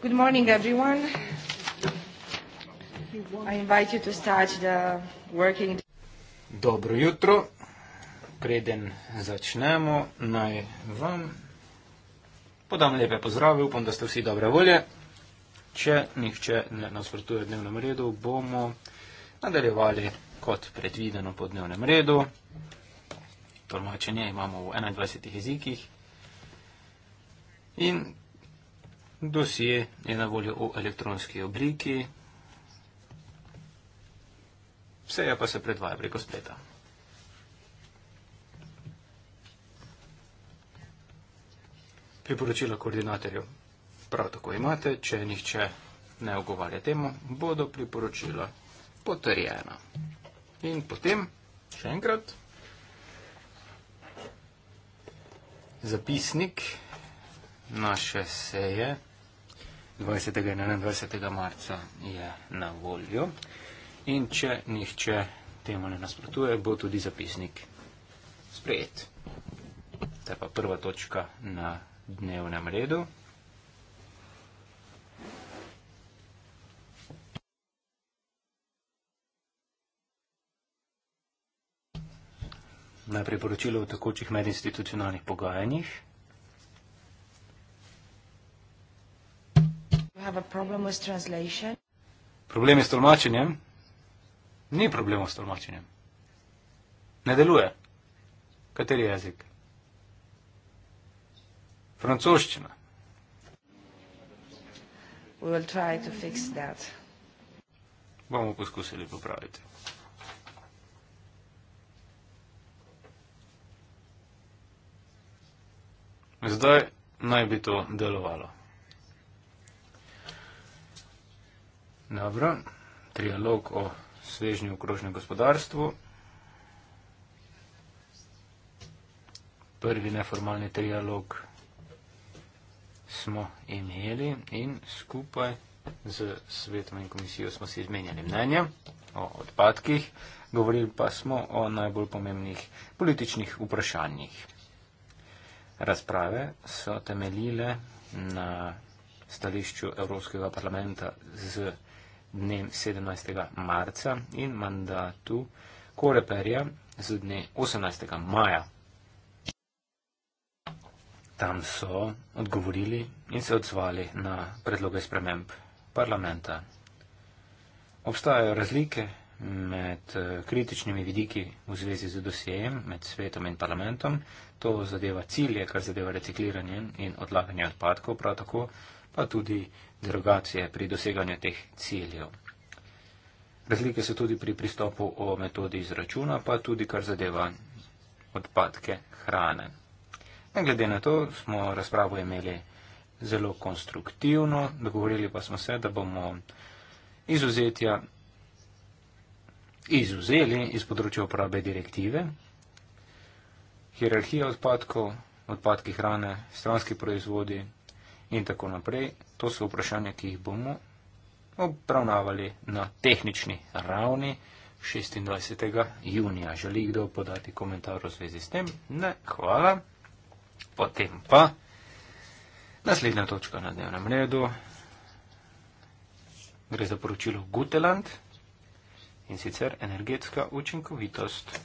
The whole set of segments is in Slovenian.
Good morning, everyone. I invite you to start the working. Dobro jutro. Preden začnemo, naj vam podam lepe pozdrave. Upam, da ste vsi dobre volje. Če nihče ne nasprotuje dnevnem redu, bomo nadaljevali kot predvideno po dnevnem redu. Tolmačenje imamo v 21 jezikih. In Досье je na voljo v elektronski obliki, vse pa se predvaja preko spleta. Priporočila koordinatorjev prav tako imate, če nihče ne ogovarja temu, bodo priporočila potrjena. In potem, še enkrat, zapisnik naše seje. 20. in 21. marca je na voljo. In če nihče temu ne nasprotuje, bo tudi zapisnik sprejet. To je pa prva točka na dnevnem redu. Najprej poročilo o takočih medinstitucionalnih pogajanjih. have a problem with translation? Problemi s tolmačenjem? Ni problema s tolmačenjem. Ne deluje. Kateri jezik? Francoščina. We will try to fix that. Bomo poskusili popraviti. Zdaj naj bi to delovalo. Dobro, trialog o svežnju okrožnem gospodarstvu. Prvi neformalni trialog smo imeli in skupaj z svetom in komisijo smo si izmenjali mnenja o odpadkih, govorili pa smo o najbolj pomembnih političnih vprašanjih. Razprave so temeljile na stališču Evropskega parlamenta z dne 17. marca in mandatu Koreperja z dne 18. maja. Tam so odgovorili in se odzvali na predloge sprememb parlamenta. Obstajajo razlike med eh, kritičnimi vidiki v zvezi z dosjejem, med svetom in parlamentom. To zadeva cilje, kar zadeva recikliranje in odlaganje odpadkov, prav tako pa tudi drugacije pri doseganju teh ciljev. Razlike so tudi pri pristopu o metodi izračuna, pa tudi kar zadeva odpadke hrane. Ne glede na to smo razpravo imeli zelo konstruktivno, dogovorili pa smo se, da bomo izuzetja izuzeli iz področja uporabe direktive, hierarhija odpadkov, odpadki hrane, stranski proizvodi, in tako naprej. To so vprašanja, ki jih bomo obravnavali na tehnični ravni 26. junija. Želi kdo podati komentar v zvezi s tem? Ne, hvala. Potem pa naslednja točka na dnevnem redu. Gre za poročilo Guteland in sicer energetska učinkovitost.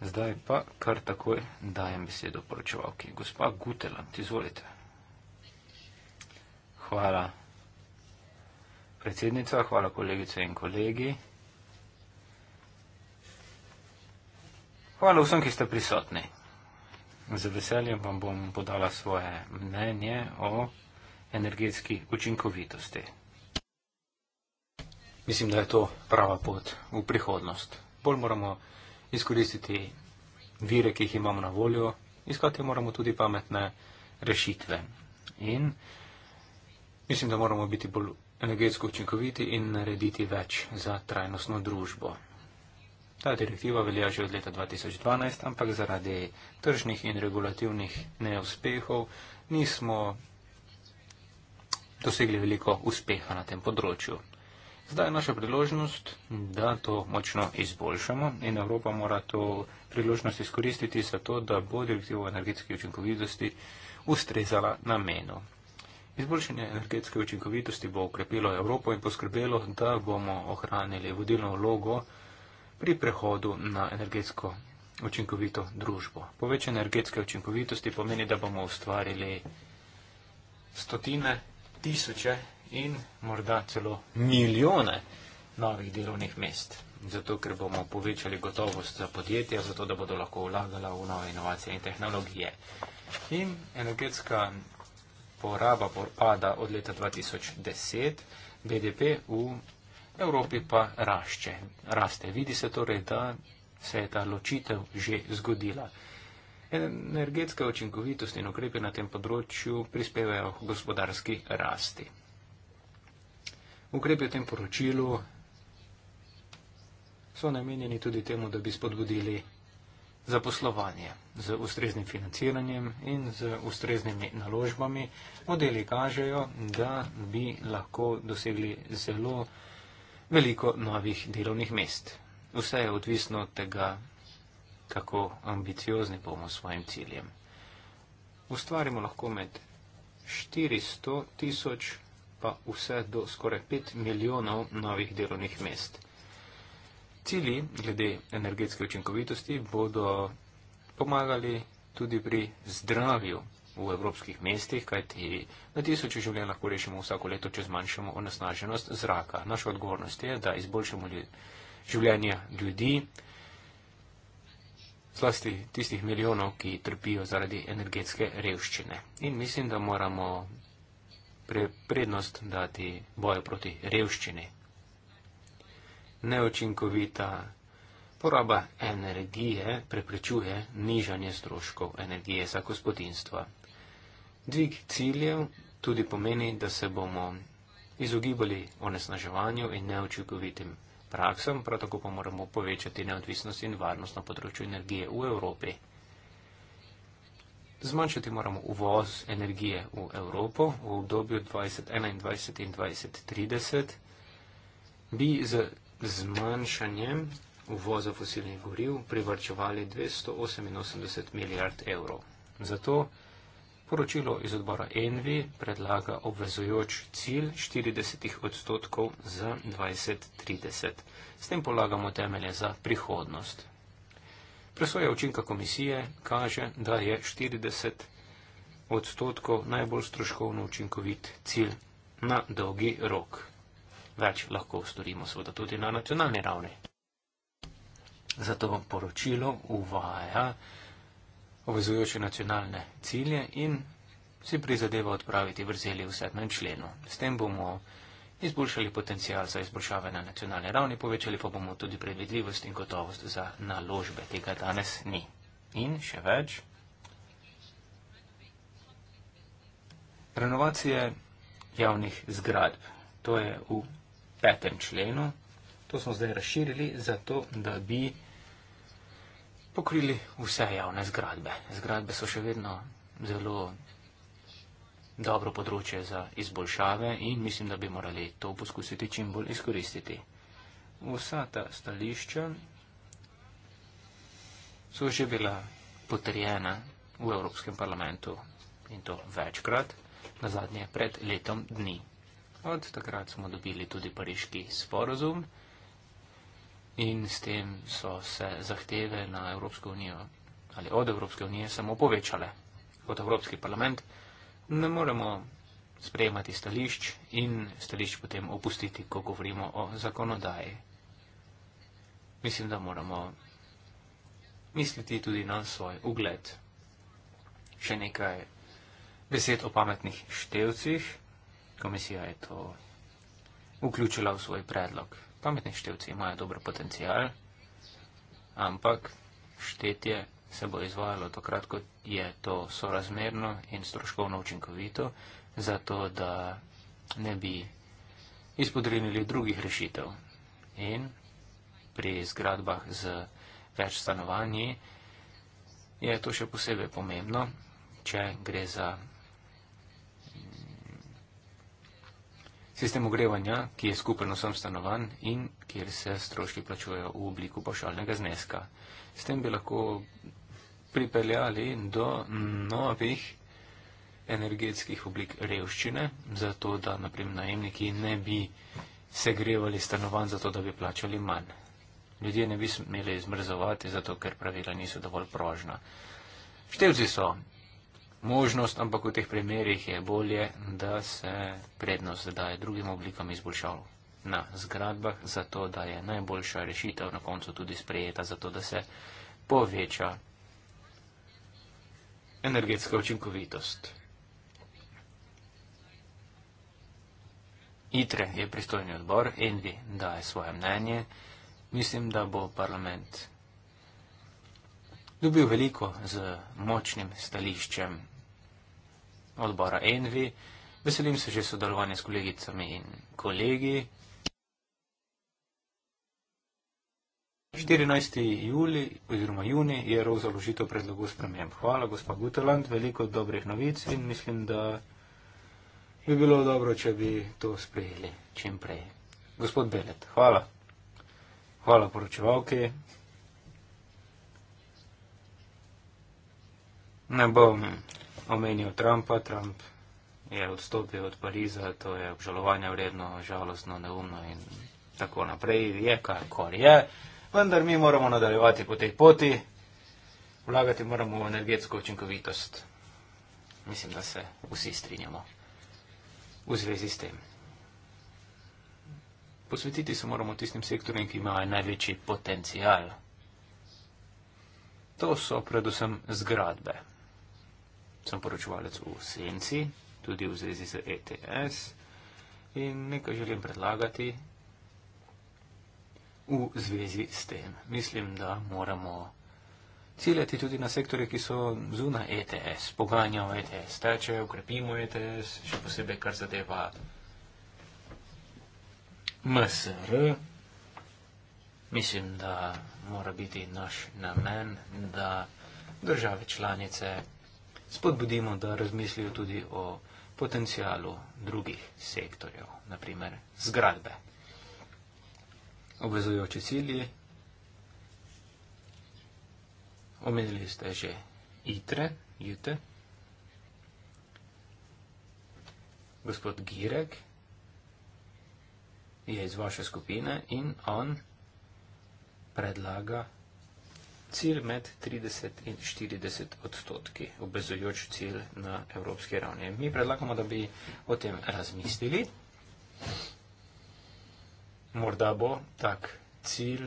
Zdaj pa kar takoj dajem besedo poročevalki. Gospa Guteland, izvolite hvala predsednica, hvala kolegice in kolegi. Hvala vsem, ki ste prisotni. Z veseljem vam bom podala svoje mnenje o energetski učinkovitosti. Mislim, da je to prava pot v prihodnost. Bolj moramo izkoristiti vire, ki jih imamo na voljo, iskati moramo tudi pametne rešitve. In Mislim, da moramo biti bolj energetsko učinkoviti in narediti več za trajnostno družbo. Ta direktiva velja že od leta 2012, ampak zaradi tržnih in regulativnih neuspehov nismo dosegli veliko uspeha na tem področju. Zdaj je naša priložnost, da to močno izboljšamo in Evropa mora to priložnost izkoristiti za to, da bo direktiva o energetski učinkovitosti ustrezala namenu. Izboljšanje energetske učinkovitosti bo ukrepilo Evropo in poskrbelo, da bomo ohranili vodilno vlogo pri prehodu na energetsko učinkovito družbo. Povečanje energetske učinkovitosti pomeni, da bomo ustvarili stotine, tisoče in morda celo milijone novih delovnih mest. Zato, ker bomo povečali gotovost za podjetja, zato, da bodo lahko vlagala v nove inovacije in tehnologije. In energetska poraba pada od leta 2010, BDP v Evropi pa rašče, raste. Vidi se torej, da se je ta ločitev že zgodila. Energetska očinkovitost in ukrepe na tem področju prispevajo k gospodarski rasti. Ukrepe v tem poročilu so namenjeni tudi temu, da bi spodbudili za poslovanje, z ustreznim financiranjem in z ustreznimi naložbami. Modeli kažejo, da bi lahko dosegli zelo veliko novih delovnih mest. Vse je odvisno od tega, kako ambiciozni bomo s svojim ciljem. Ustvarimo lahko med 400 tisoč pa vse do skoraj 5 milijonov novih delovnih mest cili glede energetske učinkovitosti bodo pomagali tudi pri zdravju v evropskih mestih, kajti na tisoče življenj lahko rešimo vsako leto, če zmanjšamo onesnaženost zraka. Naša odgovornost je, da izboljšamo življenje ljudi, zlasti tistih milijonov, ki trpijo zaradi energetske revščine. In mislim, da moramo pre prednost dati boju proti revščini neočinkovita poraba energije preprečuje nižanje stroškov energije za gospodinstva. Dvig ciljev tudi pomeni, da se bomo izogibali onesnaževanju in neočinkovitim praksam, prav tako pa moramo povečati neodvisnost in varnost na področju energije v Evropi. Zmanjšati moramo uvoz energije v Evropo v obdobju 2021 in 2030. Bi z zmanjšanjem uvoza fosilnih goriv privrčevali 288 milijard evrov. Zato poročilo iz odbora Envi predlaga obvezujoč cilj 40 odstotkov za 2030. S tem polagamo temelje za prihodnost. Presoja učinka komisije kaže, da je 40 odstotkov najbolj stroškovno učinkovit cilj na dolgi rok več lahko storimo seveda tudi na nacionalni ravni. Zato poročilo uvaja obvezujoče nacionalne cilje in si prizadeva odpraviti vrzeli v sedmem členu. S tem bomo izboljšali potencial za izboljšave na nacionalni ravni, povečali pa bomo tudi predvidljivost in gotovost za naložbe, tega danes ni. In še več. Renovacije javnih zgradb. To je v petem členu. To smo zdaj razširili, zato da bi pokrili vse javne zgradbe. Zgradbe so še vedno zelo dobro področje za izboljšave in mislim, da bi morali to poskusiti čim bolj izkoristiti. Vsa ta stališča so že bila potrjena v Evropskem parlamentu in to večkrat, na zadnje pred letom dni. Od takrat smo dobili tudi pariški sporozum in s tem so se zahteve na Evropsko unijo ali od Evropske unije samo povečale. Kot Evropski parlament ne moremo sprejemati stališč in stališč potem opustiti, ko govorimo o zakonodaji. Mislim, da moramo misliti tudi na svoj ugled. Še nekaj besed o pametnih števcih komisija je to vključila v svoj predlog. Pametni števci imajo dober potencial, ampak štetje se bo izvajalo takrat, ko je to sorazmerno in stroškovno učinkovito, zato da ne bi izpodrinili drugih rešitev. In pri zgradbah z več stanovanji je to še posebej pomembno, če gre za Sistem ogrevanja, ki je skupen vsem stanovanj in kjer se stroški plačujejo v obliku pašalnega zneska. S tem bi lahko pripeljali do novih energetskih oblik revščine, zato da naprimer najemniki ne bi se grevali stanovanj, zato da bi plačali manj. Ljudje ne bi smeli izmrzovati, zato ker pravila niso dovolj prožna. Števci so, možnost, ampak v teh primerjih je bolje, da se prednost daje drugim oblikam izboljšav na zgradbah, zato da je najboljša rešitev na koncu tudi sprejeta, zato da se poveča energetska učinkovitost. ITRE je pristojni odbor, ENVI daje svoje mnenje. Mislim, da bo parlament dobil veliko z močnim stališčem odbora Envi. Veselim se že sodelovanja s kolegicami in kolegi. 14. juli oziroma juni je rok za vložitev predlogov sprememb. Hvala, gospa Guteland, veliko dobrih novic in mislim, da bi bilo dobro, če bi to sprejeli čim prej. Gospod Belet, hvala. Hvala poročevalki. Ne bom omenil Trumpa. Trump je odstopil od Pariza, to je obžalovanje vredno, žalostno, neumno in tako naprej. Je kar kor je, vendar mi moramo nadaljevati po tej poti, vlagati moramo v energetsko učinkovitost. Mislim, da se vsi strinjamo v zvezi s tem. Posvetiti se moramo tistim sektorjem, ki imajo največji potencial. To so predvsem zgradbe sem poročevalec v senci, tudi v zvezi z ETS in nekaj želim predlagati v zvezi s tem. Mislim, da moramo ciljati tudi na sektore, ki so zuna ETS, pogajanja o ETS teče, ukrepimo ETS, še posebej kar zadeva MSR. Mislim, da mora biti naš namen, da države članice spodbudimo, da razmislijo tudi o potencijalu drugih sektorjev, naprimer zgradbe. Obvezujoči cilji. Omenili ste že ITRE, JUTE. Gospod Girek je iz vaše skupine in on predlaga cilj med 30 in 40 odstotki, obvezujoč cilj na evropski ravni. Mi predlagamo, da bi o tem razmislili. Morda bo tak cilj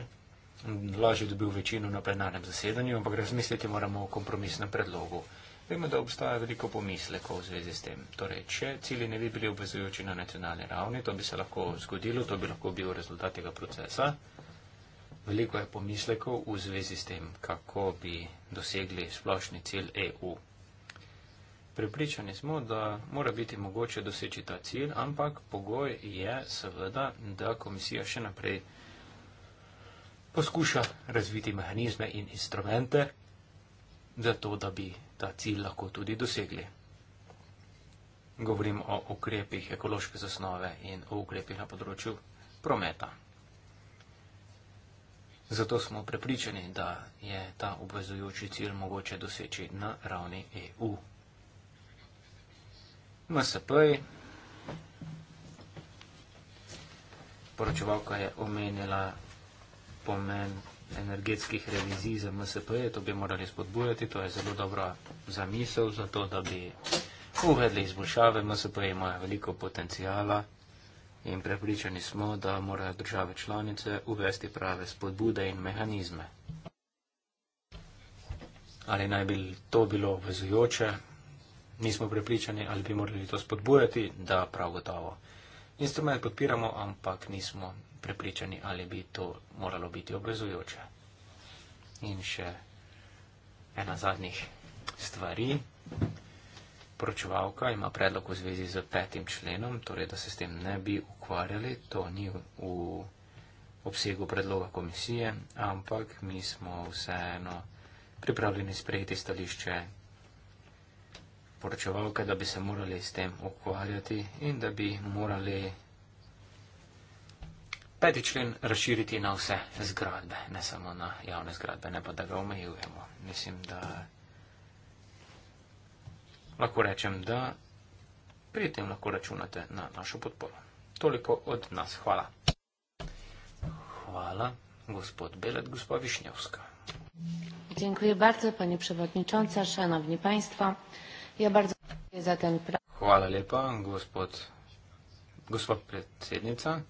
lažje dobil večino na plenarnem zasedanju, ampak razmisliti moramo o kompromisnem predlogu. Vemo, da obstaja veliko pomislekov v zvezi s tem. Torej, če cilji ne bi bili obvezujoči na nacionalni ravni, to bi se lahko zgodilo, to bi lahko bil rezultat tega procesa. Veliko je pomislekov v zvezi s tem, kako bi dosegli splošni cilj EU. Pripričani smo, da mora biti mogoče doseči ta cilj, ampak pogoj je seveda, da komisija še naprej poskuša razviti mehanizme in instrumente za to, da bi ta cilj lahko tudi dosegli. Govorim o ukrepih ekološke zasnove in o ukrepih na področju prometa. Zato smo prepričani, da je ta obvezujoči cilj mogoče doseči na ravni EU. MSP, poročevalka je omenila pomen energetskih revizij za MSP, -je. to bi morali spodbujati, to je zelo dobra zamisel za to, da bi uvedli izboljšave, MSP imajo veliko potencijala in prepričani smo, da morajo države članice uvesti prave spodbude in mehanizme. Ali naj bi to bilo obvezujoče, nismo prepričani, ali bi morali to spodbujati, da prav gotovo. Instrument podpiramo, ampak nismo prepričani, ali bi to moralo biti obvezujoče. In še ena zadnjih stvari poročevalka ima predlog v zvezi z petim členom, torej da se s tem ne bi ukvarjali, to ni v obsegu predloga komisije, ampak mi smo vseeno pripravljeni sprejeti stališče poročevalke, da bi se morali s tem ukvarjati in da bi morali peti člen razširiti na vse zgradbe, ne samo na javne zgradbe, ne pa da ga omejujemo. Mislim, da lahko rečem, da pri tem lahko računate na našo podporo. Toliko od nas. Hvala. Hvala, gospod Belet, gospod Višnjevska. Dziękuję bardzo, pani przewodnicząca, szanowni państwo. Ja bardzo dziękuję za ten projekt. Hvala lepa, gospod, gospod predsednica.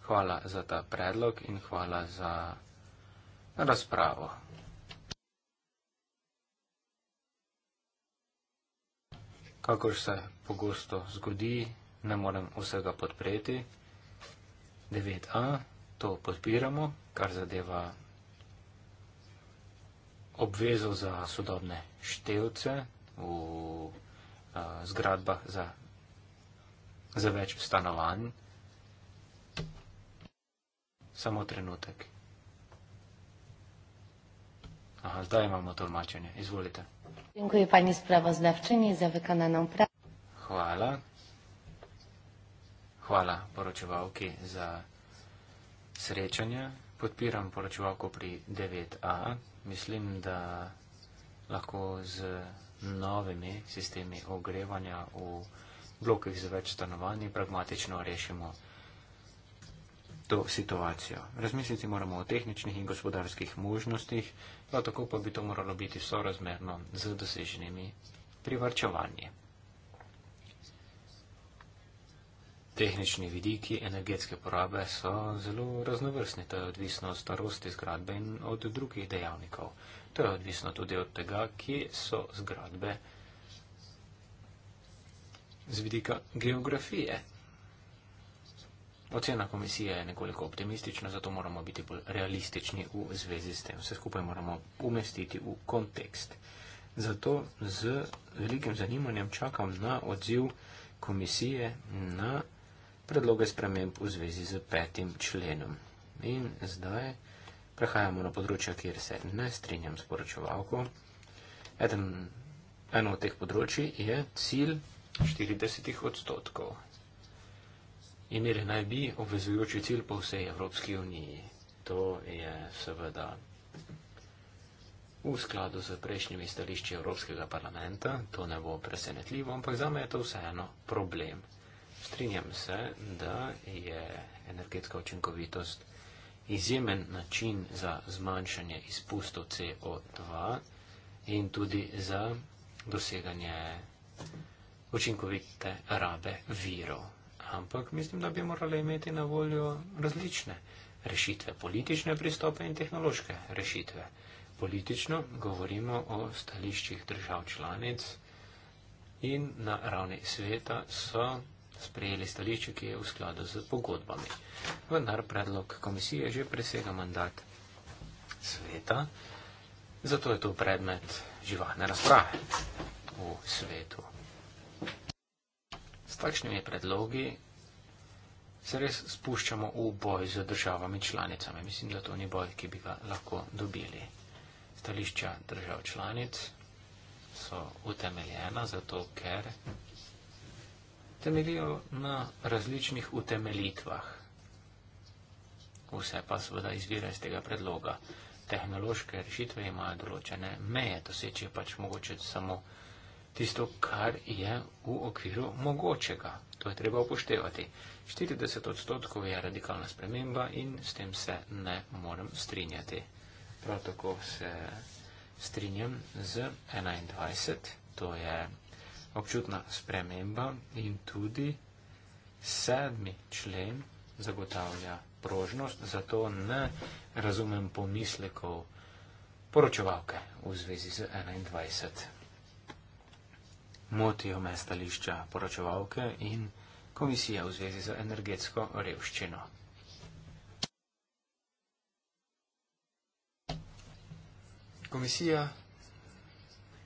Hvala za ta predlog in hvala za razpravo. kakor se pogosto zgodi, ne morem vsega podpreti. 9a, to podpiramo, kar zadeva obvezo za sodobne števce v uh, zgradbah za, za več stanovanj. Samo trenutek. Aha, zdaj imamo tolmačenje. Izvolite. Dziękuję pani sprawozdawczyni za wykonaną pracę. Chwała. Chwała poroczywałki za sreczenie. Podpiram poroczywałku przy 9a. Myślę, że lahko z novimi sistemi ogrevanja v blokih za več stanovanj pragmatično rešimo to situacijo. Razmisliti moramo o tehničnih in gospodarskih možnostih, pa tako pa bi to moralo biti sorazmerno z doseženimi privrčevanji. Tehnični vidiki energetske porabe so zelo raznovrstni, to je odvisno od starosti zgradbe in od drugih dejavnikov. To je odvisno tudi od tega, kje so zgradbe z vidika geografije, Ocena komisije je nekoliko optimistična, zato moramo biti bolj realistični v zvezi s tem. Vse skupaj moramo umestiti v kontekst. Zato z velikim zanimanjem čakam na odziv komisije na predloge sprememb v zvezi z petim členom. In zdaj prehajamo na področja, kjer se ne strinjam s poročevalko. Eden, eno od teh področji je cilj 40 odstotkov imeli naj bi obvezujoči cilj po vsej Evropski uniji. To je seveda v skladu z prejšnjimi stališči Evropskega parlamenta, to ne bo presenetljivo, ampak za me je to vseeno problem. Strinjam se, da je energetska učinkovitost izjemen način za zmanjšanje izpustov CO2 in tudi za doseganje učinkovite rabe virov ampak mislim, da bi morali imeti na voljo različne rešitve, politične pristope in tehnološke rešitve. Politično govorimo o stališčih držav članic in na ravni sveta so sprejeli stališče, ki je v skladu z pogodbami. Vendar predlog komisije že presega mandat sveta, zato je to predmet živahne razprave v svetu takšnimi predlogi se res spuščamo v boj z državami članicami. Mislim, da to ni boj, ki bi ga lahko dobili. Stališča držav članic so utemeljena zato, ker temeljijo na različnih utemeljitvah. Vse pa seveda izvira iz tega predloga. Tehnološke rešitve imajo določene meje, doseči je pač mogoče samo tisto, kar je v okviru mogočega. To je treba upoštevati. 40 odstotkov je radikalna sprememba in s tem se ne morem strinjati. Prav tako se strinjam z 21, to je občutna sprememba in tudi sedmi člen zagotavlja prožnost, zato ne razumem pomislekov poročevalke v zvezi z 21 motijo me stališča poročevalke in komisije v zvezi z energetsko revščino. Komisija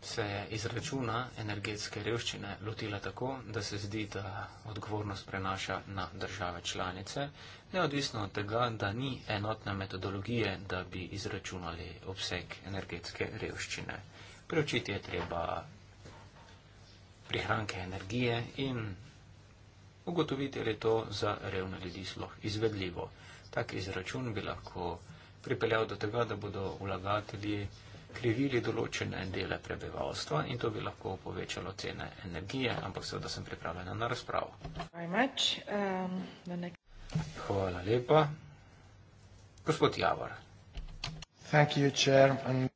se je izračuna energetske revščine lotila tako, da se zdi, da odgovornost prenaša na države članice, neodvisno od tega, da ni enotne metodologije, da bi izračunali obseg energetske revščine. Preučiti je treba prihranke energije in ugotoviti, ali je to za revne ljudi sploh izvedljivo. Tak izračun bi lahko pripeljal do tega, da bodo vlagatelji krivili določene dele prebivalstva in to bi lahko povečalo cene energije, ampak seveda sem pripravljena na razpravo. Um, Hvala lepa. Gospod Javor. Thank you, chair, and...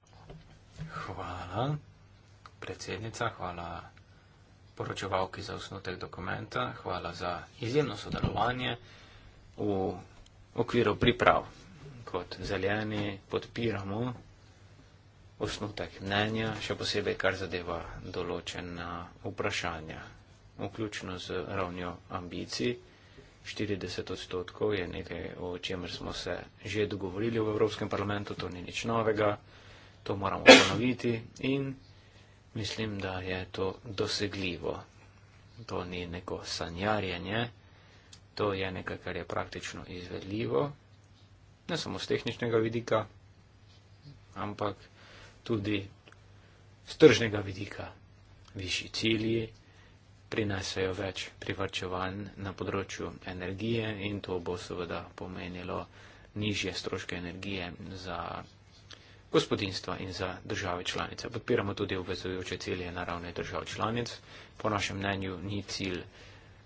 Hvala, predsednica. Hvala poročevalki za osnotek dokumenta, hvala za izjemno sodelovanje v okviru priprav. Kot zeleni podpiramo osnotek mnenja, še posebej kar zadeva določena vprašanja, vključno z ravnjo ambicij. 40 odstotkov je nekaj, o čemer smo se že dogovorili v Evropskem parlamentu, to ni nič novega, to moramo ponoviti in Mislim, da je to dosegljivo. To ni neko sanjarjenje, to je nekaj, kar je praktično izvedljivo, ne samo z tehničnega vidika, ampak tudi z tržnega vidika. Višji cilji prinesejo več privrčevanj na področju energije in to bo seveda pomenilo nižje stroške energije za gospodinstva in za države članice. Podpiramo tudi obvezujoče cilje naravne držav članic. Po našem mnenju ni cilj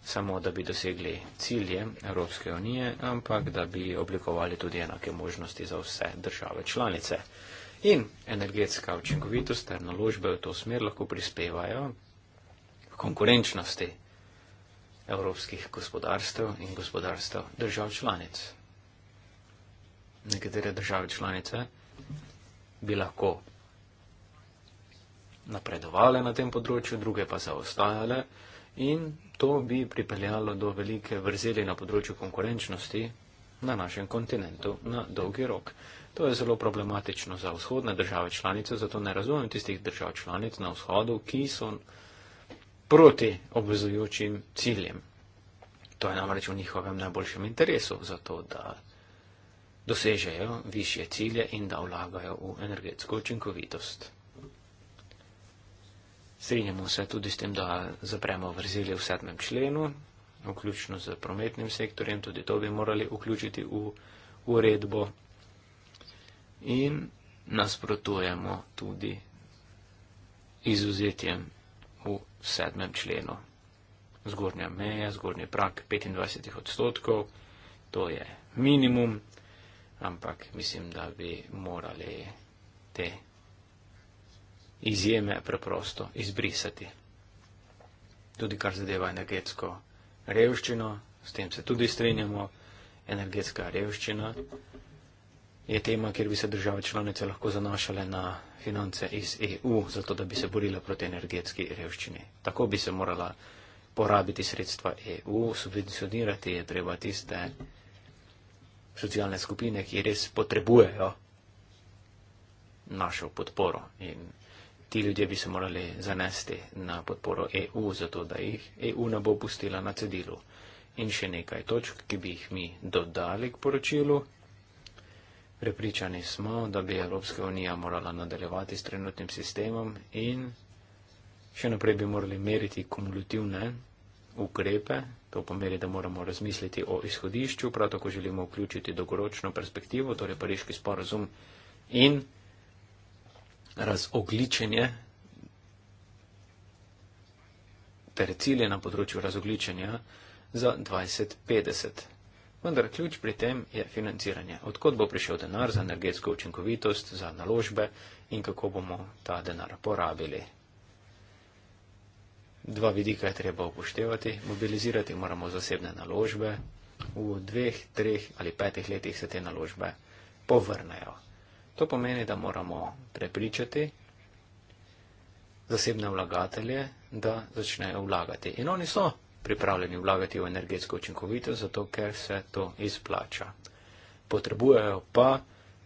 samo, da bi dosegli cilje Evropske unije, ampak da bi oblikovali tudi enake možnosti za vse države članice. In energetska učinkovitost ter naložbe v to smer lahko prispevajo k konkurenčnosti evropskih gospodarstv in gospodarstv držav članic. Nekatere države članice bi lahko napredovale na tem področju, druge pa zaostajale in to bi pripeljalo do velike vrzeli na področju konkurenčnosti na našem kontinentu na dolgi rok. To je zelo problematično za vzhodne države članice, zato ne razumem tistih držav članic na vzhodu, ki so proti obvezujočim ciljem. To je namreč v njihovem najboljšem interesu, zato da dosežejo višje cilje in da vlagajo v energetsko učinkovitost. Strinjamo se tudi s tem, da zapremo vrzeli v sedmem členu, vključno z prometnim sektorjem, tudi to bi morali vključiti v uredbo. In nasprotujemo tudi izuzetjem v sedmem členu. Zgornja meja, zgornji prak 25 odstotkov, to je minimum, ampak mislim, da bi morali te izjeme preprosto izbrisati. Tudi kar zadeva energetsko revščino, s tem se tudi strinjamo, energetska revščina je tema, kjer bi se države članice lahko zanašale na finance iz EU, zato da bi se borile proti energetski revščini. Tako bi se morala porabiti sredstva EU, subvencionirati je treba tiste socialne skupine, ki res potrebujejo našo podporo. In ti ljudje bi se morali zanesti na podporo EU, zato da jih EU ne bo pustila na cedilu. In še nekaj točk, ki bi jih mi dodali k poročilu. Prepričani smo, da bi Evropska unija morala nadaljevati s trenutnim sistemom in še naprej bi morali meriti kumulativne ukrepe, To pomeni, da moramo razmisliti o izhodišču, prav tako želimo vključiti dolgoročno perspektivo, torej pariški sporozum in razogličenje ter cilje na področju razogličenja za 2050. Vendar ključ pri tem je financiranje. Odkot bo prišel denar za energetsko učinkovitost, za naložbe in kako bomo ta denar porabili dva vidika je treba upoštevati. Mobilizirati moramo zasebne naložbe. V dveh, treh ali petih letih se te naložbe povrnejo. To pomeni, da moramo prepričati zasebne vlagatelje, da začnejo vlagati. In oni so pripravljeni vlagati v energetsko učinkovitost, zato ker se to izplača. Potrebujejo pa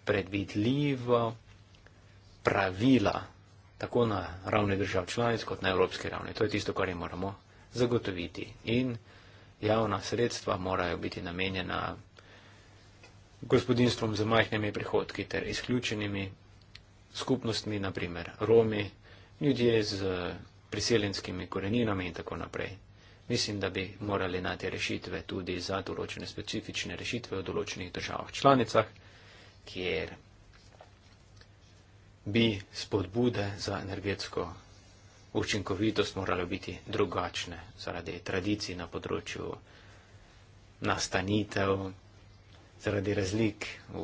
predvidljivo pravila tako na ravni držav članic kot na evropski ravni. To je tisto, kar jim moramo zagotoviti. In javna sredstva morajo biti namenjena gospodinstvom z majhnimi prihodki ter izključenimi skupnostmi, naprimer Romi, ljudje z priseljenskimi koreninami in tako naprej. Mislim, da bi morali najti rešitve tudi za določene specifične rešitve v določenih državah članicah, kjer bi spodbude za energetsko učinkovitost morale biti drugačne zaradi tradicij na področju nastanitev, zaradi razlik v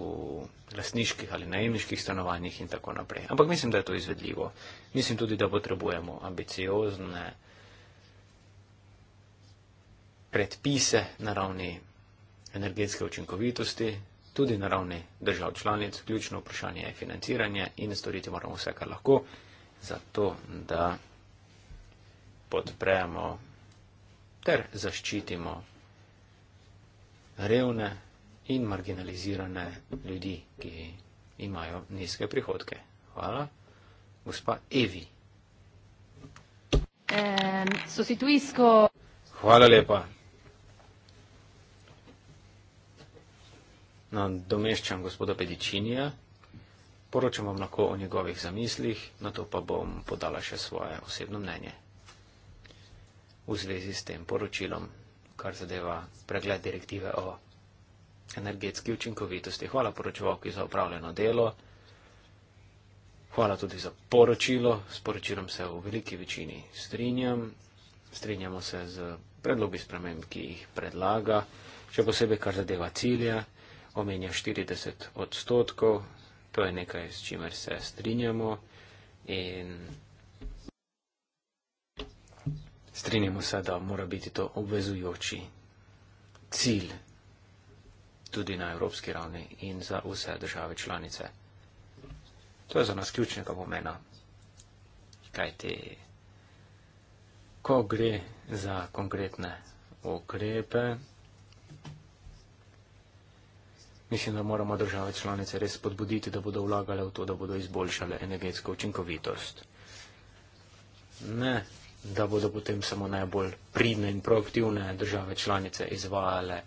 lasniških ali najemniških stanovanjih in tako naprej. Ampak mislim, da je to izvedljivo. Mislim tudi, da potrebujemo ambiciozne predpise na ravni energetske učinkovitosti, tudi na ravni držav članic, ključno vprašanje je financiranje in storiti moramo vse, kar lahko, zato da podpremo ter zaščitimo revne in marginalizirane ljudi, ki imajo nizke prihodke. Hvala. Gospa Evi. Eh, sostituisko. Hvala lepa. nadomeščam gospoda Pedičinija, poročam vam lahko o njegovih zamislih, na to pa bom podala še svoje osebno mnenje v zvezi s tem poročilom, kar zadeva pregled direktive o energetski učinkovitosti. Hvala poročevalki za upravljeno delo. Hvala tudi za poročilo. S poročilom se v veliki večini strinjam. Strinjamo se z predlogi sprememb, ki jih predlaga, še posebej kar zadeva cilje omenja 40 odstotkov, to je nekaj, s čimer se strinjamo in strinjamo se, da mora biti to obvezujoči cilj tudi na evropski ravni in za vse države članice. To je za nas ključnega pomena, kajti ko gre za konkretne ukrepe, Mislim, da moramo države članice res spodbuditi, da bodo vlagale v to, da bodo izboljšale energetsko učinkovitost. Ne, da bodo potem samo najbolj pridne in proaktivne države članice izvajale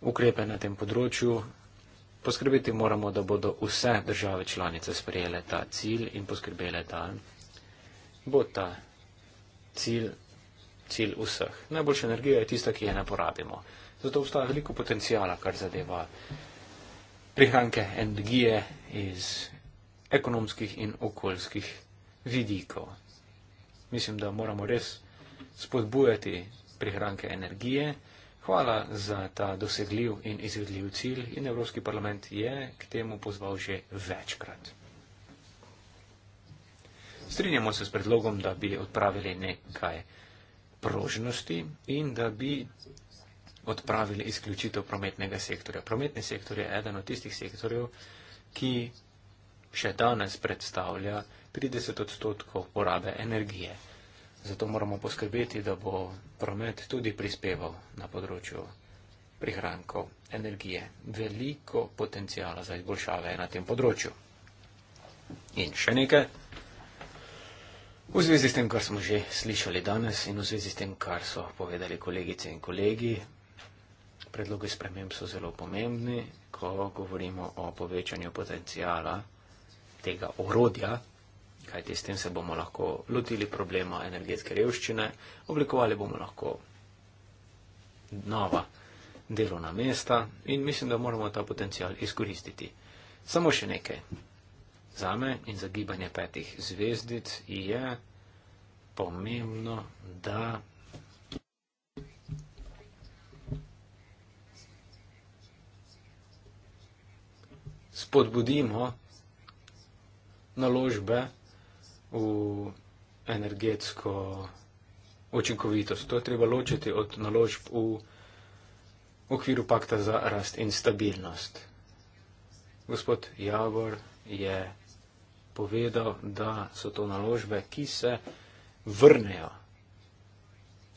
ukrepe na tem področju. Poskrbiti moramo, da bodo vse države članice sprejele ta cilj in poskrbele, da bo ta cilj, cilj vseh. Najboljša energija je tista, ki je ne porabimo. Zato obstaja veliko potencijala, kar zadeva prihranke energije iz ekonomskih in okoljskih vidikov. Mislim, da moramo res spodbujati prihranke energije. Hvala za ta dosegljiv in izvedljiv cilj in Evropski parlament je k temu pozval že večkrat. Strinjamo se s predlogom, da bi odpravili nekaj prožnosti in da bi odpravili izključitev prometnega sektorja. Prometni sektor je eden od tistih sektorjev, ki še danes predstavlja 30 odstotkov porabe energije. Zato moramo poskrbeti, da bo promet tudi prispeval na področju prihrankov energije. Veliko potencijala za izboljšave je na tem področju. In še nekaj. V zvezi s tem, kar smo že slišali danes in v zvezi s tem, kar so povedali kolegice in kolegi, predlogi sprememb so zelo pomembni, ko govorimo o povečanju potencijala tega orodja, kajti s tem se bomo lahko lotili problema energetske revščine, oblikovali bomo lahko nova delovna mesta in mislim, da moramo ta potencial izkoristiti. Samo še nekaj. Zame in za gibanje petih zvezdic je pomembno, da spodbudimo naložbe v energetsko učinkovitost. To je treba ločiti od naložb v okviru pakta za rast in stabilnost. Gospod Javor je povedal, da so to naložbe, ki se vrnejo.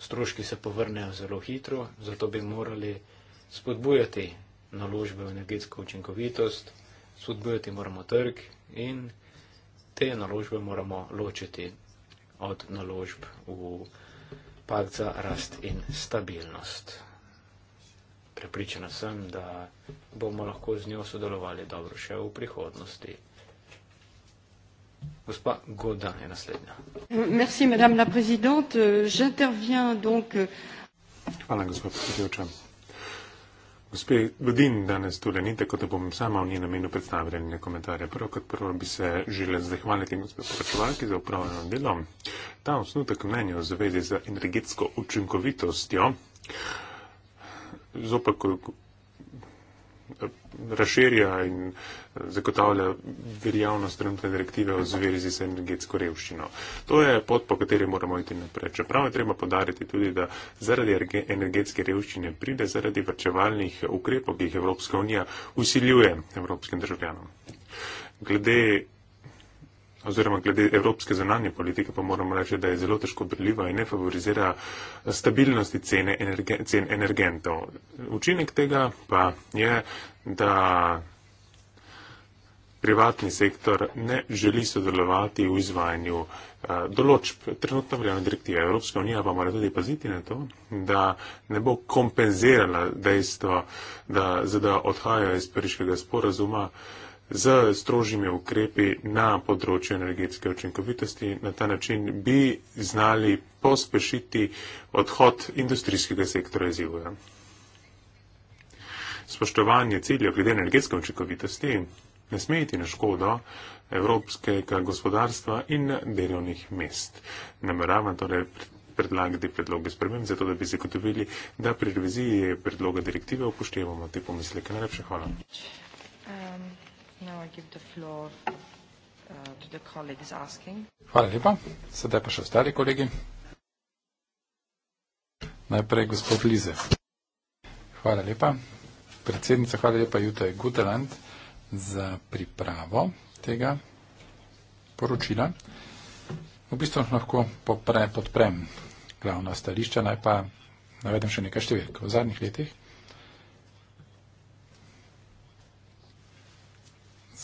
Stroški se povrnejo zelo hitro, zato bi morali spodbujati naložbe v energetsko učinkovitost spodbujati moramo trg in te naložbe moramo ločiti od naložb v pak za rast in stabilnost. Prepričana sem, da bomo lahko z njo sodelovali dobro še v prihodnosti. Gospa Goda je naslednja. Merci, madame la prezidente. J'interviens donc... Hvala, gospod predsedujoča. Gospe Godin danes torej ni, tako da bom sama v njenem imenu predstavila njene komentarje. Prvo kot prvo bi se želela zahvaliti gospe poročevalki za upravljeno delo. Ta osnutek mnenja o zavezi za energetsko učinkovitostjo, zopak, razširja in eh, zagotavlja verjavnost trenutne direktive v zveri z energetsko revščino. To je pot, po kateri moramo iti naprej. Čeprav je treba podariti tudi, da zaradi energetske revščine pride zaradi vrčevalnih ukrepov, ki jih Evropska unija usiljuje evropskim državljanom. Glede oziroma glede evropske zunanje politike, pa moram reči, da je zelo težko briljiva in ne favorizira stabilnosti cene energe, cen energentov. Učinek tega pa je, da privatni sektor ne želi sodelovati v izvajanju eh, določb trenutno veljavne direktive. Evropska unija pa mora tudi paziti na to, da ne bo kompenzirala dejstvo, da zada odhajajo iz pariškega sporazuma z strožjimi ukrepi na področju energetske učinkovitosti. Na ta način bi znali pospešiti odhod industrijskega sektora iz EU. Spoštovanje ciljev glede energetske učinkovitosti ne sme iti na škodo evropskega gospodarstva in delovnih mest. Nameravam torej predlagati predloge spremem, zato da bi zagotovili, da pri reviziji predloga direktive upoštevamo te pomisleke. Najlepše hvala. Um. Uh, hvala lepa. Sedaj pa še ostali kolegi. Najprej gospod Lize. Hvala lepa. Predsednica, hvala lepa Jutaj Guteland za pripravo tega poročila. V bistvu lahko popre, podprem glavna stališča, naj pa navedem še nekaj številk. V zadnjih letih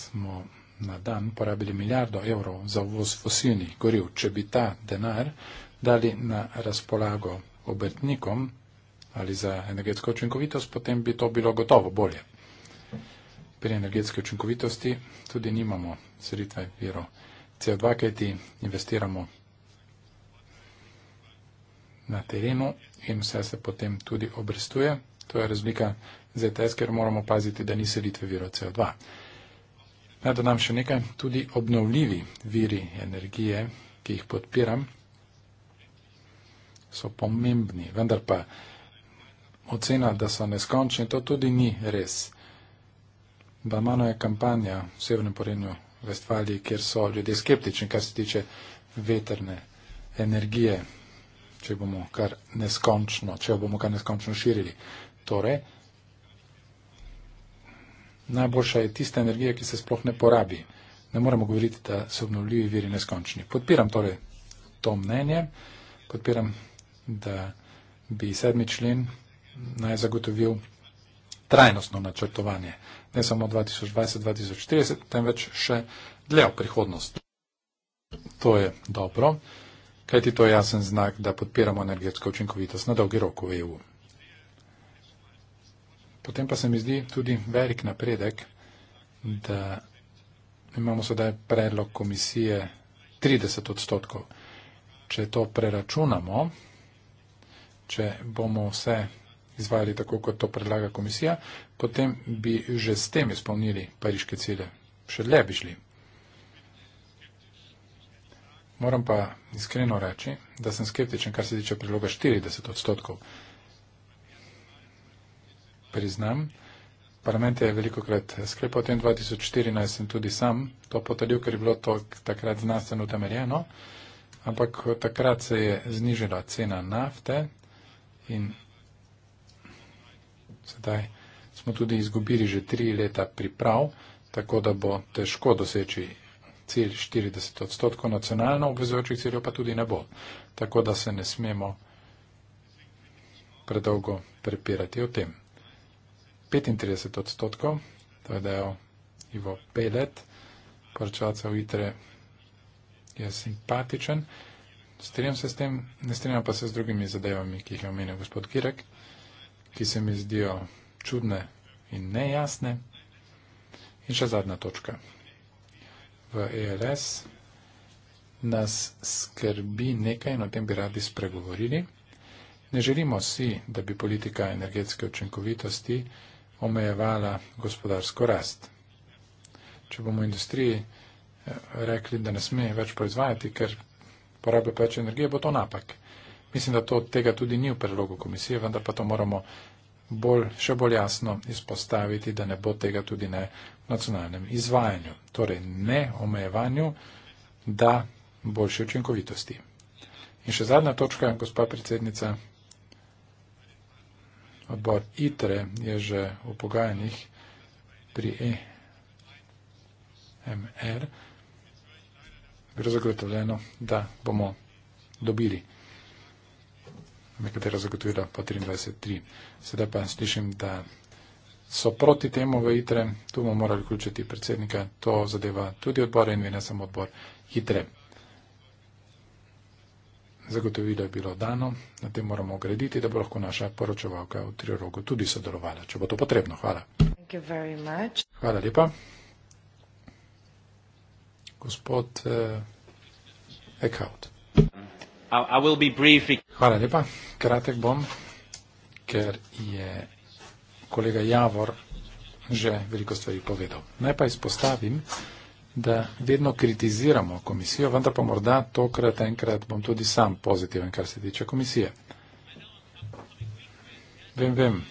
smo na dan porabili milijardo evrov za uvoz fosilnih goriv, če bi ta denar dali na razpolago obrtnikom ali za energetsko učinkovitost, potem bi to bilo gotovo bolje. Pri energetske učinkovitosti tudi nimamo sredstva virov CO2, kaj ti investiramo na terenu in vse se potem tudi obrestuje. To je razlika z ETS, ker moramo paziti, da ni sredstva virov CO2. Naj dodam še nekaj, tudi obnovljivi viri energije, ki jih podpiram, so pomembni, vendar pa ocena, da so neskončni, to tudi ni res. Balmano je kampanja v Severnem Porenju Vestfaliji, kjer so ljudje skeptični, kar se tiče veterne energije, če bomo kar neskončno, če bomo kar neskončno širili. Torej, najboljša je tista energija, ki se sploh ne porabi. Ne moremo govoriti, da so obnovljivi viri neskončni. Podpiram torej to mnenje, podpiram, da bi sedmi člen naj zagotovil trajnostno načrtovanje, ne samo 2020-2030, temveč še dlje v prihodnost. To je dobro, kajti to je jasen znak, da podpiramo energetsko učinkovitost na dolgi rok v EU. Potem pa se mi zdi tudi velik napredek, da imamo sedaj predlog komisije 30 odstotkov. Če to preračunamo, če bomo vse izvajali tako, kot to predlaga komisija, potem bi že s tem izpolnili pariške cilje. Še dlje bi šli. Moram pa iskreno reči, da sem skeptičen, kar se tiče predloga 40 odstotkov priznam. Parlament je veliko krat sklepal, v tem 2014 sem tudi sam to potrdil, ker je bilo to takrat znanstveno utemeljeno, ampak takrat se je znižila cena nafte in sedaj smo tudi izgubili že tri leta priprav, tako da bo težko doseči cilj 40 odstotkov nacionalno, obvezujočih ciljev pa tudi ne bo. Tako da se ne smemo predolgo prepirati o tem. 35 odstotkov, to je dejal Ivo Pelet, poročevalcev ITRE je simpatičen. Strinjam se s tem, ne strinjam pa se z drugimi zadevami, ki jih je omenil gospod Kirek, ki se mi zdijo čudne in nejasne. In še zadnja točka. V ELS nas skrbi nekaj in o tem bi radi spregovorili. Ne želimo si, da bi politika energetske učinkovitosti omejevala gospodarsko rast. Če bomo industriji eh, rekli, da ne sme več proizvajati, ker porabe preveč energije, bo to napak. Mislim, da to od tega tudi ni v predlogu komisije, vendar pa to moramo bolj, še bolj jasno izpostaviti, da ne bo tega tudi ne v nacionalnem izvajanju. Torej ne omejevanju, da boljše učinkovitosti. In še zadnja točka, gospod predsednica, odbor ITRE je že v pogajanjih pri EMR, gre zagotovljeno, da bomo dobili nekatera zagotovila po 23.3. Sedaj pa slišim, da so proti temu v ITRE, tu bomo morali vključiti predsednika, to zadeva tudi odbor in ne samo odbor ITRE zagotovilo je bilo dano, na tem moramo graditi, da bo lahko naša poročevalka v Triorogu tudi sodelovala, če bo to potrebno. Hvala. Hvala lepa. Gospod uh, Eckhout. Hvala lepa. Kratek bom, ker je kolega Javor že veliko stvari povedal. Naj pa izpostavim, da vedno kritiziramo komisijo, vendar pa morda tokrat enkrat bom tudi sam pozitiven, kar se tiče komisije. Vem, vem.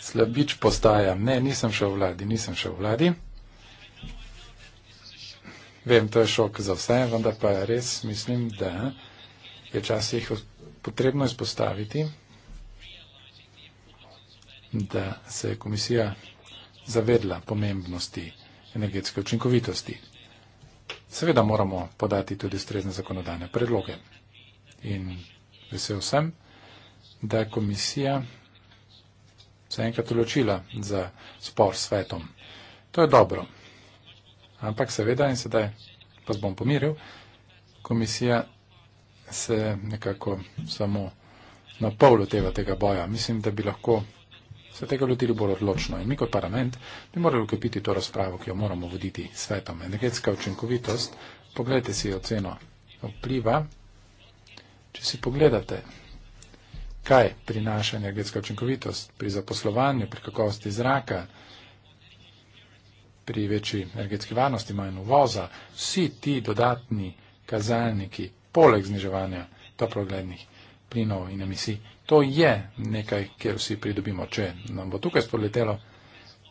Slabič postaja. Ne, nisem še v vladi, nisem še v vladi. Vem, to je šok za vse, vendar pa res mislim, da je časih potrebno izpostaviti, da se je komisija zavedla pomembnosti energetske učinkovitosti. Seveda moramo podati tudi strezne zakonodajne predloge. In vesel sem, da je komisija se enkrat odločila za spor s svetom. To je dobro. Ampak seveda, in sedaj pa se bom pomiril, komisija se nekako samo na polu tega boja. Mislim, da bi lahko se tega lotili bolj odločno. In mi kot parlament bi morali ukrepiti to razpravo, ki jo moramo voditi svetom. Energetska učinkovitost, pogledajte si oceno vpliva. Če si pogledate, kaj prinaša energetska učinkovitost pri zaposlovanju, pri kakovosti zraka, pri večji energetski varnosti, manj uvoza, vsi ti dodatni kazalniki, poleg zniževanja toplogrednih plinov in emisij, to je nekaj, kjer vsi pridobimo. Če nam bo tukaj spodletelo,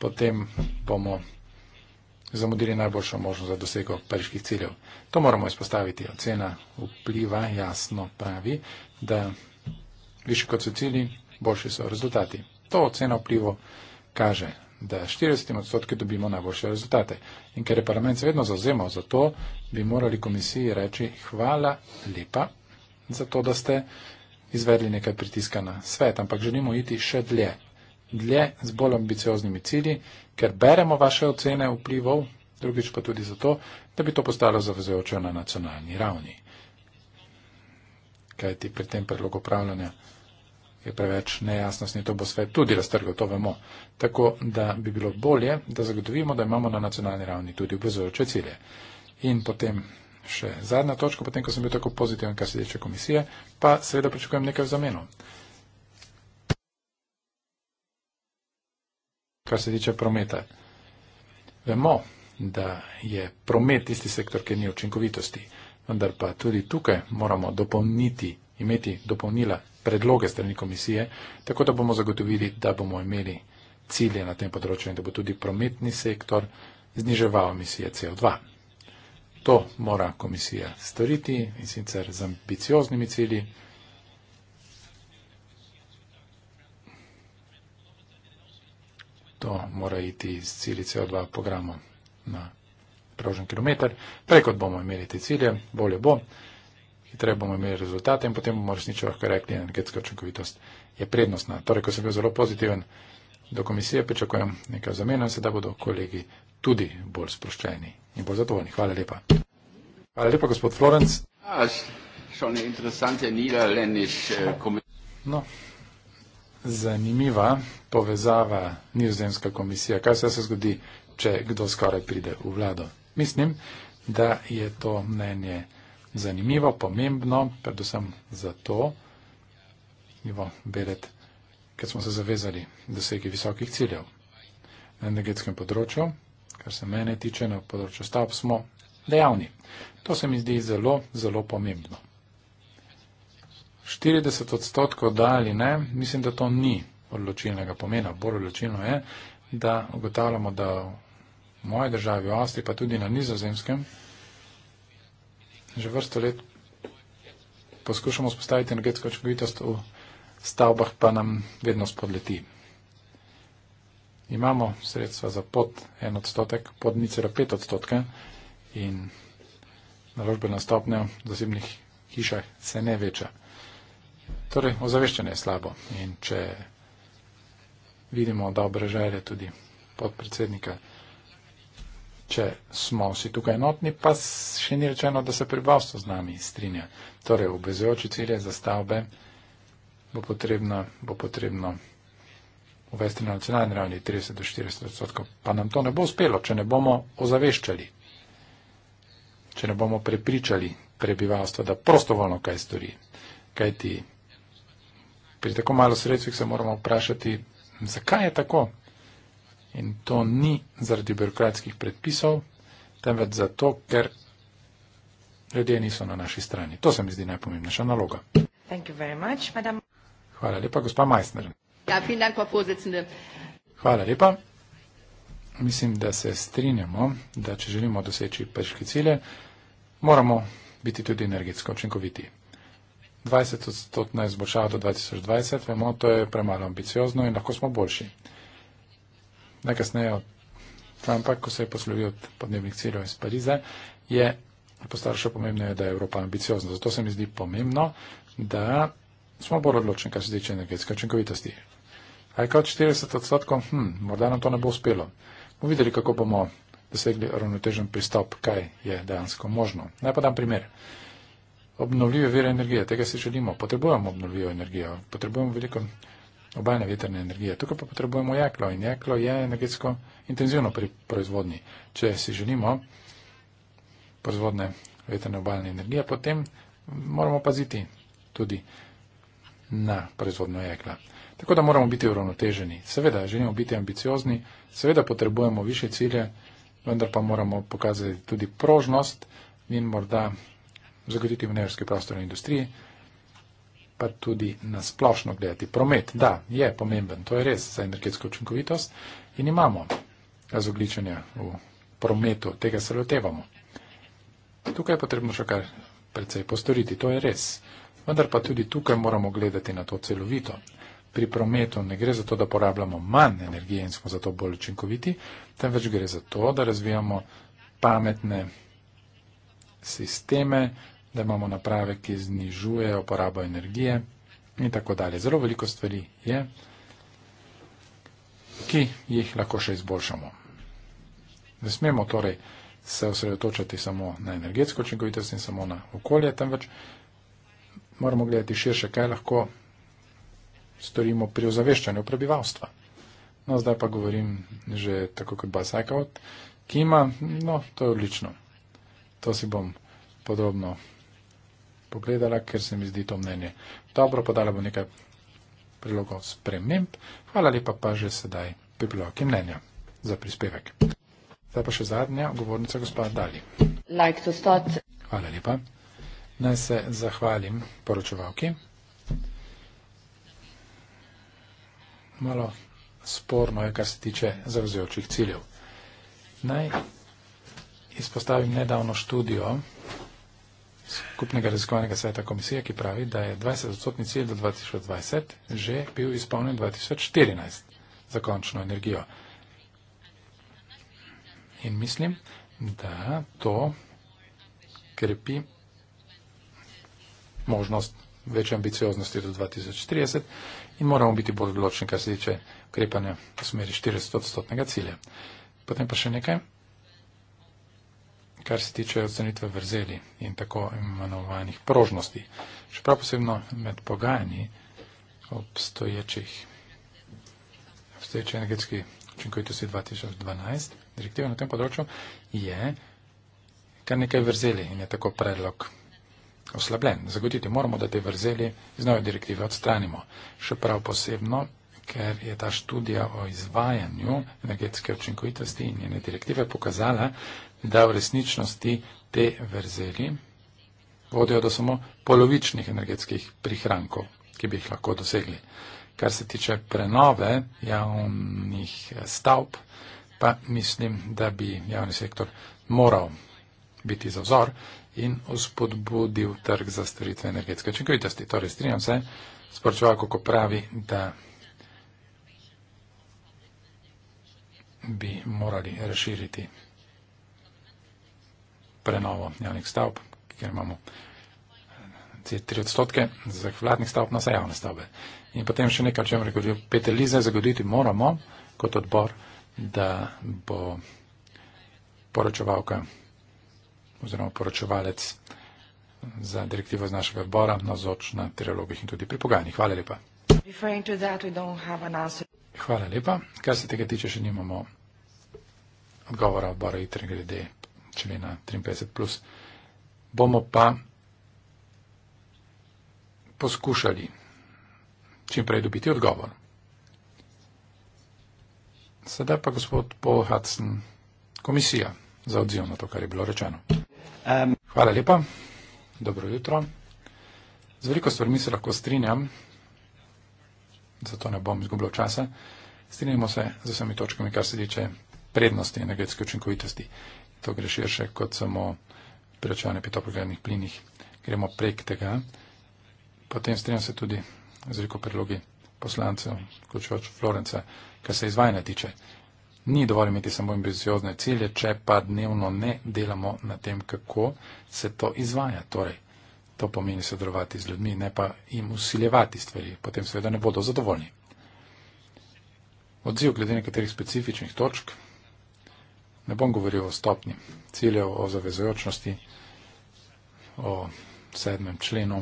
potem bomo zamudili najboljšo možnost za dosego pariških ciljev. To moramo izpostaviti. Ocena vpliva jasno pravi, da više kot so cilji, boljši so rezultati. To ocena vplivo kaže, da 40 odstotki dobimo najboljše rezultate. In ker je parlament se vedno zauzemal za to, bi morali komisiji reči hvala lepa za to, da ste izvedli nekaj pritiska na svet, ampak želimo iti še dlje. Dlje z bolj ambicioznimi cilji, ker beremo vaše ocene vplivov, drugič pa tudi zato, da bi to postalo zavezujoče na nacionalni ravni. Kaj ti pri tem predlogu upravljanja je preveč nejasnosti in to bo svet tudi raztrgal, to vemo. Tako da bi bilo bolje, da zagotovimo, da imamo na nacionalni ravni tudi obvezujoče cilje. In potem še zadnja točka, potem ko sem bil tako pozitiven, kar se tiče komisije, pa seveda pričakujem nekaj v zameno. Kar se tiče prometa. Vemo, da je promet tisti sektor, ki ni učinkovitosti, vendar pa tudi tukaj moramo dopolniti, imeti dopolnila predloge strani komisije, tako da bomo zagotovili, da bomo imeli cilje na tem področju in da bo tudi prometni sektor zniževal emisije CO2. To mora komisija storiti in sicer z ambicioznimi cilji. To mora iti iz cilji CO2 programa na prožen kilometr. Prej kot bomo imeli te cilje, bolje bo, hitreje bomo imeli rezultate in potem bomo resnično lahko rekli, energetska učinkovitost je prednostna. Torej, ko sem bil zelo pozitiven do komisije, pričakujem nekaj zamena in se da bodo kolegi tudi bolj sproščeni in bolj zadovoljni. Hvala lepa. Hvala lepa, gospod Florenc. Ja, eh, no, zanimiva povezava nizozemska komisija. Kaj se zgodi, če kdo skoraj pride v vlado? Mislim, da je to mnenje zanimivo, pomembno, predvsem zato, Ivo Beret, ker smo se zavezali dosegi visokih ciljev na energetskem področju, kar se mene tiče na področju stavb, smo dejavni. To se mi zdi zelo, zelo pomembno. 40 odstotkov da ali ne, mislim, da to ni odločilnega pomena. Bolj odločilno je, da ugotavljamo, da v moje državi, v Avstriji, pa tudi na nizozemskem, že vrsto let poskušamo spostaviti energetsko očekovitost v stavbah, pa nam vedno spodleti imamo sredstva za pod en odstotek, pod ni celo pet odstotke in naložbena stopnja v zasebnih hišah se ne veča. Torej, ozaveščanje je slabo in če vidimo dobre želje tudi podpredsednika, če smo vsi tukaj enotni, pa še ni rečeno, da se prebivalstvo z nami strinja. Torej, obvezujoči cilje za stavbe bo potrebno, bo potrebno uvesti na nacionalni ravni 30 do 40 odstotkov, pa nam to ne bo uspelo, če ne bomo ozaveščali, če ne bomo prepričali prebivalstva, da prostovoljno kaj stori. Kaj ti pri tako malo sredstvih se moramo vprašati, zakaj je tako? In to ni zaradi birokratskih predpisov, temveč zato, ker ljudje niso na naši strani. To se mi zdi najpomembnejša naloga. Hvala lepa, gospa Majsner. Ja, vielen Dank, Frau Präsidentin. Hvala lepa. Mislim, da se strinjamo, da če želimo doseči pariške cilje, moramo biti tudi energetsko učinkoviti. 20 odstotna izboljšava do 2020, vemo, to je premalo ambiciozno in lahko smo boljši. Najkasneje od Trumpa, ko se je poslovil od podnebnih ciljev iz Pariza, je postalo še pomembno, da je Evropa ambiciozna. Zato se mi zdi pomembno, da smo bolj odločni, kar se tiče energetske učinkovitosti. Ali kot 40 odstotkom, hm, morda nam to ne bo uspelo. Bomo videli, kako bomo dosegli ravnotežen pristop, kaj je dejansko možno. Naj pa dam primer. Obnovljive vire energije, tega si želimo. Potrebujemo obnovljivo energijo, potrebujemo veliko obaljne veterne energije. Tukaj pa potrebujemo jeklo in jeklo je energetsko intenzivno pri proizvodnji. Če si želimo proizvodne veterne obaljne energije, potem moramo paziti tudi na proizvodno jekla. Tako da moramo biti uravnoteženi. Seveda želimo biti ambiciozni, seveda potrebujemo više cilje, vendar pa moramo pokazati tudi prožnost in morda zagotoviti manevrski prostor in industriji, pa tudi nasplošno gledati. Promet, da, je pomemben, to je res za energetsko učinkovitost in imamo razogličenje v prometu, tega se lotevamo. Tukaj je potrebno še kar precej postoriti, to je res. Vendar pa tudi tukaj moramo gledati na to celovito pri prometu ne gre za to, da porabljamo manj energije in smo zato bolj učinkoviti, temveč gre za to, da razvijamo pametne sisteme, da imamo naprave, ki znižujejo porabo energije in tako dalje. Zelo veliko stvari je, ki jih lahko še izboljšamo. Ne smemo torej se osredotočati samo na energetsko učinkovitost in samo na okolje, temveč moramo gledati širše, kaj lahko storimo pri ozaveščanju prebivalstva. No, zdaj pa govorim že tako kot Basajkaot, ki ima, no, to je odlično. To si bom podrobno pogledala, ker se mi zdi to mnenje dobro, podala bo nekaj prilogov sprememb. Hvala lepa pa že sedaj pripravljam mnenja za prispevek. Zdaj pa še zadnja govornica, gospa Dali. Like Hvala lepa. Naj se zahvalim poročevalki. malo sporno je, kar se tiče zavzajočih ciljev. Naj izpostavim nedavno študijo skupnega raziskovanega sveta komisije, ki pravi, da je 20-odstotni cilj do 2020 že bil izpolnjen 2014 za končno energijo. In mislim, da to krepi možnost večje ambicioznosti do 2030 in moramo biti bolj odločni, kar se tiče ukrepanja v smeri 400-odstotnega cilja. Potem pa še nekaj, kar se tiče ocenitve vrzeli in tako imenovanih prožnosti. Še prav posebno med pogajanji obstoječih obstoječe energetski učinkovitosti 2012, direktiva na tem področju, je kar nekaj vrzeli in je tako predlog oslabljen. Zagotiti moramo, da te vrzeli iz nove direktive odstranimo. Še prav posebno, ker je ta študija o izvajanju energetske učinkovitosti in njene direktive pokazala, da v resničnosti te vrzeli vodijo do samo polovičnih energetskih prihrankov, ki bi jih lahko dosegli. Kar se tiče prenove javnih stavb, pa mislim, da bi javni sektor moral biti za vzor, in ospodbudil trg za storitve energetske učinkovitosti. Torej, strinjam se s poročevalko, ko pravi, da bi morali razširiti prenovo javnih stavb, ker imamo tri odstotke vladnih stavb na vse javne stavbe. In potem še nekaj, če vam rekel, pete lize zagoditi moramo kot odbor, da bo poročevalka oziroma poročevalec za direktivo z našega odbora, nazoč na trilogih in tudi pri pogajanjih. Hvala lepa. Hvala lepa. Kar se tega tiče, še nimamo odgovora odbora ITR glede člena 53+. Bomo pa poskušali čim prej dobiti odgovor. Sedaj pa gospod Paul Hudson, komisija za odziv na to, kar je bilo rečeno. Um, Hvala lepa, dobro jutro. Z veliko stvarmi se lahko strinjam, zato ne bom izgubljal časa. Strinjamo se z vsemi točkami, kar se tiče prednosti energetske učinkovitosti. To gre širše kot samo priračevanje pitopogrednih plinih. Gremo prek tega. Potem strinjam se tudi z veliko predlogi poslancev, vključujoč Florenca, kar se izvajanja tiče. Ni dovolj imeti samo ambiciozne cilje, če pa dnevno ne delamo na tem, kako se to izvaja. Torej, to pomeni sodelovati z ljudmi, ne pa jim usiljevati stvari. Potem seveda ne bodo zadovoljni. Odziv glede nekaterih specifičnih točk. Ne bom govoril o stopni ciljev, o zavezojočnosti, o sedmem členu.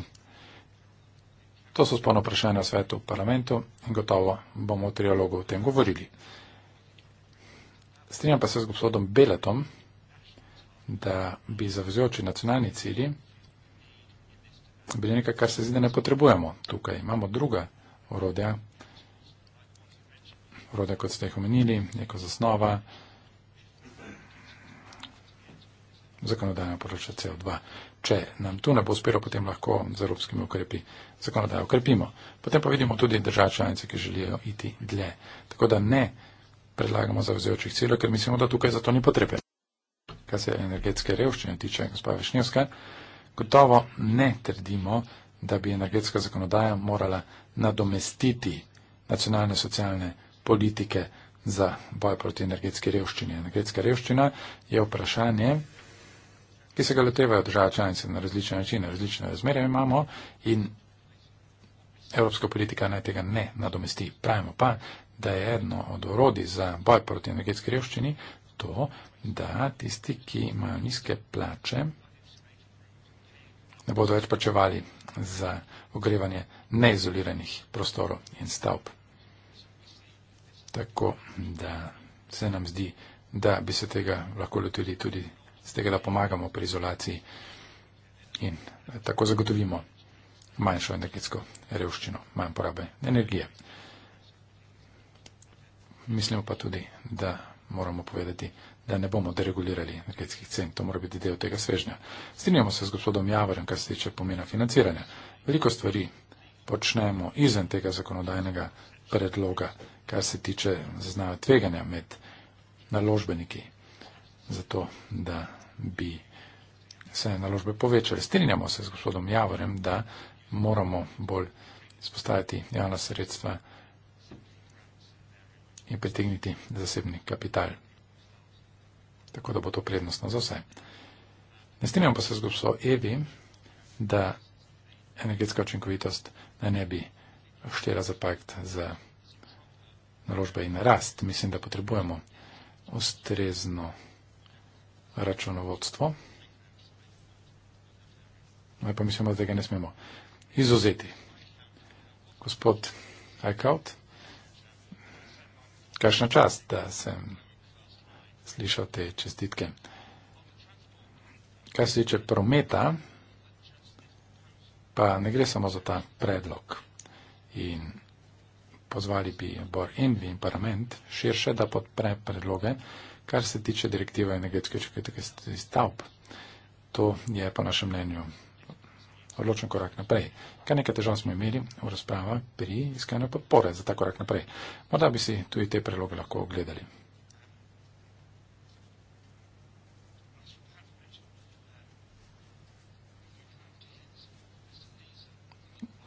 To so spolno vprašanja svetu v parlamentu in gotovo bomo v trialogu o tem govorili. Strinjam pa se z gospodom Beletom, da bi zavezujoči nacionalni cilji bili nekaj, kar se zdi, da ne potrebujemo tukaj. Imamo druga orodja, orodja, kot ste jih omenili, neko zasnova, zakonodajna poročila CO2. Če nam tu ne bo uspelo, potem lahko z evropskimi ukrepi zakonodajo ukrepimo. Potem pa vidimo tudi države članice, ki želijo iti dlje. Tako da ne predlagamo zavezujočih ciljev, ker mislimo, da tukaj za to ni potrebe. Kar se energetske revščine tiče, gospa Višnjevska, gotovo ne trdimo, da bi energetska zakonodaja morala nadomestiti nacionalne socialne politike za boj proti energetski revščini. Energetska revščina je vprašanje, ki se ga letevajo države članice na različne načine, različne razmere imamo in evropska politika naj tega ne nadomesti. Pravimo pa, da je eno od orodij za boj proti energetski revščini to, da tisti, ki imajo nizke plače, ne bodo več plačevali za ogrevanje neizoliranih prostorov in stavb. Tako da se nam zdi, da bi se tega lahko lotili tudi z tega, da pomagamo pri izolaciji in tako zagotovimo manjšo energetsko revščino, manj porabe energije. Mislimo pa tudi, da moramo povedati, da ne bomo deregulirali energetskih cen. To mora biti del tega svežnja. Strinjamo se z gospodom Javorem, kar se tiče pomena financiranja. Veliko stvari počnemo izven tega zakonodajnega predloga, kar se tiče zaznava tveganja med naložbeniki, zato da bi se naložbe povečali. Strinjamo se z gospodom Javorem, da moramo bolj izpostaviti javna sredstva in pritegniti zasebni kapital. Tako da bo to prednostno za vse. Ne strinjam pa se z gospo Evi, da energetska učinkovitost naj ne bi štela za pakt za naložbe in rast. Mislim, da potrebujemo ustrezno računovodstvo. No, pa mislim, da ga ne smemo izuzeti. Gospod Eichhout kakšna čast, da sem slišal te čestitke. Kaj se tiče prometa, pa ne gre samo za ta predlog. In pozvali bi Bor Envi in parlament širše, da podpre predloge, kar se tiče direktive energetske učinkovitosti stavb. To je po našem mnenju odločen korak naprej. Kar nekaj težav smo imeli v razpravah pri iskanju podpore za ta korak naprej. Morda bi si tudi te preloge lahko ogledali.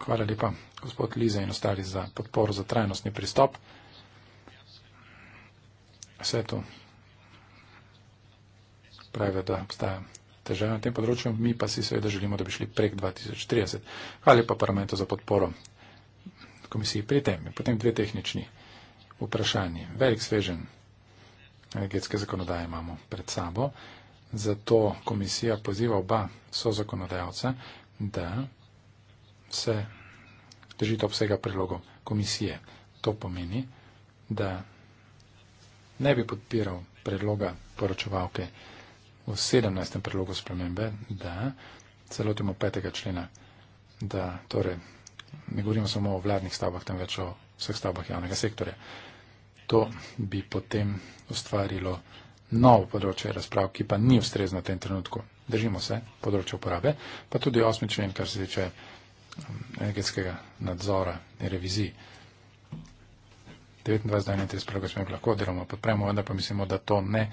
Hvala lepa, gospod Liza in ostali, za podporo za trajnostni pristop. Vse to pravijo, da obstaja težave na tem področju, mi pa si seveda želimo, da bi šli prek 2030. Hvala lepa parlamentu za podporo komisiji pri tem. Potem dve tehnični vprašanji. Velik svežen energetske zakonodaje imamo pred sabo. Zato komisija poziva oba so zakonodajalca, da se držite obsega prilogov komisije. To pomeni, da ne bi podpiral predloga poročevalke. Okay v 17. predlogu spremembe, da celotimo 5. člena, da torej ne govorimo samo o vladnih stavbah, temveč o vseh stavbah javnega sektorja. To bi potem ustvarilo novo področje razprav, ki pa ni ustrezno v tem trenutku. Držimo se področja uporabe, pa tudi 8. člen, kar se tiče um, energetskega nadzora in reviziji. 29. 31. spremembe lahko delamo, podpremo, vendar pa mislimo, da to ne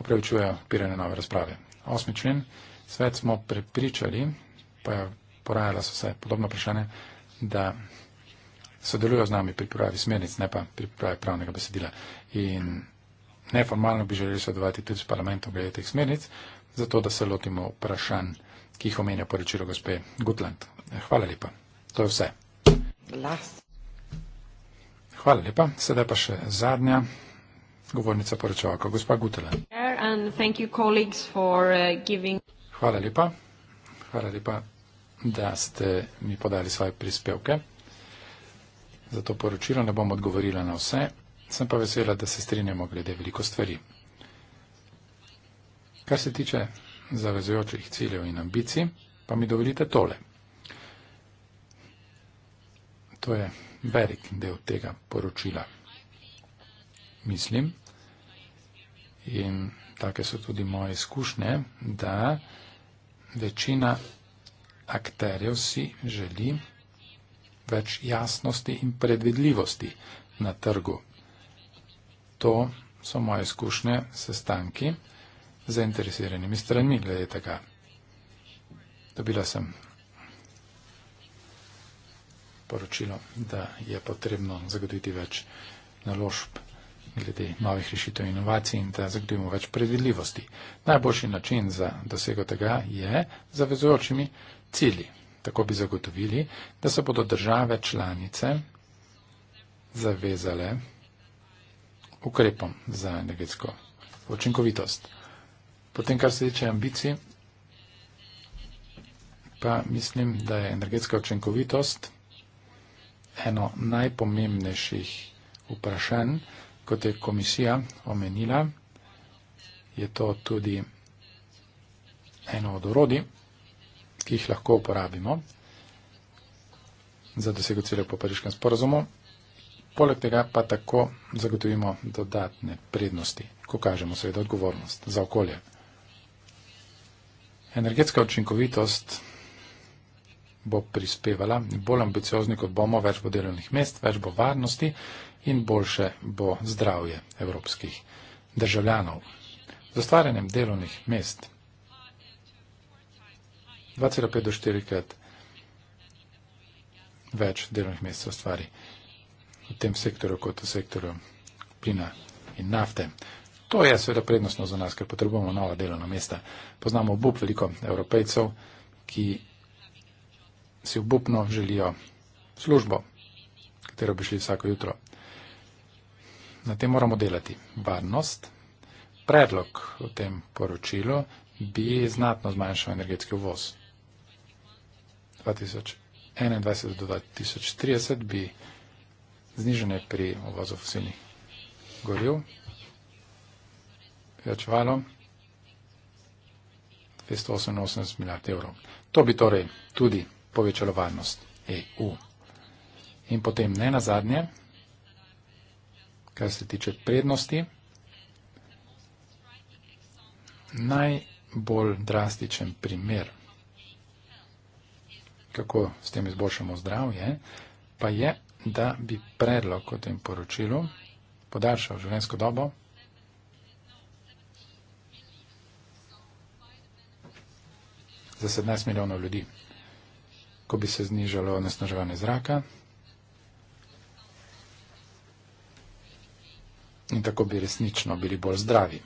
upravičuje opiranje nove razprave. Osmi člen, svet smo prepričali, pa je porajala so se podobno vprašanje, da sodelujo z nami pri pripravi smernic, ne pa pri pripravi pravnega besedila. In neformalno bi želeli sodelovati tudi s parlamentom glede teh smernic, zato da se lotimo vprašanj, ki jih omenja poročilo gospe Gutland. Hvala lepa. To je vse. Last. Hvala lepa. Sedaj pa še zadnja govornica poročavaka, gospa Gutland. Yeah. Ja, and thank you colleagues for uh, giving Hvala lepa. Hvala lepa, da ste mi podali svoje prispevke. Za to poročilo ne bom odgovorila na vse, sem pa vesela, da se strinjamo glede veliko stvari. Kar se tiče zavezujočih ciljev in ambicij, pa mi dovolite tole. To je velik del tega poročila. Mislim in take so tudi moje izkušnje, da večina akterjev si želi več jasnosti in predvidljivosti na trgu. To so moje izkušnje sestanki z zainteresiranimi stranmi glede tega. Dobila sem poročilo, da je potrebno zagotoviti več naložb glede novih rešitev in inovacij in da zagotovimo več predvidljivosti. Najboljši način za dosego tega je zavezujočimi cilji. Tako bi zagotovili, da se bodo države članice zavezale ukrepom za energetsko učinkovitost. Potem, kar se tiče ambicij, pa mislim, da je energetska učinkovitost eno najpomembnejših vprašanj, kot je komisija omenila, je to tudi eno od orodij, ki jih lahko uporabimo za dosego cilja po pariškem sporazumu. Poleg tega pa tako zagotovimo dodatne prednosti, ko kažemo seveda odgovornost za okolje. Energetska učinkovitost bo prispevala, bolj ambiciozni kot bomo, več bo delovnih mest, več bo varnosti, in boljše bo zdravje evropskih državljanov. Z ustvarjanjem delovnih mest 2,5 do 4 krat več delovnih mest se ustvari v tem sektorju kot v sektorju plina in nafte. To je seveda prednostno za nas, ker potrebujemo nova delovna mesta. Poznamo obup veliko evropejcev, ki si obupno želijo službo, katero bi šli vsako jutro. Na tem moramo delati. Varnost. Predlog v tem poročilu bi znatno zmanjšal energetski uvoz. 2021 do 2030 bi znižanje pri uvozu fosilnih goril večvalo 288 milijard evrov. To bi torej tudi povečalo varnost EU. In potem ne nazadnje, kar se tiče prednosti. Najbolj drastičen primer, kako s tem izboljšamo zdravje, pa je, da bi predlog o tem poročilu podaljšal življenjsko dobo. za 17 milijonov ljudi, ko bi se znižalo nasnaževanje zraka, in tako bi resnično bili bolj zdravi.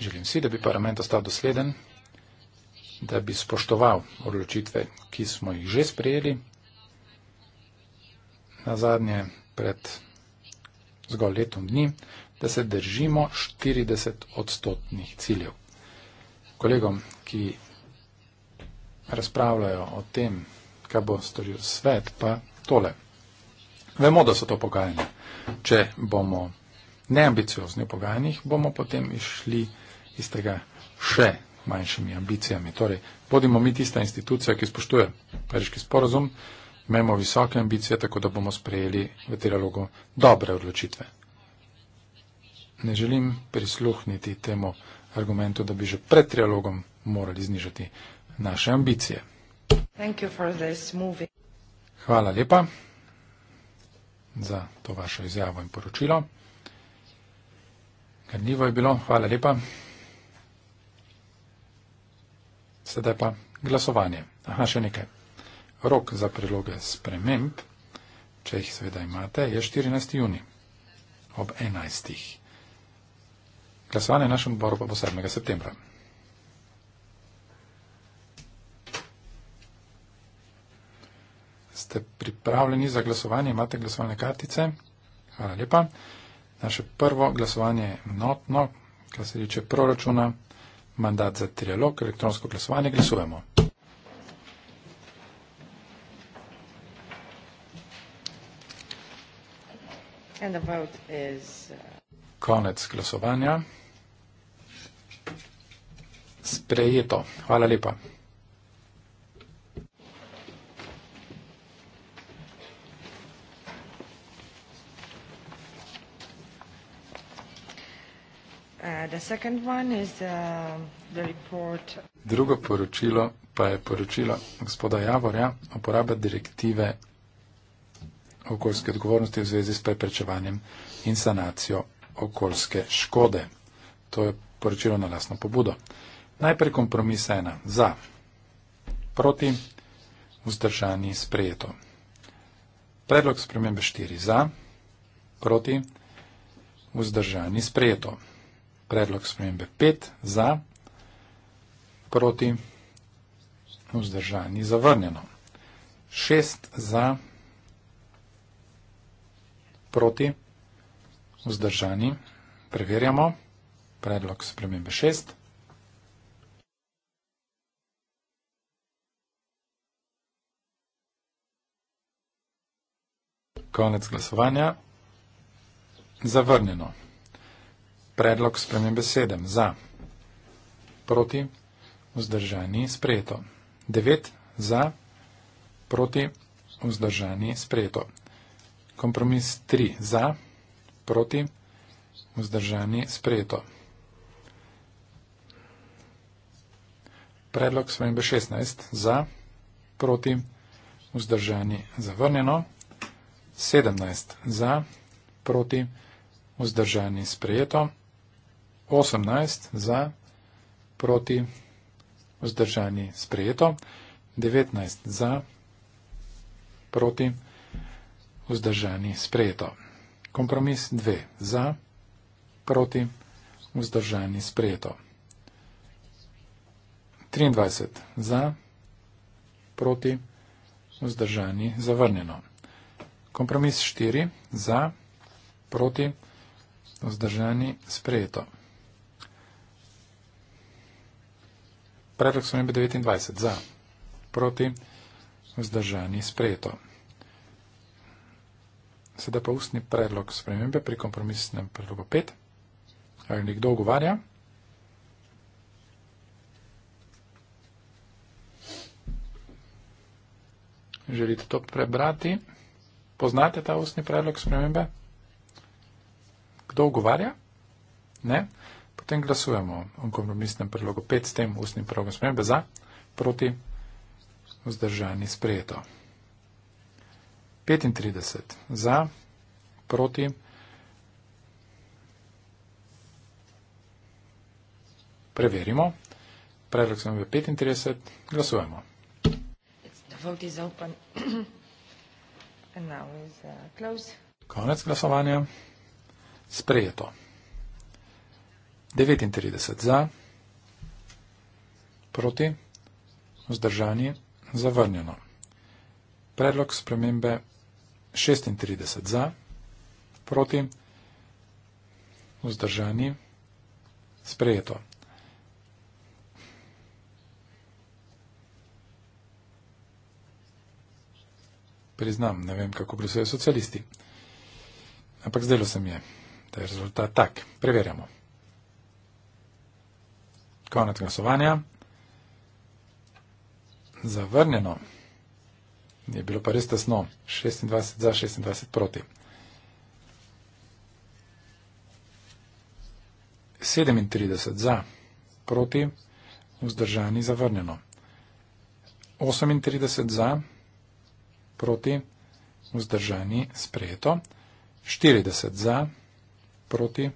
Želim si, da bi parlament ostal dosleden, da bi spoštoval odločitve, ki smo jih že sprejeli, na zadnje pred zgolj letom dni, da se držimo 40 odstotnih ciljev. Kolegom, ki razpravljajo o tem, kaj bo storil svet, pa tole. Vemo, da so to pogajanja. Če bomo neambiciozni v pogajanjih, bomo potem išli iz tega še manjšimi ambicijami. Torej, bodimo mi tista institucija, ki spoštuje pariški sporozum, imamo visoke ambicije, tako da bomo sprejeli v trialogu dobre odločitve. Ne želim prisluhniti temu argumentu, da bi že pred trialogom morali znižati naše ambicije. Hvala lepa za to vašo izjavo in poročilo. Grnivo je bilo, hvala lepa. Sedaj pa glasovanje. Aha, še nekaj. Rok za priloge sprememb, če jih seveda imate, je 14. juni ob 11. Glasovanje na našem odboru pa bo 7. septembra. ste pripravljeni za glasovanje, imate glasovalne kartice. Hvala lepa. Naše prvo glasovanje je notno, kar se tiče proračuna, mandat za trialog, elektronsko glasovanje. Glasujemo. Uh, Konec glasovanja. Sprejeto. Hvala lepa. Uh, uh, Drugo poročilo pa je poročilo gospoda Javorja, uporaba direktive okoljske odgovornosti v zvezi s preprečevanjem in sanacijo okoljske škode. To je poročilo na lasno pobudo. Najprej kompromis ena za, proti, vzdržani, sprejeto. Predlog spremembe štiri za, proti, vzdržani, sprejeto predlog spremembe 5 za, proti, vzdržani, zavrnjeno. 6 za, proti, vzdržani, preverjamo, predlog spremembe 6. Konec glasovanja. Zavrnjeno. Predlog spremembe 7 za, proti, vzdržani, sprejeto. 9 za, proti, vzdržani, sprejeto. Kompromis 3 za, proti, vzdržani, sprejeto. Predlog spremembe 16 za, proti, vzdržani, zavrnjeno. 17 za, proti, vzdržani, sprejeto. 18 za, proti, vzdržani, sprejeto. 18 za, proti, vzdržani sprejeto, 19 za, proti, vzdržani sprejeto. Kompromis 2 za, proti, vzdržani sprejeto. 23 za, proti, vzdržani zavrnjeno. Kompromis 4 za, proti, vzdržani sprejeto. Predlog so imeli 29 za, proti, vzdržani, sprejeto. Sedaj pa ustni predlog spremembe pri kompromisnem predlogu 5. Ali nekdo ogovarja? Želite to prebrati? Poznate ta ustni predlog spremembe? Kdo ogovarja? Ne. Potem glasujemo o kompromisnem predlogu 5 s tem ustnim progom spremembe za, proti, vzdržani sprejeto. 35 za, proti, preverimo. Predlog sem v 35, glasujemo. Uh, Konec glasovanja. Sprejeto. 39 za, proti, vzdržani, zavrnjeno. Predlog spremembe 36 za, proti, vzdržani, sprejeto. Priznam, ne vem, kako glasujejo socialisti. Ampak zdelo se mi je, da je rezultat tak. Preverjamo. Konec glasovanja. Zavrnjeno. Je bilo pa res tesno. 26 za 26 proti. 37 za proti. Vzdržani zavrnjeno. 38 za proti. Vzdržani sprejeto. 40 za proti.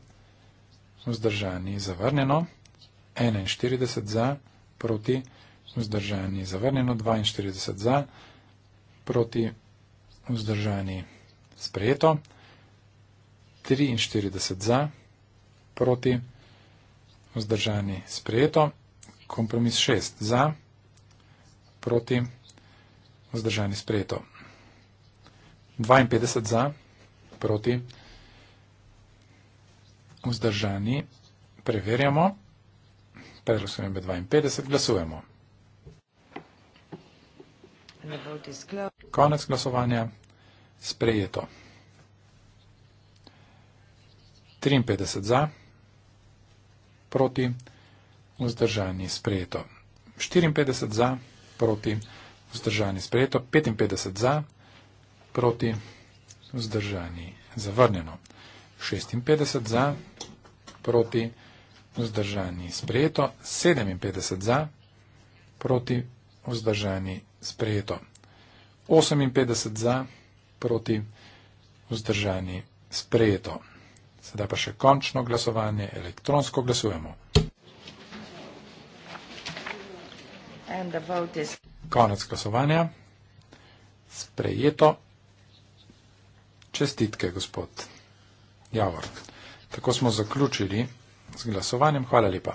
Vzdržani zavrnjeno. 41 za, proti, vzdržani, zavrnjeno 42 za, proti, vzdržani, sprejeto 43 za, proti, vzdržani, sprejeto, kompromis 6 za, proti, vzdržani, sprejeto 52 za, proti, vzdržani, preverjamo predlog spremembe 52. Glasujemo. Konec glasovanja. Sprejeto. 53 za, proti, vzdržani sprejeto. 54 za, proti, vzdržani sprejeto. 55 za, proti, vzdržani zavrnjeno. 56 za, proti, vzdržani sprejeto vzdržani sprejeto, 57 za, proti vzdržani sprejeto, 58 za, proti vzdržani sprejeto. Sedaj pa še končno glasovanje, elektronsko glasujemo. Is... Konec glasovanja. Sprejeto. Čestitke, gospod Javor. Tako smo zaključili z glasovanjem. Hvala lepa.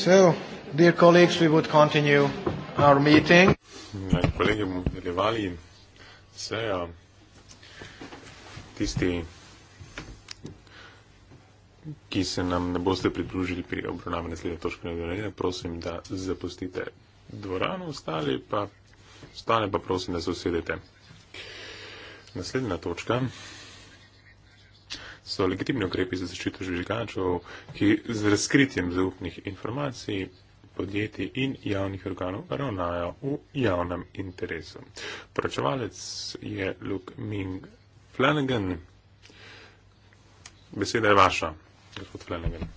So, dear colleagues, we would continue our meeting. Kolegi, bomo nadaljevali sejo. Tisti, ki se nam ne boste pridružili pri obravnavi naslednje točke na dnevnem redu, prosim, da zapustite dvorano, ostali pa, ostale pa prosim, da se usedete. Naslednja točka so legitimni ukrepi za zaščito žvižgačev, ki z razkritjem zaupnih informacij podjetij in javnih organov ravnajo v javnem interesu. Pročevalec je Luke Ming Flanagan. Beseda je vaša, gospod Flanagan.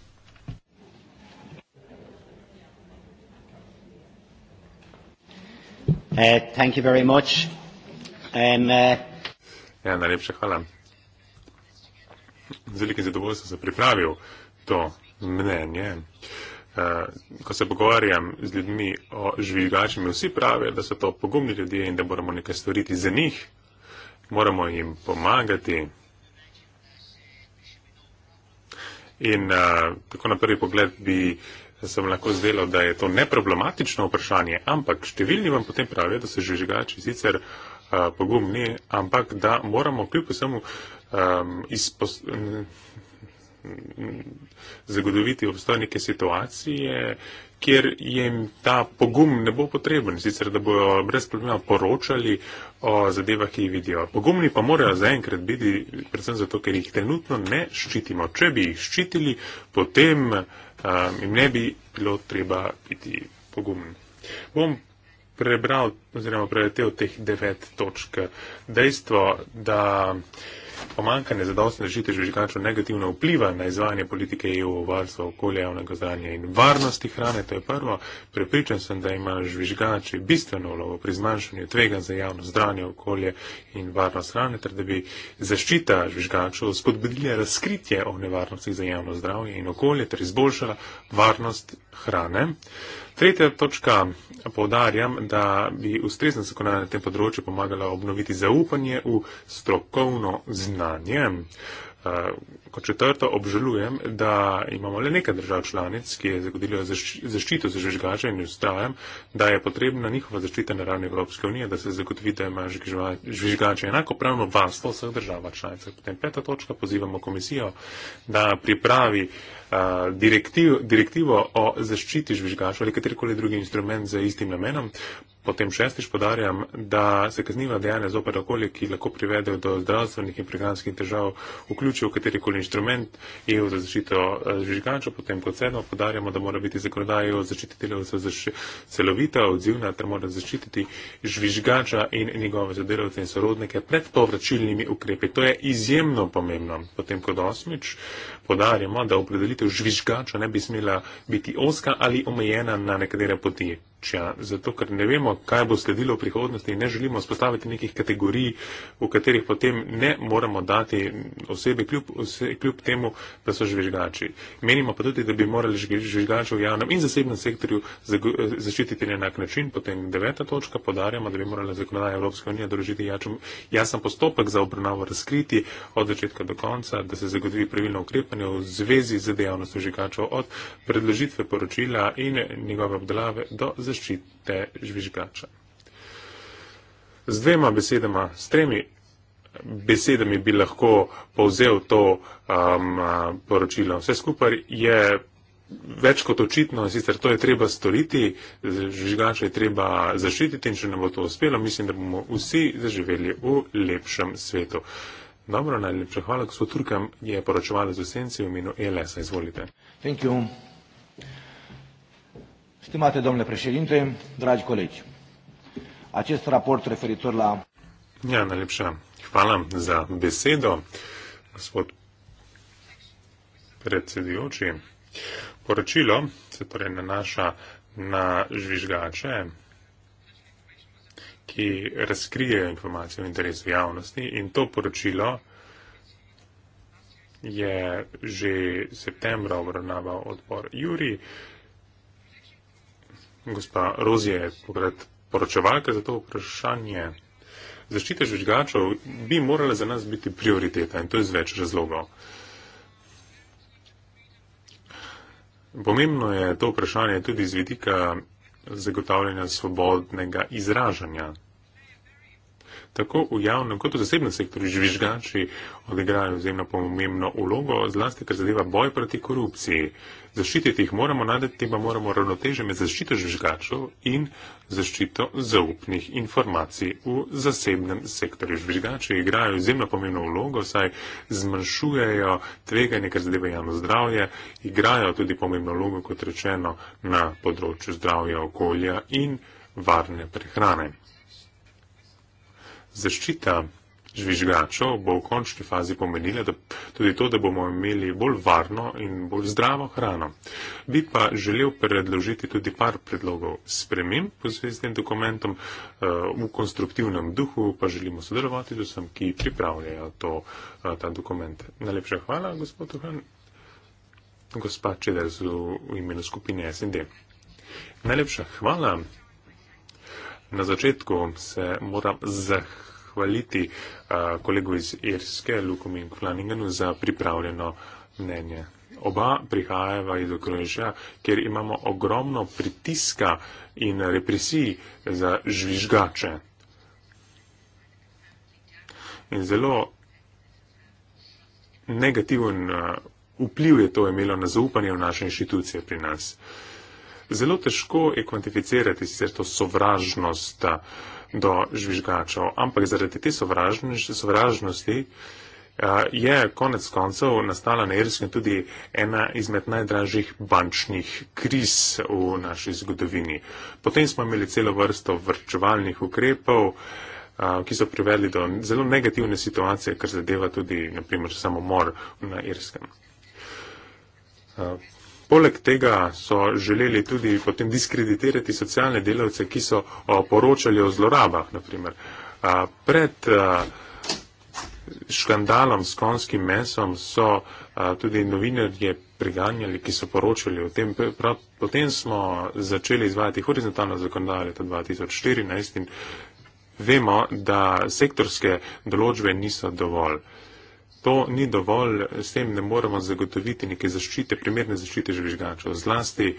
Uh, thank you very much. Um, uh... Ja, najlepša hvala z velikim zadovoljstvom se pripravil to mnenje. Eh, ko se pogovarjam z ljudmi o žvižgačih, vsi pravijo, da so to pogumni ljudje in da moramo nekaj storiti za njih, moramo jim pomagati. In eh, tako na prvi pogled bi se vam lahko zdelo, da je to neproblematično vprašanje, ampak številni vam potem pravijo, da so žvižgači sicer eh, pogumni, ampak da moramo kljub vsemu um, izpos, um, zagotoviti obstoj neke situacije, kjer jim ta pogum ne bo potreben, sicer da bojo brez problema poročali o zadevah, ki jih vidijo. Pogumni pa morajo zaenkrat biti, predvsem zato, ker jih trenutno ne ščitimo. Če bi jih ščitili, potem um, jim ne bi bilo treba biti pogumni. Bom prebral oziroma preletel teh devet točk. Dejstvo, da pomankanje zadostne žite žvižgačev negativno vpliva na izvajanje politike EU o varstvu okolja javnega zdanja in varnosti hrane, to je prvo. Prepričan sem, da ima žvižgači bistveno vlogo pri zmanjšanju tvega za javno zdanje okolje in varnost hrane, ter da bi zaščita žvižgačev spodbudila razkritje o nevarnosti za javno zdravje in okolje ter izboljšala varnost hrane. Uh, Tretja točka. Povdarjam, da bi ustrezna zakonodaja na tem področju pomagala obnoviti zaupanje v strokovno znanje. Eh, kot četrto obžalujem, da imamo le nekaj držav članic, ki je zagodilo zaščito za žvižgače in ustrajam, da je potrebna njihova zaščita na ravni Evropske unije, da se zagotovi, da imajo žvižgače enako pravno varstvo vseh držav članic. Potem peta točka, pozivamo komisijo, da pripravi eh, direktivo o zaščiti žvižgaša ali katerikoli drugi instrument za istim namenom, Potem šestič podarjam, da se kazniva dejanja zopet okolje, ki lahko privedejo do zdravstvenih in prehranskih težav, vključijo katerikoli inštrument EU za zaščito eh, žvižgača. Potem kot sedmo podarjamo, da mora biti zakonodaja EU zaščiti delavcev celovita, odzivna, ter mora zaščititi žvižgača in njegove sodelavce in sorodnike pred povračilnimi ukrepi. To je izjemno pomembno. Potem kot osmič podarjamo, da opredelitev žvižgača ne bi smela biti oska ali omejena na nekatere poti območja, zato ker ne vemo, kaj bo sledilo v prihodnosti in ne želimo spostaviti nekih kategorij, v katerih potem ne moramo dati osebe kljub, kljub temu, da so žvižgači. Menimo pa tudi, da bi morali žvižgače v javnem in zasebnem sektorju zaščititi na enak način. Potem deveta točka podarjamo, da bi morala zakonodaja Evropske unije doložiti jasen postopek za obravnavo razkriti od začetka do konca, da se zagotovi pravilno ukrepanje v zvezi z dejavnostjo žvižgačev od predložitve poročila in njegove obdelave do zaščititi zaščite žvižgača. Z dvema besedama, s tremi besedami bi lahko povzel to um, uh, poročilo. Vse skupaj je več kot očitno, sicer to je treba storiti, žvižgača je treba zaščititi in če nam bo to uspelo, mislim, da bomo vsi zaživeli v lepšem svetu. Dobro, najlepša hvala, gospod Turkam je poročevalec v Senci v imenu ELS-a. Izvolite. Thank you. Stimate domnule președinte, dragi colegi, acest raport referitor la... Ia, ja, Nălipșa, hvala za besedo, gospod predsedujoči. Poročilo se torej nanaša na žvižgače, ki razkrijejo informacije v interesu javnosti in to poročilo je že septembra obravnaval odbor Juri. Gospa Rozija je pokrat poročevalka za to vprašanje. Zaščita žvižgačev bi morala za nas biti prioriteta in to je z več razlogov. Pomembno je to vprašanje tudi z vidika zagotavljanja svobodnega izražanja tako v javnem kot v zasebnem sektorju žvižgači odigrajo izjemno pomembno ulogo, zlasti kar zadeva boj proti korupciji. Zaščititi jih moramo, nadeti pa moramo ravnoteže med zaščito žvižgačev in zaščito zaupnih informacij v zasebnem sektorju. Žvižgači igrajo izjemno pomembno ulogo, saj zmanjšujejo tveganje, kar zadeva javno zdravje, igrajo tudi pomembno ulogo, kot rečeno, na področju zdravja okolja in varne prehrane zaščita žvižgačev bo v končni fazi pomenila da, tudi to, da bomo imeli bolj varno in bolj zdravo hrano. Bi pa želel predložiti tudi par predlogov spremem po zvezdnim dokumentom eh, v konstruktivnem duhu, pa želimo sodelovati z vsem, ki pripravljajo to, eh, ta dokument. Najlepša hvala, gospod Tuhan. Gospa Čedar v imenu skupine SND. Najlepša hvala. Na začetku se moram zahvaliti eh, kolegu iz Irske, Luku Minkflaningenu, za pripravljeno mnenje. Oba prihajava iz okrožja, kjer imamo ogromno pritiska in represij za žvižgače. In zelo negativen eh, vpliv je to imelo na zaupanje v naše inštitucije pri nas. Uh, zelo težko je kvantificirati sicer to sovražnost eh, do žvižgačev, ampak zaradi te sovražnosti eh, je konec koncev nastala na Irskem tudi ena izmed najdražjih bančnih kriz v naši zgodovini. Potem smo imeli celo vrsto vrčevalnih ukrepov, eh, ki so privedli do zelo negativne situacije, kar zadeva tudi, naprimer, samomor na Irskem. Poleg tega so želeli tudi potem diskreditirati socialne delavce, ki so o, poročali o zlorabah, naprimer. A, pred a, škandalom s konskim mesom so a, tudi novinarje priganjali, ki so poročali o tem. Prav, potem smo začeli izvajati horizontalno zakonodajo leta 2014 in vemo, da sektorske določbe niso dovolj to ni dovolj, s tem ne moremo zagotoviti neke zaščite, primerne zaščite žvižgačev. Zlasti,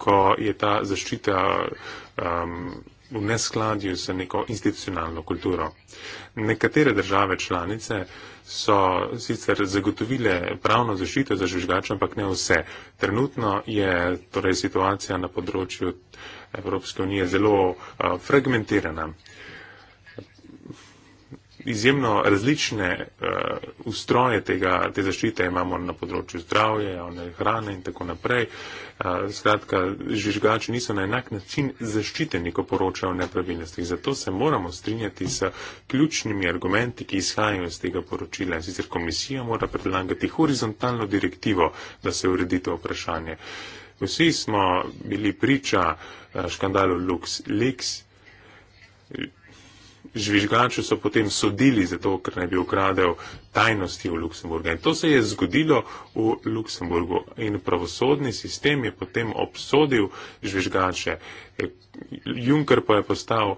ko je ta zaščita um, v neskladju z neko institucionalno kulturo. Nekatere države članice so sicer zagotovile pravno zaščito za žvižgače, ampak ne vse. Trenutno je torej, situacija na področju Evropske unije zelo uh, fragmentirana izjemno različne uh, ustroje tega, te zaščite imamo na področju zdravja, javne hrane in tako naprej. Uh, skratka, žvižgači niso na enak način zaščiteni, ko poročajo o nepravilnostih. Zato se moramo strinjati s ključnimi argumenti, ki izhajajo iz tega poročila. In sicer komisija mora predlagati horizontalno direktivo, da se uredi to vprašanje. Vsi smo bili priča uh, škandalu LuxLeaks žvižgaču so potem sodili za to, ker naj bi ukradel tajnosti v Luksemburgu. In to se je zgodilo v Luksemburgu in pravosodni sistem je potem obsodil žvižgače. Juncker pa je postal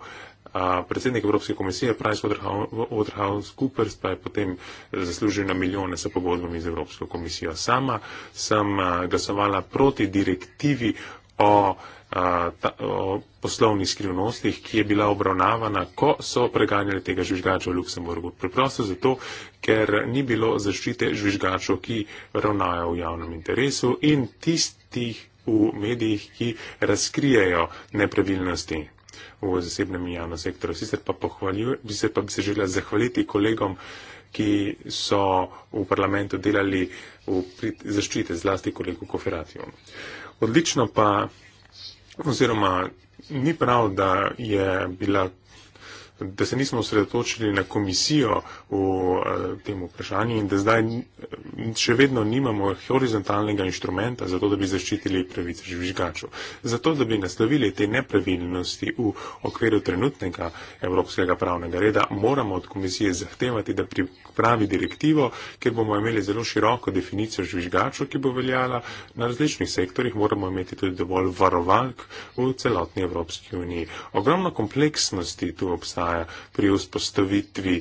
a, predsednik Evropske komisije, Pricewaterhouse Coopers pa je potem zaslužil na milijone sa pogodbami z Evropsko komisijo. Sama sem a, glasovala proti direktivi o ta, o poslovnih skrivnostih, ki je bila obravnavana, ko so preganjali tega žvižgača v Luksemburgu. Preprosto zato, ker ni bilo zaščite žvižgačev, ki ravnajo v javnem interesu in tistih v medijih, ki razkrijejo nepravilnosti v zasebnem in javnem sektorju. Sicer pa, bi se, pa bi se želela zahvaliti kolegom, ki so v parlamentu delali v zaščite zlasti kolegu Koferatijo. Odlično pa oziroma ni prav, da je bila da se nismo osredotočili na komisijo v eh, tem vprašanju in da zdaj še vedno nimamo horizontalnega inštrumenta za to, da bi zaščitili pravice žvižgačev. Zato, da bi naslovili te nepravilnosti v okviru trenutnega evropskega pravnega reda, moramo od komisije zahtevati, da pripravi direktivo, ker bomo imeli zelo široko definicijo žvižgačev, ki bo veljala na različnih sektorjih, moramo imeti tudi dovolj varovalk v celotni Evropski uniji. Ogromno kompleksnosti tu obstaja dogaja pri vzpostavitvi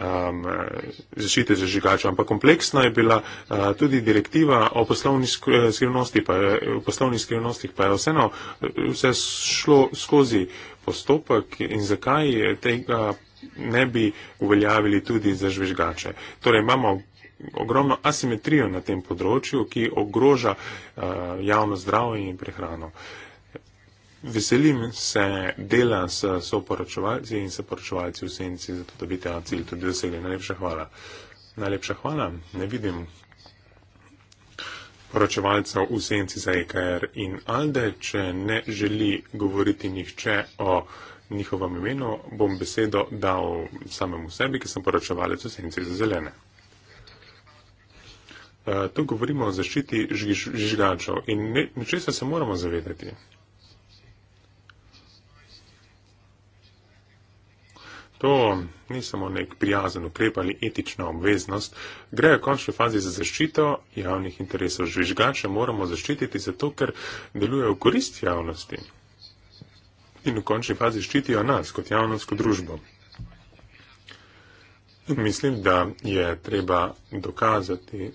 um, zaščite zažigačev. Ampak kompleksna je bila uh, tudi direktiva o poslovni eh, skrivnosti, pa je, poslovni skrivnosti, pa je vseeno vse šlo skozi postopek in zakaj tega ne bi uveljavili tudi za žvižgače. Torej imamo ogromno asimetrijo na tem področju, ki ogroža uh, javno zdravje in prehrano. Uh, Veselim se dela s soporočevalci in soporočevalci v senci, zato da bi ta cilj tudi dosegli. Najlepša hvala. Najlepša hvala. Ne vidim poročevalcev v senci za EKR in ALDE. Če ne želi govoriti nihče o njihovem imenu, bom besedo dal samemu sebi, ki sem poročevalec v senci za zelene. Uh, tu govorimo o zaščiti žgižgačev in ne, nečesa se moramo zavedati. To ni samo nek prijazen ukrep ali etična obveznost, gre v končni fazi za zaščito javnih interesov. Žvižgače moramo zaščititi zato, ker delujejo v korist javnosti in v končni fazi ščitijo nas kot javnostko družbo. In mislim, da je treba dokazati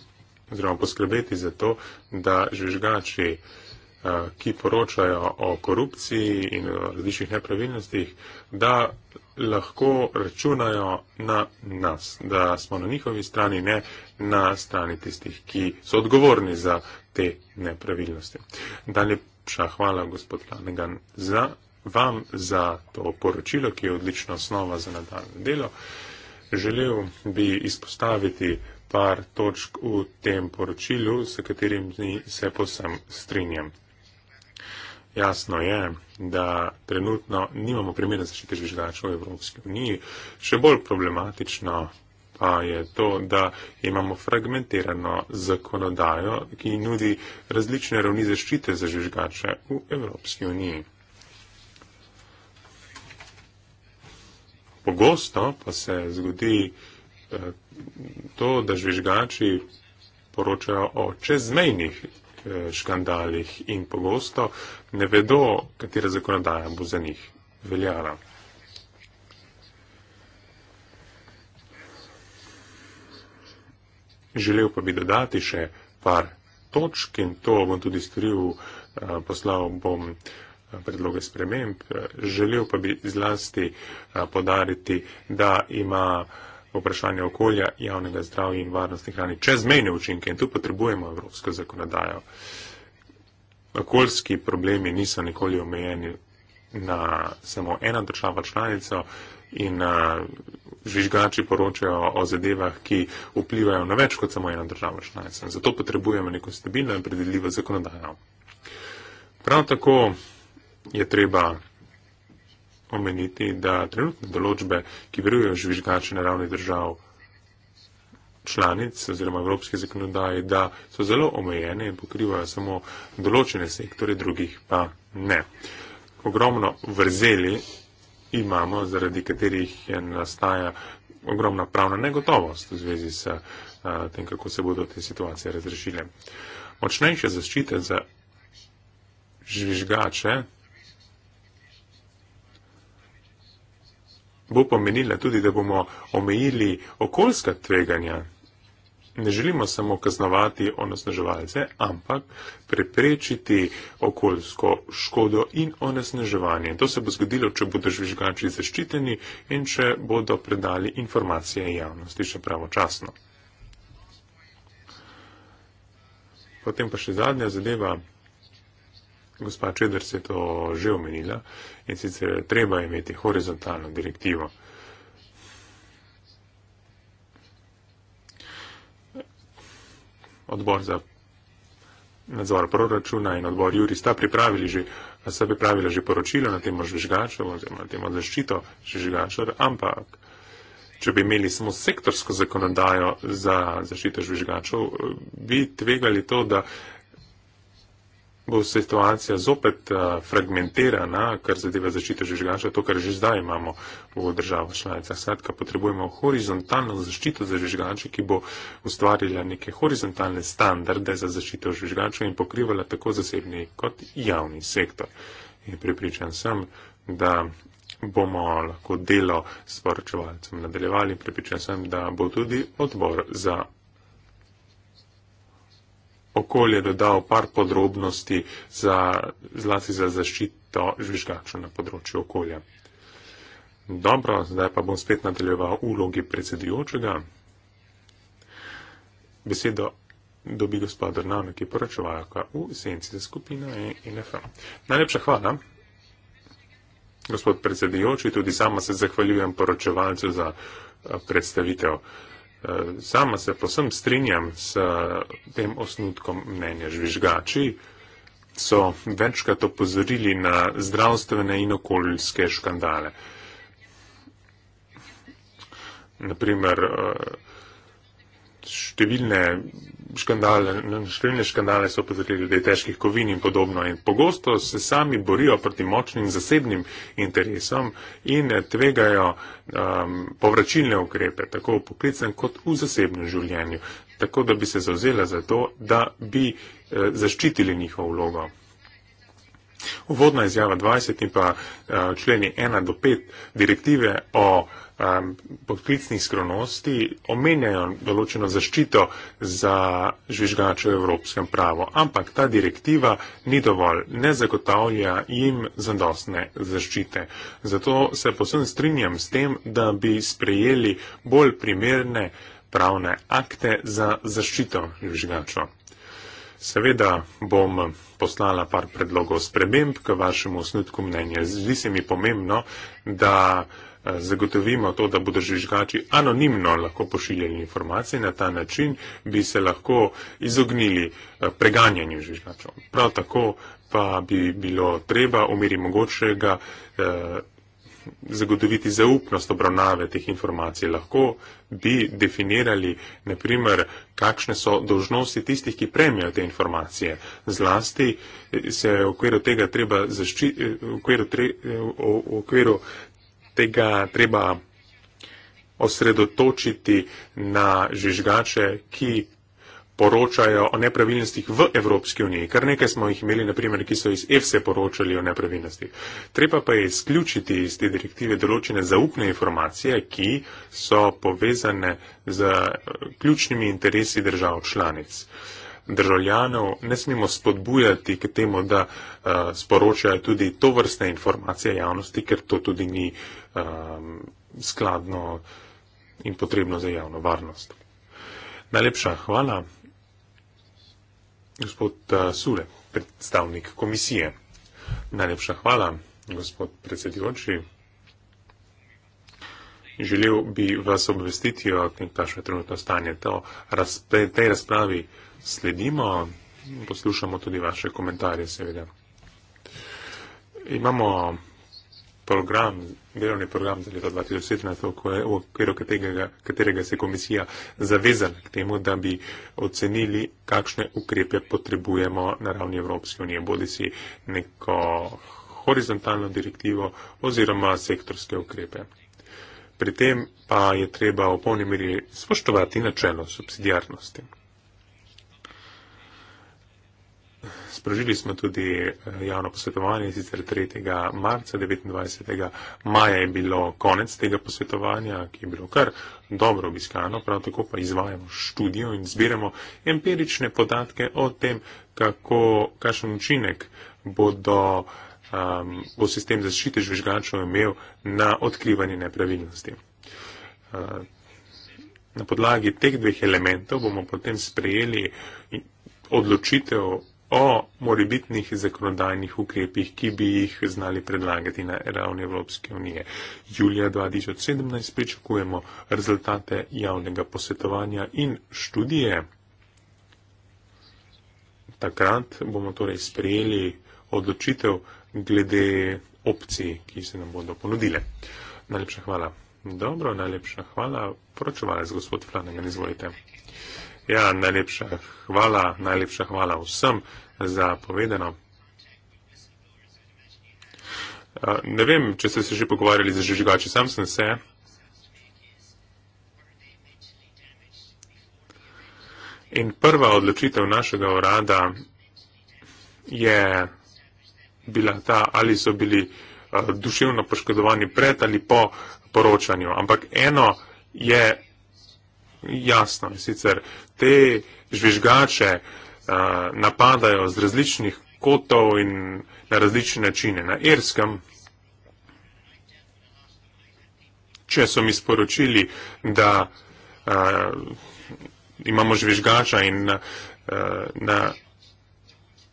oziroma poskrbeti za to, da žvižgači, eh, ki poročajo o korupciji in o različnih nepravilnostih, da lahko računajo na nas, da smo na njihovi strani, ne na strani tistih, ki so odgovorni za te nepravilnosti. Daljša hvala, gospod Lanegan, za vam, za to poročilo, ki je odlična osnova za nadaljne delo. Želel bi izpostaviti par točk v tem poročilu, s katerim se posem strinjam. Jasno je, da trenutno nimamo primerne zaščite žvižgačev v Evropski uniji. Še bolj problematično pa je to, da imamo fragmentirano zakonodajo, ki nudi različne ravni zaščite za žvižgače v Evropski uniji. Pogosto pa se zgodi eh, to, da žvižgači poročajo o čezmejnih Eh, škandalih in pogosto ne vedo, katera zakonodaja bo za njih veljala. Želel pa bi dodati še par točk in to bom tudi storil, eh, poslal bom eh, predloge sprememb. Želel pa bi zlasti podariti, da ima vprašanje okolja, javnega zdravja in varnosti hrani, čezmejne učinke in tu potrebujemo evropsko zakonodajo. Okoljski problemi niso nikoli omejeni na samo ena država članica in žvižgači poročajo o zadevah, ki vplivajo na več kot samo ena država članica. Zato potrebujemo neko stabilno in predeljivo zakonodajo. Prav tako je treba omeniti, da trenutne določbe, ki verujejo žvižgače na ravni držav članic oziroma evropske zakonodaje, da so zelo omejene in pokrivajo samo določene sektore, drugih pa ne. Ogromno vrzeli imamo, zaradi katerih nastaja ogromna pravna negotovost v zvezi s eh, tem, kako se bodo te situacije razrešile. Močnejša zaščita za žvižgače bo pomenila tudi, da bomo omejili okoljska tveganja. Ne želimo samo kaznovati onesnaževalce, ampak preprečiti okoljsko škodo in onesnaževanje. To se bo zgodilo, če bodo žvižgači zaščiteni in če bodo predali informacije javnosti še pravočasno. Potem pa še zadnja zadeva, gospa Čedr se je to že omenila in sicer treba imeti horizontalno direktivo. Odbor za nadzor proračuna in odbor Juri sta pripravili že, sta pripravila že poročilo na temo žvižgačev oziroma na temo zaščito žvižgačev, ampak če bi imeli samo sektorsko zakonodajo za zaščito žvižgačev, bi tvegali to, da bo situacija zopet eh, fragmentirana, kar zadeva zaščito žvižgača, to, kar že zdaj imamo v državah članicah. Sredka potrebujemo horizontalno zaščito za žvižgače, ki bo ustvarila neke horizontalne standarde za zaščito žvižgača in pokrivala tako zasebni kot javni sektor. In pripričan sem, da bomo lahko delo s poročevalcem nadaljevali in pripričan sem, da bo tudi odbor za okolje dodal par podrobnosti za, zlasti za zaščito žvižgačev na področju okolja. Dobro, zdaj pa bom spet nadaljeval ulogi predsedujočega. Besedo dobi gospod Dornavnik, ki poročevajo v senci za skupino ENF. Najlepša hvala. Gospod predsedujoči, tudi sama se zahvaljujem poročevalcu za eh, predstavitev. Eh, sama se posem strinjam s eh, tem osnutkom mnenja žvižgači, so večkrat opozorili na zdravstvene in okoljske škandale. Naprimer, eh, številne škandale, številne škandale so opozorili ljudi težkih kovin in podobno. In pogosto se sami borijo proti močnim zasebnim interesom in tvegajo um, povračilne ukrepe, tako v poklicnem kot v zasebnem življenju. Tako da bi se zauzela za to, da bi eh, zaščitili njihovo vlogo. Uvodna izjava 20 in pa uh, členi 1 do 5 direktive o uh, um, podklicnih skrivnosti omenjajo določeno zaščito za žvižgače v evropskem pravu, ampak ta direktiva ni dovolj, ne zagotavlja jim zadostne zaščite. Zato se posebno strinjam s tem, da bi sprejeli bolj primerne pravne akte za zaščito žvižgačev. Seveda bom poslala par predlogov sprememb k vašemu osnutku mnenja. Zdi se mi pomembno, da zagotovimo to, da bodo žvižgači anonimno lahko pošiljali informacije in na ta način bi se lahko izognili eh, preganjanju žvižgačov. Prav tako pa bi bilo treba v meri mogočega eh, zagotoviti zaupnost obravnave teh informacij. Lahko bi definirali, naprimer, kakšne so dožnosti tistih, ki premijo te informacije. Zlasti eh, se je v okviru tega treba zaščiti, v okviru, tre, v okviru tega treba osredotočiti na žvižgače, ki poročajo o nepravilnostih v Evropski uniji. Kar nekaj smo jih imeli, naprimer, ki so iz EFSE poročali o nepravilnostih. Treba pa je izključiti iz te direktive določene zaupne informacije, ki so povezane z eh, ključnimi interesi držav članic. Uh, državljanov ne smemo spodbujati k temu, da eh, sporočajo tudi to vrste informacije javnosti, ker to tudi ni eh, skladno in potrebno za javno varnost. Najlepša hvala, gospod eh, Sule, predstavnik komisije. Najlepša hvala, gospod predsedujoči. Želel bi vas obvestiti o tem, kakšno je trenutno stanje. To razpre, tej razpravi uh, sledimo, poslušamo tudi vaše komentarje, seveda. Imamo program, delovni program za leto 2017, v okviru katerega, katerega se komisija zavezala k temu, da bi ocenili, kakšne ukrepe potrebujemo na ravni Evropske unije, bodi si neko horizontalno direktivo oziroma sektorske ukrepe. Pri tem pa je treba v polni meri spoštovati načelo subsidijarnosti. Sprožili smo tudi eh, javno posvetovanje, sicer 3. marca, 29. maja je bilo konec tega posvetovanja, ki je bilo kar dobro obiskano, prav tako pa izvajamo študijo in zbiramo empirične podatke o tem, kako, kakšen učinek bodo, um, bo sistem zaščite žvižgačev imel na odkrivanje nepravilnosti. Uh, na podlagi teh dveh elementov bomo potem sprejeli odločitev o morebitnih zakonodajnih ukrepih, ki bi jih znali predlagati na ravni Evropske unije. Julija 2017 pričakujemo rezultate javnega posvetovanja in študije. Takrat bomo torej sprejeli odločitev glede opcij, ki se nam bodo ponudile. Najlepša hvala. Dobro, najlepša hvala. Poročevalec gospod Flanagan, izvolite. Ja, najlepša hvala, najlepša hvala vsem za povedano. Ne vem, če ste se že pogovarjali za žižigači, sam sem se. In prva odločitev našega urada je bila ta, ali so bili duševno poškodovani pred ali po poročanju. Ampak eno je jasno je sicer, te žvižgače a, napadajo z različnih kotov in na različne načine. Na Irskem, če so mi sporočili, da a, imamo žvižgača in a, na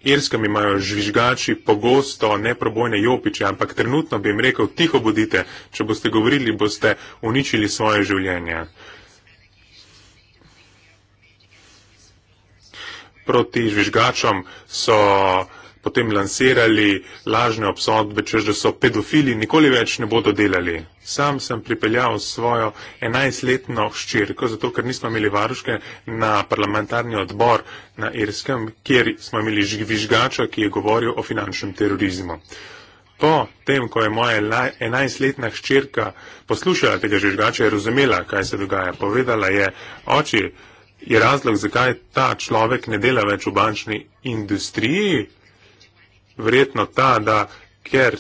Irskem imajo žvižgači pogosto neprobojne jopiče, ampak trenutno bi jim rekel, tiho bodite, če boste govorili, boste uničili svoje življenje. proti žvižgačom so potem lansirali lažne obsodbe, čež da so pedofili, nikoli več ne bodo delali. Sam sem pripeljal svojo 11-letno ščirko, zato ker nismo imeli varuške na parlamentarni odbor na Irskem, kjer smo imeli žvižgača, ki je govoril o finančnem terorizmu. Po tem, ko je moja 11-letna ščirka poslušala tega žvižgača, je razumela, kaj se dogaja. Povedala je, oči, je razlog, zakaj ta človek ne dela več v bančni industriji, verjetno ta, da ker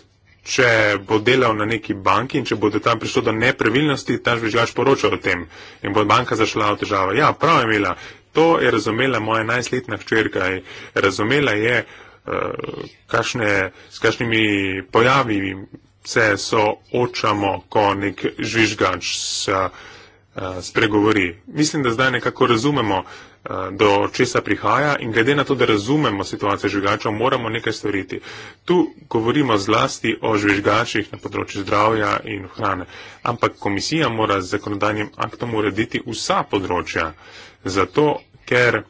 če bo delal na neki banki in če bo do tam prišlo do nepravilnosti, ta žvižgač poročal o tem in bo banka zašla v težavo. Ja, prav je imela. To je razumela moja najsletna hčerka. Razumela je, eh, kašne, s kakšnimi pojavi se soočamo, ko nek žvižgač s uh, Eh, spregovori. Mislim, da zdaj nekako razumemo, eh, do česa prihaja in glede na to, da razumemo situacijo žvižgačev, moramo nekaj storiti. Tu govorimo zlasti o žvižgačih na področju zdravja in hrane, ampak komisija mora z zakonodajnim aktom urediti vsa področja. Zato, ker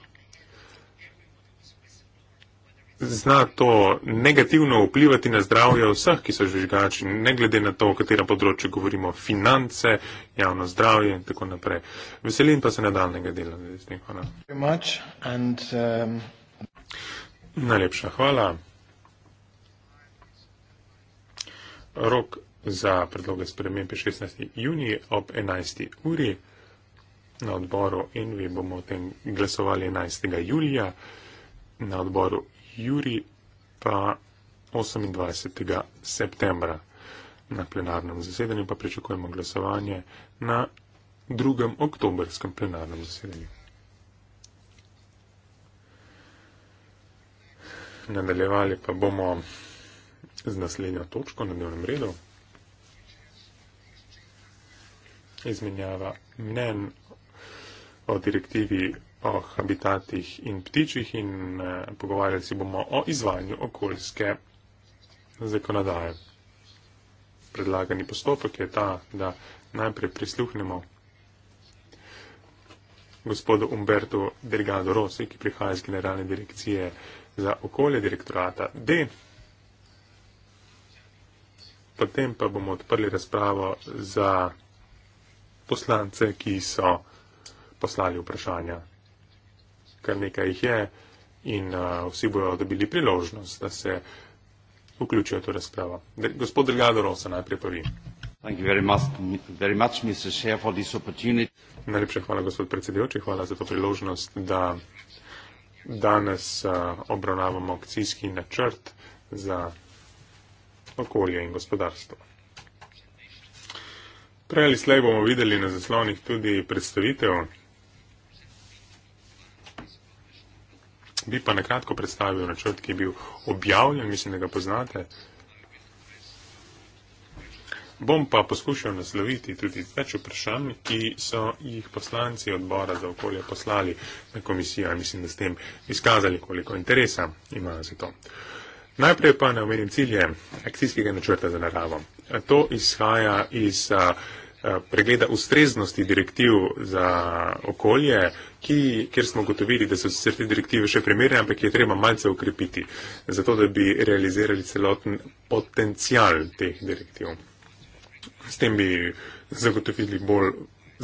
zna to negativno vplivati na zdravje vseh, ki so žvižgači, ne glede na to, o katerem področju govorimo, finance, javno zdravje in tako naprej. Veselim pa se nadaljnega dela. Hvala. Um, Najlepša hvala. Rok za predloge spremembe 16. juni ob 11. uri na odboru in vi bomo o tem glasovali 11. julija na odboru Juri pa 28. septembra na plenarnem zasedanju pa pričakujemo glasovanje na drugem oktobrskem plenarnem zasedanju. Nadaljevali pa bomo z naslednjo točko na dnevnem redu. Izmenjava mnen o direktivi o habitatih in ptičih in eh, pogovarjali se bomo o izvajanju okoljske zakonodaje. Predlagani postopek je ta, da najprej prisluhnemo gospodu Umberto Delgado Rossi, ki prihaja iz Generalne direkcije za okolje direktorata D. Potem pa bomo odprli razpravo za poslance, ki so poslali vprašanja kar nekaj jih je in uh, vsi bojo dobili priložnost, da se vključijo v to razpravo. De, gospod Delgadoro, se najprej pa vi. Najlepša hvala, gospod predsedujoči, hvala za to priložnost, da danes uh, obravnavamo akcijski načrt za okolje in gospodarstvo. Prej ali slej bomo videli na zaslonih tudi predstavitev bi pa nakratko predstavil načrt, ki je bil objavljen, mislim, da ga poznate. Bom pa poskušal nasloviti tudi več vprašanj, ki so jih poslanci odbora za okolje poslali na komisijo in mislim, da s tem izkazali, koliko interesa imajo za to. Najprej pa na omenim cilje akcijskega načrta za naravo. To izhaja iz uh, Eh, pregleda ustreznosti direktiv za okolje, ki, kjer smo gotovili, da so se te direktive še primerne, ampak je treba malce ukrepiti, zato da bi realizirali celoten potencial teh direktiv. S tem bi zagotovili bolj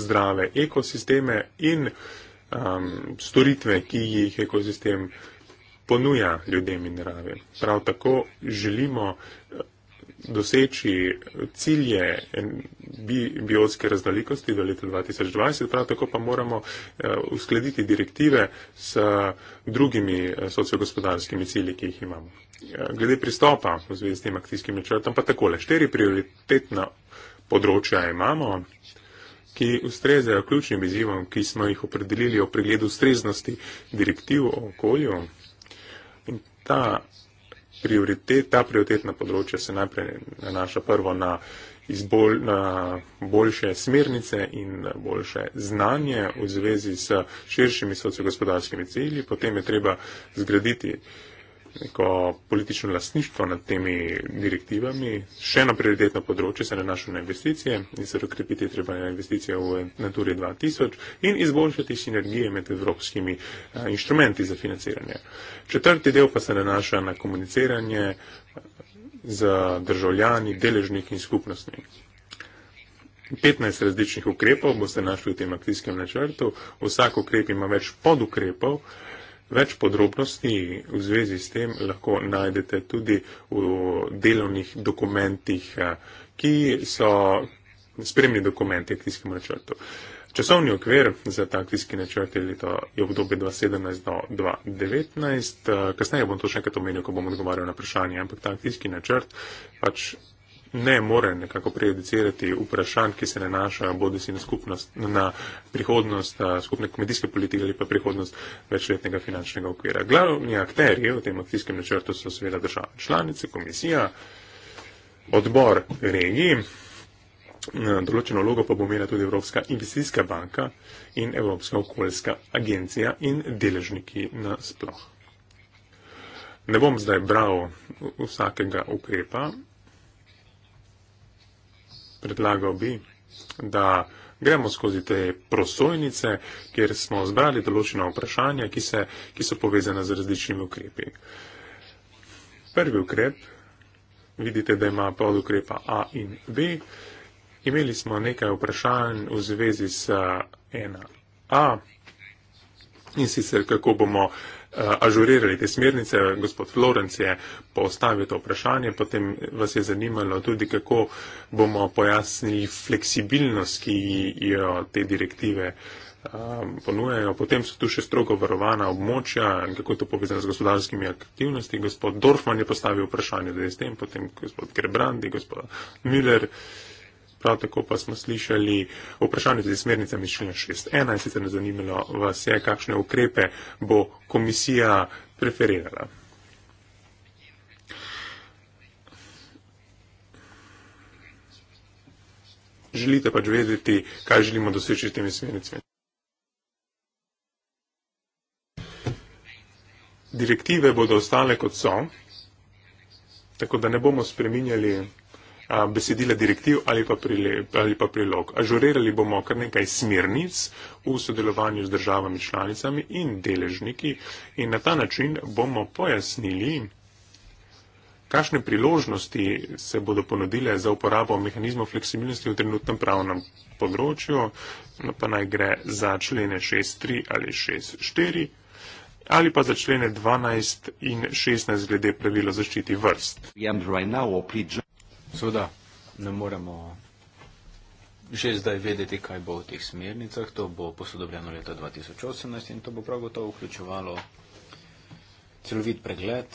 zdrave ekosisteme in um, storitve, ki jih ekosistem ponuja ljudem in naravi. Prav tako želimo doseči cilje bi, biotske raznolikosti do leta 2020, prav tako pa moramo uh, uskladiti direktive s drugimi eh, sociogospodarskimi cilji, ki jih imamo. Uh, glede pristopa v zvezi s tem akcijskim načrtom, pa takole, štiri prioritetna področja imamo, ki ustrezajo ključnim izzivom, ki smo jih opredelili o pregledu ustreznosti direktiv o okolju. In ta prioritet, ta prioritetna področja se najprej nanaša prvo na, izbolj, na boljše smernice in boljše znanje v zvezi s širšimi sociogospodarskimi cilji, potem je treba zgraditi uh, neko politično lasništvo nad temi direktivami. Še eno prioritetno področje se nanaša na investicije in se dokrepiti treba na investicije v Nature 2000 in izboljšati sinergije med evropskimi inštrumenti za financiranje. Četrti del pa se nanaša na komuniciranje z državljani, deležniki in skupnostmi. 15 različnih ukrepov boste našli v tem akcijskem načrtu. Vsak ukrep ima več podukrepov. Uh, Več podrobnosti v zvezi s tem lahko najdete tudi v delovnih dokumentih, eh, ki so spremni dokumenti akcijskemu načrtu. Časovni okvir za taktijski načrt je leto je v dobi 2017 do 2019. Eh, kasneje bom to še enkrat omenil, ko bom odgovarjal na vprašanje, ampak taktijski načrt pač ne more nekako prejudicirati vprašanj, ki se nanašajo bodi si na, skupnost, na prihodnost eh, skupne komedijske politike ali pa prihodnost večletnega finančnega okvira. Glavni akteri v tem akcijskem načrtu so seveda države članice, komisija, odbor regiji, eh, določeno logo pa bo imela tudi Evropska investicijska banka in Evropska okoljska agencija in deležniki nasploh. Ne bom zdaj bral vsakega ukrepa, predlagal bi, da gremo skozi te prosojnice, kjer smo zbrali določena vprašanja, ki, se, ki so povezana z različnimi ukrepi. Prvi ukrep, vidite, da ima pod ukrepa A in B. Imeli smo nekaj vprašanj v zvezi s 1A in sicer kako bomo Eh, ažurirali te smernice. Gospod Florenc je postavil to vprašanje, potem vas je zanimalo tudi, kako bomo pojasnili fleksibilnost, ki jo te direktive eh, ponujejo. Potem so tu še strogo varovana območja in kako je to povezano z gospodarskimi aktivnosti. Gospod Dorfman je postavil vprašanje, da je s tem, potem gospod Grebrandi, gospod Müller prav tako pa smo slišali vprašanje tudi smernica mišljenja 6.1 in sicer ne zanimalo vas je, kakšne ukrepe bo komisija preferirala. Želite pač vedeti, kaj želimo doseči s temi smernicami. Direktive bodo ostale kot so, tako da ne bomo spreminjali besedila direktiv ali pa, prilep, ali pa prilog. Ažurirali bomo kar nekaj smernic v sodelovanju z državami članicami in deležniki in na ta način bomo pojasnili, kakšne priložnosti se bodo ponudile za uporabo mehanizmov fleksibilnosti v trenutnem pravnem področju, no pa naj gre za člene 6.3 ali 6.4 ali pa za člene 12 in 16 glede pravila zaščiti vrst. Seveda ne moremo že zdaj vedeti, kaj bo v teh smernicah. To bo posodobljeno leta 2018 in to bo prav gotovo vključevalo celovit pregled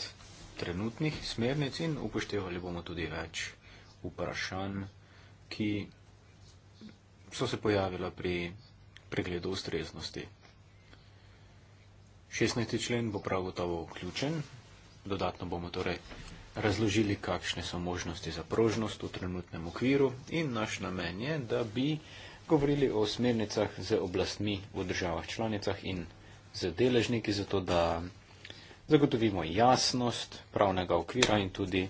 trenutnih smernic in upoštevali bomo tudi več vprašanj, ki so se pojavila pri pregledu ustreznosti. 16. člen bo prav gotovo vključen. Dodatno bomo torej razložili, kakšne so možnosti za prožnost v trenutnem okviru in naš namen je, da bi govorili o smernicah z oblastmi v državah članicah in z deležniki, zato da zagotovimo jasnost pravnega okvira in tudi,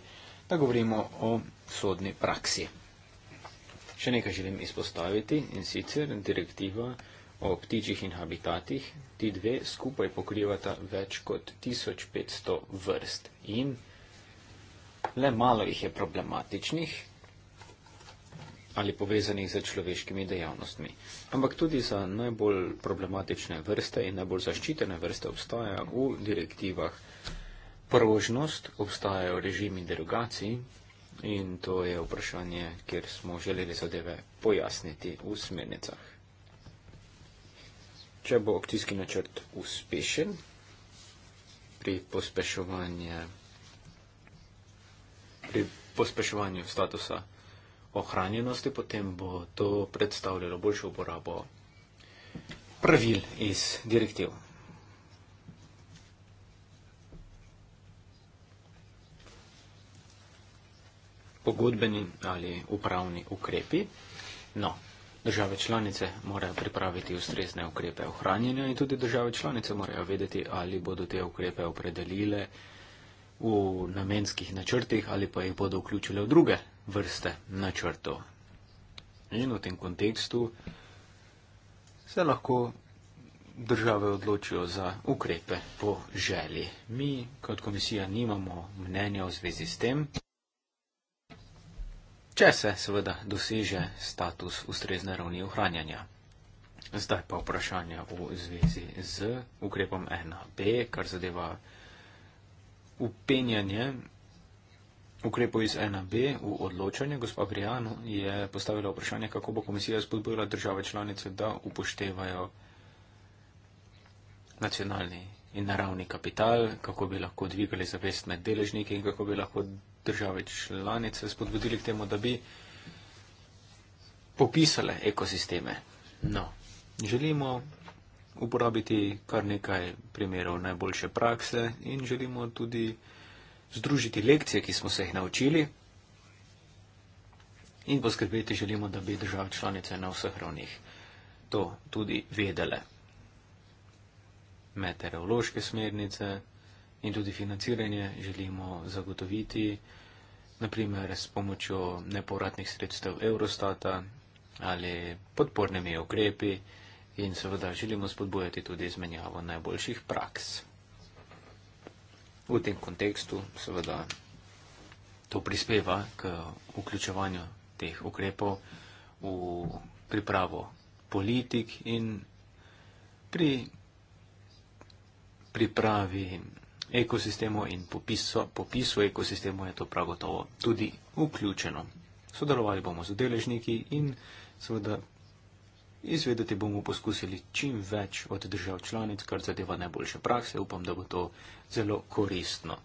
da govorimo o sodni praksi. Še nekaj želim izpostaviti in sicer direktiva o ptičjih in habitatih. Ti dve skupaj pokrivata več kot 1500 vrst in le malo jih je problematičnih ali povezanih z človeškimi dejavnostmi. Ampak tudi za najbolj problematične vrste in najbolj zaščitene vrste obstaja v direktivah prožnost, obstajajo režimi derogacij in to je vprašanje, kjer smo želeli zadeve pojasniti v smernicah. Če bo akcijski načrt uspešen pri pospeševanju pri pospeševanju statusa ohranjenosti, potem bo to predstavljalo boljšo uporabo pravil iz direktiv. Pogodbeni ali upravni ukrepi. No, države članice morajo pripraviti ustrezne ukrepe ohranjenja in tudi države članice morajo vedeti, ali bodo te ukrepe opredelile in v namenskih načrtih ali pa jih bodo vključile v druge vrste načrtov. In v tem kontekstu se lahko države odločijo za ukrepe po želi. Mi kot komisija nimamo mnenja v zvezi s tem, če se seveda doseže status ustrezne ravni ohranjanja. Zdaj pa vprašanje v zvezi z ukrepom 1b, kar zadeva upenjanje ukrepov iz 1B v odločanje. Gospa Briano je postavila vprašanje, kako bo komisija spodbujala države članice, da upoštevajo nacionalni in naravni kapital, kako bi lahko dvigali zavest med deležniki in kako bi lahko države članice spodbudili k temu, da bi popisale ekosisteme. No, želimo uporabiti kar nekaj primerov najboljše prakse in želimo tudi združiti lekcije, ki smo se jih naučili in poskrbeti želimo, da bi države članice na vseh ravnih to tudi vedele. Meteorološke smernice in tudi financiranje želimo zagotoviti, naprimer s pomočjo nepovratnih sredstev Eurostata ali podpornimi okrepi, in seveda želimo spodbujati tudi izmenjavo najboljših praks. V tem kontekstu seveda to prispeva k vključevanju teh ukrepov v pripravo politik in pri pripravi ekosistemov in popiso, popisu ekosistemov je to prav gotovo tudi vključeno. Sodelovali bomo z udeležniki in seveda Izvedeti bomo poskusili čim več od držav članic, kar zadeva najboljše prakse. Upam, da bo to zelo koristno.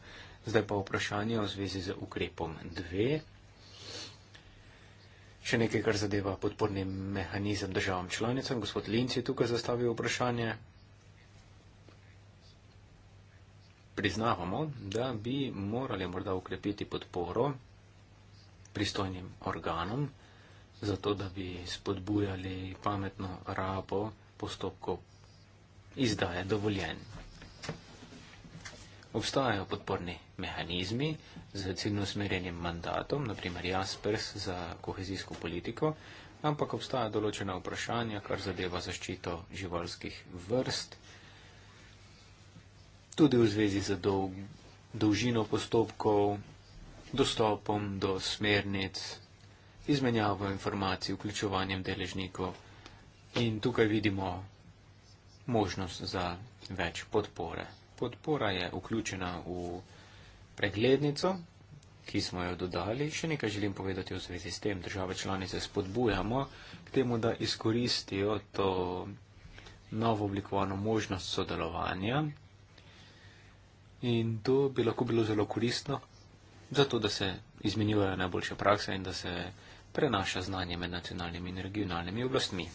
Zdaj pa vprašanje v zvezi z ukrepom 2. Še nekaj, kar zadeva podporni mehanizem državam članicam. Gospod Linc je tukaj zastavil vprašanje. Priznavamo, da bi morali morda ukrepiti podporo pristojnim organom zato da bi spodbujali pametno rabo postopkov izdaje dovoljen. Obstajajo podporni mehanizmi z ciljno smerjenim mandatom, naprimer Jaspers za kohezijsko politiko, ampak obstaja določena vprašanja, kar zadeva zaščito živalskih vrst, tudi v zvezi z dolg, dolžino postopkov, dostopom do smernic, izmenjavo informacij, vključovanjem deležnikov in tukaj vidimo možnost za več podpore. Podpora je vključena v preglednico, ki smo jo dodali. Še nekaj želim povedati v zvezi s tem. Države članice spodbujamo k temu, da izkoristijo to novo oblikovano možnost sodelovanja in to bi lahko bilo zelo koristno, zato da se izmenjujejo najboljše prakse in da se prenaša znanje med nacionalnimi in regionalnimi oblastmi.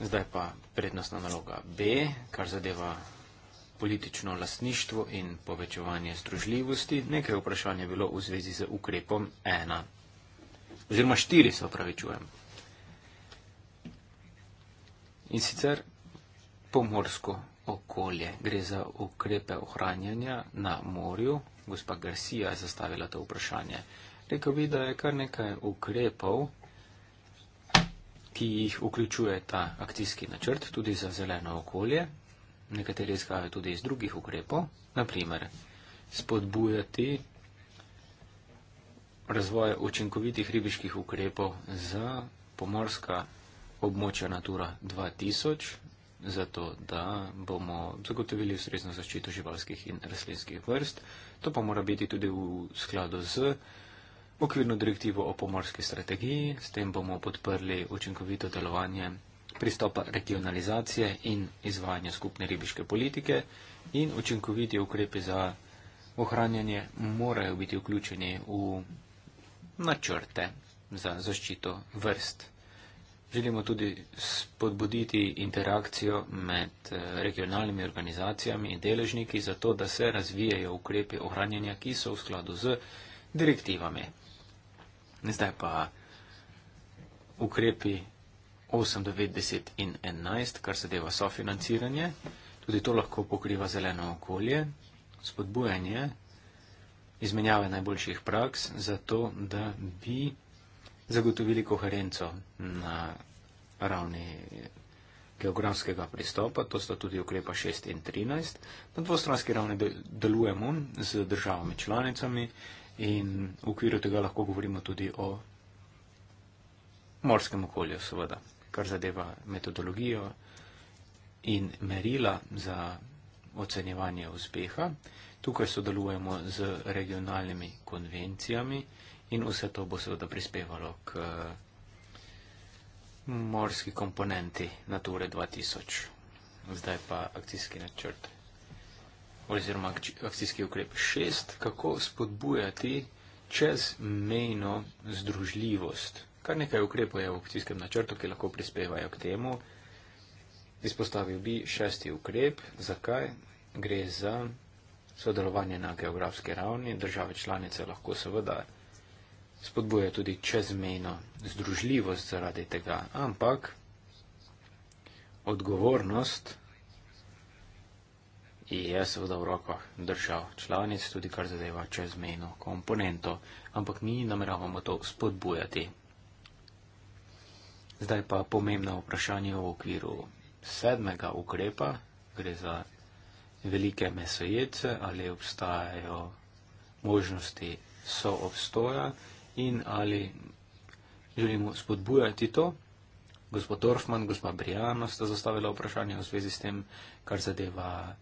Zdaj pa prednostna naloga B, kar zadeva politično lasništvo in povečevanje združljivosti. Nekaj vprašanje je bilo v zvezi z ukrepom 1, oziroma 4 se opravičujem. In sicer pomorsko okolje. Gre za ukrepe ohranjanja na morju. Gospa Garcia je zastavila to vprašanje. Rekel bi, da je kar nekaj ukrepov, ki jih vključuje ta akcijski načrt tudi za zeleno okolje. Nekateri izhajajo tudi iz drugih ukrepov, naprimer spodbujati razvoj učinkovitih ribiških ukrepov za pomorska območja Natura 2000, zato da bomo zagotovili ustrezno zaščito živalskih in rastlinskih vrst. To pa mora biti tudi v skladu z okvirno direktivo o pomorski strategiji. S tem bomo podprli učinkovito delovanje pristopa regionalizacije in izvajanja skupne ribiške politike in učinkoviti ukrepi za ohranjanje morajo biti vključeni v načrte za zaščito vrst. Želimo tudi spodbuditi interakcijo med eh, regionalnimi organizacijami in deležniki, zato da se razvijajo ukrepe ohranjanja, ki so v skladu z direktivami. Zdaj pa ukrepi 8, 9, 10 in 11, kar se deva sofinanciranje. Tudi to lahko pokriva zeleno okolje, spodbujanje, izmenjave najboljših praks, zato da bi zagotovili koherenco na ravni geografskega pristopa, to sta tudi ukrepa 6 in 13. Na dvostranski ravni delujemo z državami članicami in v okviru tega lahko govorimo tudi o morskem okolju, seveda, kar zadeva metodologijo in merila za ocenjevanje uspeha. Tukaj sodelujemo z regionalnimi konvencijami In vse to bo seveda prispevalo k eh, morski komponenti Nature 2000. Zdaj pa akcijski načrt oziroma akcijski ukrep 6, kako spodbujati čezmejno združljivost. Kar nekaj ukrepov je v akcijskem načrtu, ki lahko prispevajo k temu. Izpostavil bi šesti ukrep. Zakaj? Gre za sodelovanje na geografski ravni. Države članice lahko seveda spodbuja tudi čezmejno združljivost zaradi tega, ampak odgovornost je seveda v rokah držav članic, tudi kar zadeva čezmejno komponento, ampak mi nameravamo to spodbujati. Zdaj pa pomembno vprašanje v okviru sedmega ukrepa, gre za velike mesojece, ali obstajajo možnosti soobstoja in ali želimo spodbujati to. Gospod Dorfman, gospa Brijano sta zastavila vprašanje v zvezi s tem, kar zadeva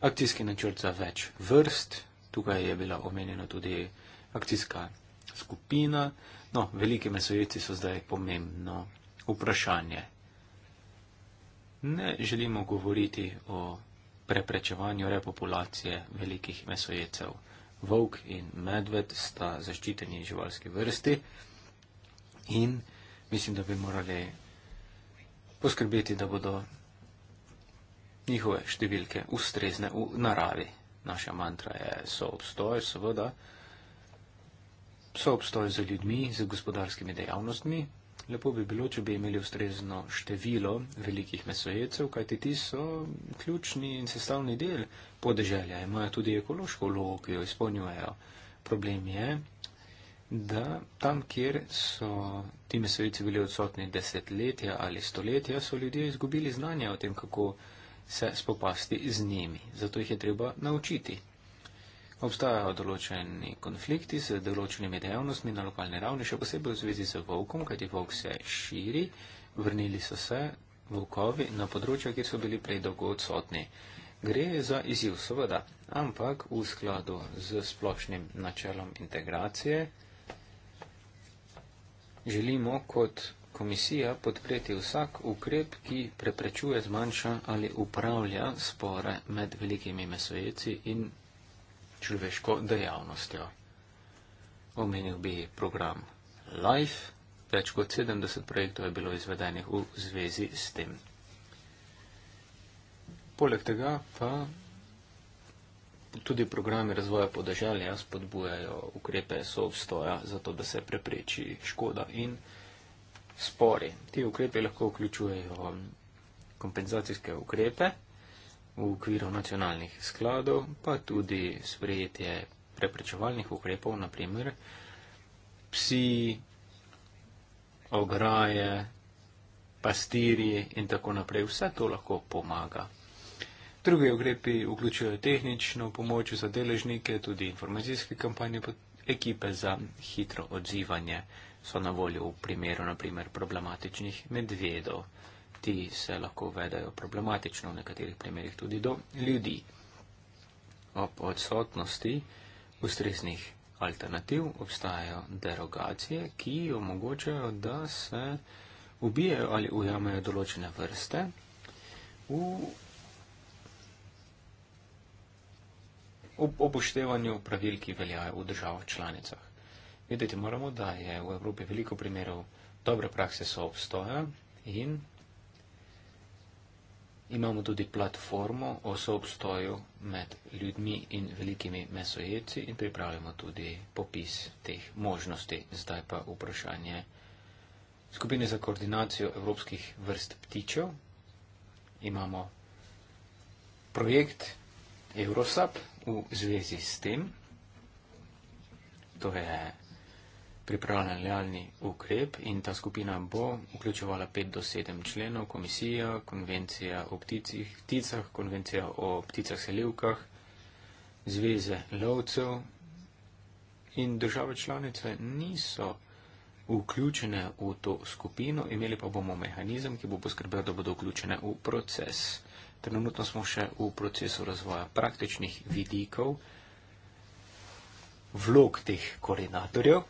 akcijski načrt za več vrst. Tukaj je bila omenjena tudi akcijska skupina. No, velike mesojeci so zdaj pomembno vprašanje. Ne želimo govoriti o preprečevanju repopulacije velikih mesojecev. Vok in medved sta zaščiteni živalske vrsti in mislim, da bi morali poskrbeti, da bodo njihove številke ustrezne v naravi. Naša mantra je soobstoj, seveda, soobstoj z ljudmi, z gospodarskimi dejavnostmi, Lepo bi bilo, če bi imeli ustrezno število velikih mesojecev, kajti ti so ključni in sestavni del podeželja. Imajo tudi ekološko vlogo, ki jo izpolnjujejo. Problem je, da tam, kjer so ti mesojeci bili odsotni desetletja ali stoletja, so ljudje izgubili znanje o tem, kako se spopasti z njimi. Zato jih je treba naučiti. Obstajajo določeni konflikti z določenimi dejavnostmi na lokalni ravni, še posebej v zvezi z volkom, kajti volk se širi, vrnili so se volkovi na področja, kjer so bili prej dolgo odsotni. Gre za izjiv, seveda, ampak v skladu z splošnim načelom integracije želimo kot komisija podpreti vsak ukrep, ki preprečuje, zmanjša ali upravlja spore med velikimi mesojeci in človeško dejavnostjo. Omenil bi program LIFE, več kot 70 projektov je bilo izvedenih v zvezi s tem. Poleg tega pa tudi programi razvoja podeželja spodbujajo ukrepe soobstoja, zato da se prepreči škoda in spori. Ti ukrepe lahko vključujejo kompenzacijske ukrepe, v okviru nacionalnih skladov, pa tudi sprejetje preprečevalnih ukrepov, naprimer psi, ograje, pastirji in tako naprej. Vse to lahko pomaga. Drugi ukrepi vključujejo tehnično pomoč za deležnike, tudi informacijske kampanje, pa ekipe za hitro odzivanje so na voljo v primeru, naprimer, problematičnih medvedov ti se lahko vedajo problematično, v nekaterih primerjih tudi do ljudi. Ob odsotnosti ustreznih alternativ obstajajo derogacije, ki omogočajo, da se ubijajo ali ujamejo določene vrste v ob upoštevanju pravil, ki veljajo v državah članicah. Vedeti moramo, da je v Evropi veliko primerov dobre prakse so obstoja in Imamo tudi platformo o soobstoju med ljudmi in velikimi mesojeci in pripravljamo tudi popis teh možnosti. Zdaj pa vprašanje skupine za koordinacijo evropskih vrst ptičev. Imamo projekt Eurosap v zvezi s tem. To je pripravljen realni ukrep in ta skupina bo vključevala 5 do 7 členov, komisija, konvencija o pticih, pticah, konvencija o pticah selivkah, zveze lovcev in države članice niso vključene v to skupino, imeli pa bomo mehanizem, ki bo poskrbel, da bodo vključene v proces. Trenutno smo še v procesu razvoja praktičnih vidikov vlog teh koordinatorjev,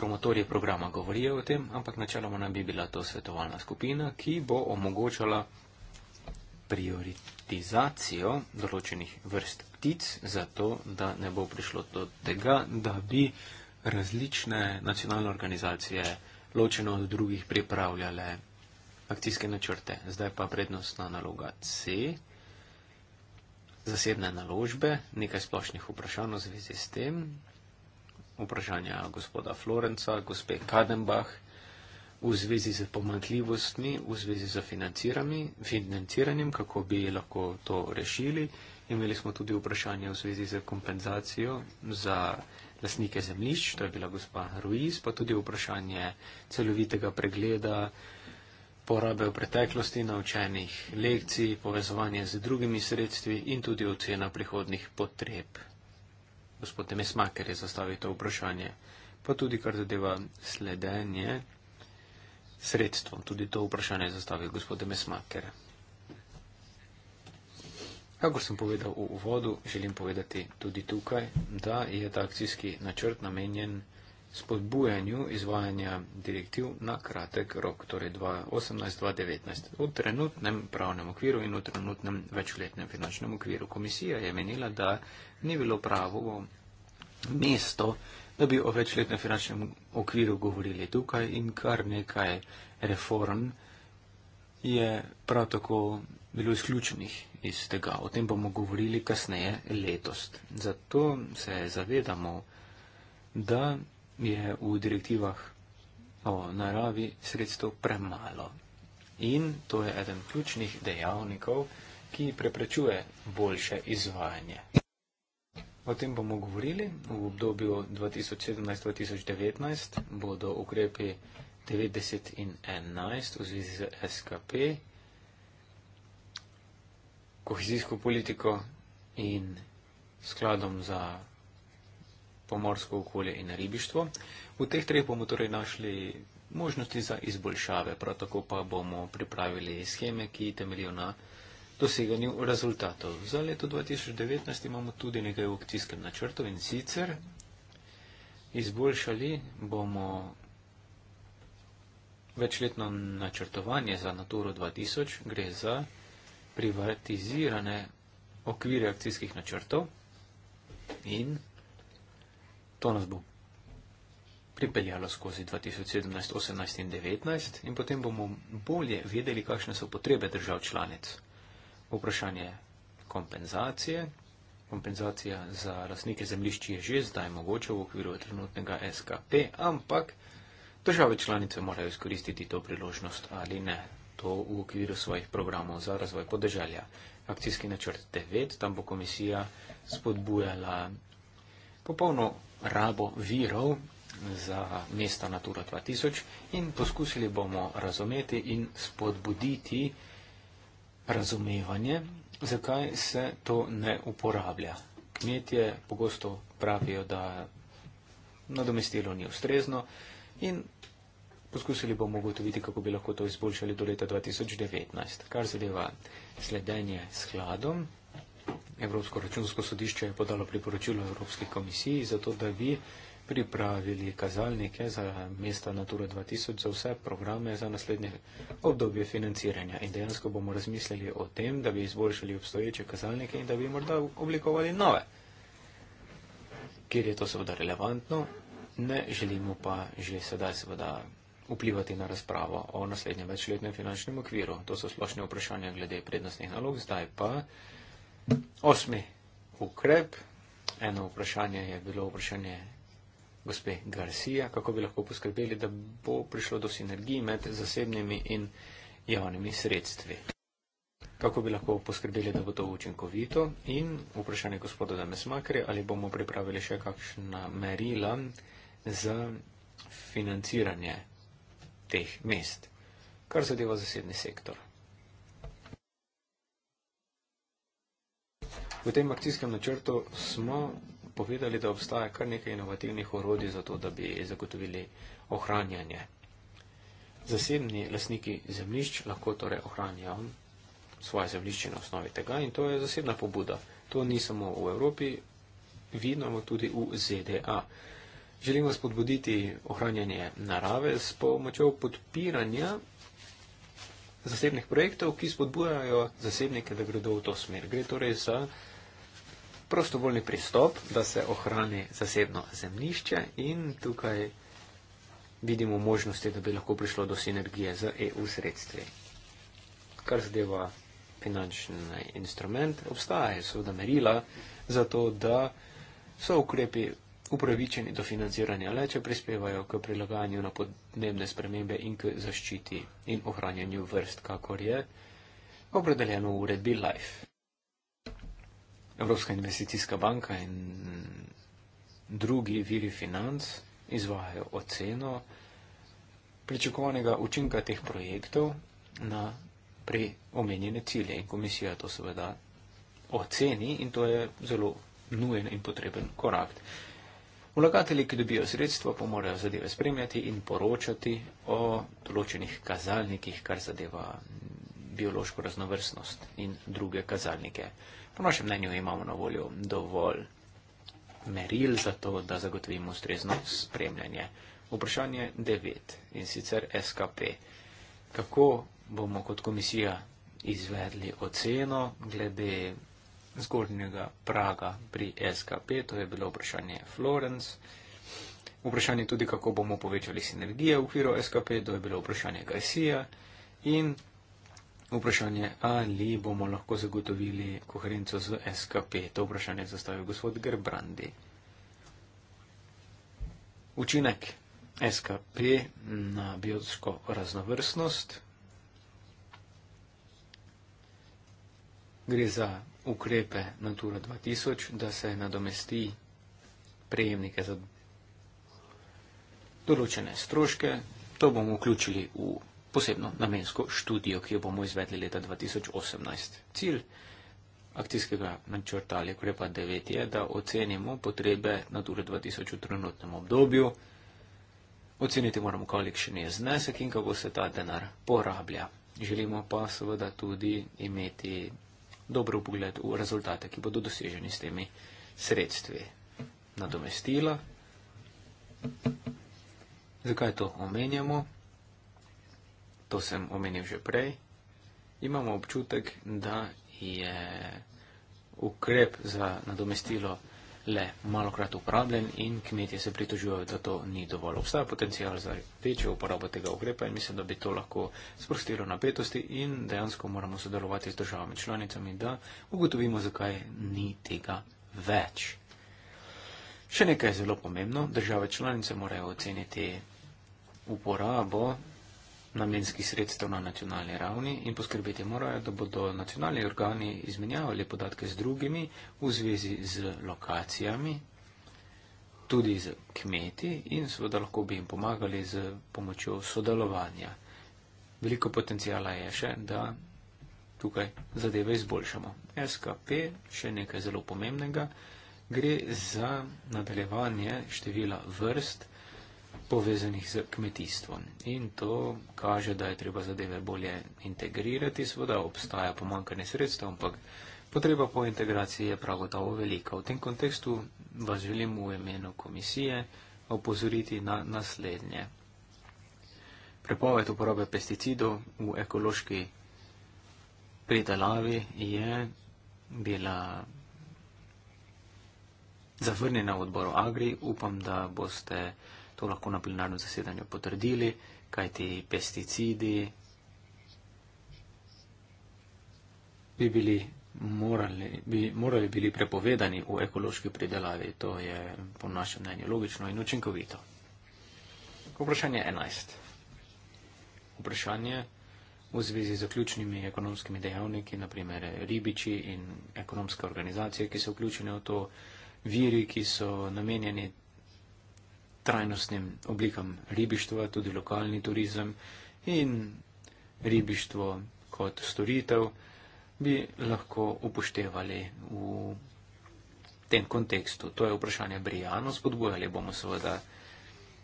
promotorji programa govorijo o tem, ampak načeloma naj bi bila to svetovalna skupina, ki bo omogočala prioritizacijo določenih vrst ptic, zato da ne bo prišlo do tega, da bi različne nacionalne organizacije ločeno od drugih pripravljale akcijske načrte. Zdaj pa prednostna naloga C, zasebne naložbe, nekaj splošnih vprašanj v zvezi s tem, vprašanja gospoda Florenca, gospe Kadenbach v zvezi z pomankljivostmi, v zvezi z financiranjem, kako bi lahko to rešili. Imeli smo tudi vprašanje v zvezi z kompenzacijo za lasnike zemljišč, to je bila gospa Ruiz, pa tudi vprašanje celovitega pregleda porabe v preteklosti naučenih lekcij, povezovanje z drugimi sredstvi in tudi ocena prihodnih potreb gospod Temesmaker je zastavil to vprašanje, pa tudi kar zadeva sledenje sredstvom. Tudi to vprašanje je zastavil gospod Temesmaker. Kako sem povedal v uvodu, želim povedati tudi tukaj, da je ta akcijski načrt namenjen spodbujanju izvajanja direktiv na kratek rok, torej 2018-2019, v trenutnem pravnem okviru in v trenutnem večletnem finančnem okviru. Komisija je menila, da ni bilo pravo mesto, da bi o večletnem finančnem okviru govorili tukaj in kar nekaj reform je prav tako bilo izključenih iz tega. O tem bomo govorili kasneje letos. Zato se zavedamo, da je v direktivah o naravi sredstev premalo. In to je eden ključnih dejavnikov, ki preprečuje boljše izvajanje. O tem bomo govorili. V obdobju 2017-2019 bodo ukrepi 90 in 11 v zvezi z SKP, kohezijsko politiko in skladom za pomorsko okolje in ribištvo. V teh treh bomo torej našli možnosti za izboljšave, prav tako pa bomo pripravili scheme, ki temeljijo na doseganju rezultatov. Za leto 2019 imamo tudi nekaj v akcijskem načrtu in sicer izboljšali bomo večletno načrtovanje za Naturo 2000, gre za privatizirane okvire akcijskih načrtov in To nas bo pripeljalo skozi 2017, 2018 in 2019 in potem bomo bolje vedeli, kakšne so potrebe držav članic. Vprašanje kompenzacije. Kompenzacija za lasnike zemlišči je že zdaj mogoče v okviru trenutnega SKP, ampak države članice morajo izkoristiti to priložnost ali ne. To v okviru svojih programov za razvoj podeželja. Akcijski načrt 9, tam bo komisija spodbujala popolno rabo virov za mesto Natura 2000 in poskusili bomo razumeti in spodbuditi razumevanje, zakaj se to ne uporablja. Kmetje pogosto pravijo, da nadomestilo ni ustrezno in poskusili bomo ugotoviti, kako bi lahko to izboljšali do leta 2019. Kar zadeva sledenje skladom, Evropsko računsko sodišče je podalo priporočilo Evropski komisiji za to, da bi pripravili kazalnike za mesta Natura 2000 za vse programe za naslednje obdobje financiranja. In dejansko bomo razmislili o tem, da bi izboljšali obstoječe kazalnike in da bi morda oblikovali nove. Ker je to seveda relevantno, ne želimo pa že sedaj seveda vplivati na razpravo o naslednjem večletnem finančnem okviru. To so splošne vprašanja glede prednostnih nalog, zdaj pa. Osmi ukrep. Eno vprašanje je bilo vprašanje gospe Garcia, kako bi lahko poskrbeli, da bo prišlo do sinergij med zasebnimi in javnimi sredstvi. Kako bi lahko poskrbeli, da bo to učinkovito in vprašanje gospoda Damesmakre, ali bomo pripravili še kakšna merila za financiranje teh mest, kar zadeva zasebni sektor. V tem akcijskem načrtu smo povedali, da obstaja kar nekaj inovativnih orodij za to, da bi zagotovili ohranjanje. Zasebni lasniki zemljišč lahko torej ohranjajo svoje zemljišče na osnovi tega in to je zasebna pobuda. To ni samo v Evropi, vidno tudi v ZDA. Želimo spodbuditi ohranjanje narave s pomočjo podpiranja zasebnih projektov, ki spodbujajo zasebnike, da gredo v to smer. Gre torej za prostovoljni pristop, da se ohrani zasebno zemljišče in tukaj vidimo možnosti, da bi lahko prišlo do sinergije z EU sredstvi. Kar zadeva finančni instrument, obstajajo seveda merila za to, da so ukrepi upravičeni do financiranja le, če prispevajo k prilagajanju na podnebne spremembe in k zaščiti in ohranjanju vrst, kakor je opredeljeno v uredbi LIFE. Evropska investicijska banka in drugi viri financ izvajajo oceno pričakovanega učinka teh projektov na prej omenjene cilje. In komisija to seveda oceni in to je zelo nujen in potreben korak. Vlagatelji, ki dobijo sredstva, pa morajo zadeve spremljati in poročati o določenih kazalnikih, kar zadeva biološko raznovrstnost in druge kazalnike. Po našem mnenju imamo na voljo dovolj meril za to, da zagotovimo ustrezno spremljanje. Vprašanje 9 in sicer SKP. Kako bomo kot komisija izvedli oceno glede zgornjega praga pri SKP? To je bilo vprašanje Florence. Vprašanje tudi, kako bomo povečali sinergije v okviru SKP, to je bilo vprašanje Garcia. In Vprašanje, ali bomo lahko zagotovili koherenco z SKP, to vprašanje je zastavil gospod Gerbrandi. Učinek SKP na biotsko raznovrstnost gre za ukrepe Natura 2000, da se nadomesti prejemnike za določene stroške. To bomo vključili v posebno namensko študijo, ki jo bomo izvedli leta 2018. Cilj akcijskega načrta ali ukrepa 9 je, da ocenimo potrebe Nature 2000 v trenutnem obdobju, oceniti moramo, kolikšen je znesek in kako se ta denar porablja. Želimo pa seveda tudi imeti dobro pogled v rezultate, ki bodo doseženi s temi sredstvi. Nadomestila. Zakaj to omenjamo? to sem omenil že prej, imamo občutek, da je ukrep za nadomestilo le malokrat uporabljen in kmetje se pritožujejo, da to ni dovolj. Obstaja potencial za večjo uporabo tega ukrepa in mislim, da bi to lahko sprostilo napetosti in dejansko moramo sodelovati z državami članicami, da ugotovimo, zakaj ni tega več. Še nekaj je zelo pomembno. Države članice morajo oceniti uporabo namenskih sredstev na nacionalni ravni in poskrbeti morajo, da bodo nacionalni organi izmenjavali podatke z drugimi v zvezi z lokacijami, tudi z kmeti in seveda lahko bi jim pomagali z pomočjo sodelovanja. Veliko potencijala je še, da tukaj zadeve izboljšamo. SKP, še nekaj zelo pomembnega, gre za nadaljevanje števila vrst povezanih z kmetijstvom. In to kaže, da je treba zadeve bolje integrirati, seveda obstaja pomankanje sredstev, ampak potreba po integraciji je prav gotovo velika. V tem kontekstu vas želim v imenu komisije opozoriti na naslednje. Prepoved uporabe pesticidov v ekološki pridelavi je bila zavrnjena v odboru Agri. Upam, da boste to lahko na plenarnem zasedanju potrdili, kaj ti pesticidi bi bili morali, bi morali bili prepovedani v ekološki pridelavi. To je po našem mnenju logično in učinkovito. Vprašanje 11. Vprašanje v zvezi z ključnimi ekonomskimi dejavniki, naprimer ribiči in ekonomske organizacije, ki so vključene v to, viri, ki so namenjeni trajnostnim oblikam ribištva, tudi lokalni turizem in ribištvo kot storitev bi lahko upoštevali v tem kontekstu. To je vprašanje Brijano. Spodbujali bomo seveda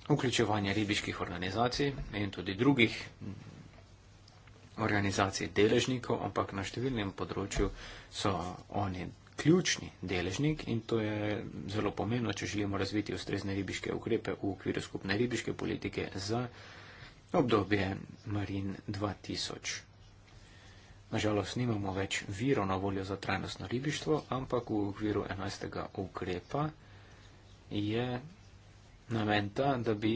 vključevanje ribiških organizacij in tudi drugih organizacij deležnikov, ampak na številnem področju so oni ključni deležnik in to je zelo pomembno, če želimo razviti ustrezne ribiške ukrepe v okviru skupne ribiške politike za obdobje Marin 2000. Nažalost, nimamo več viro na voljo za trajnostno ribištvo, ampak v okviru 11. ukrepa je namen ta, da bi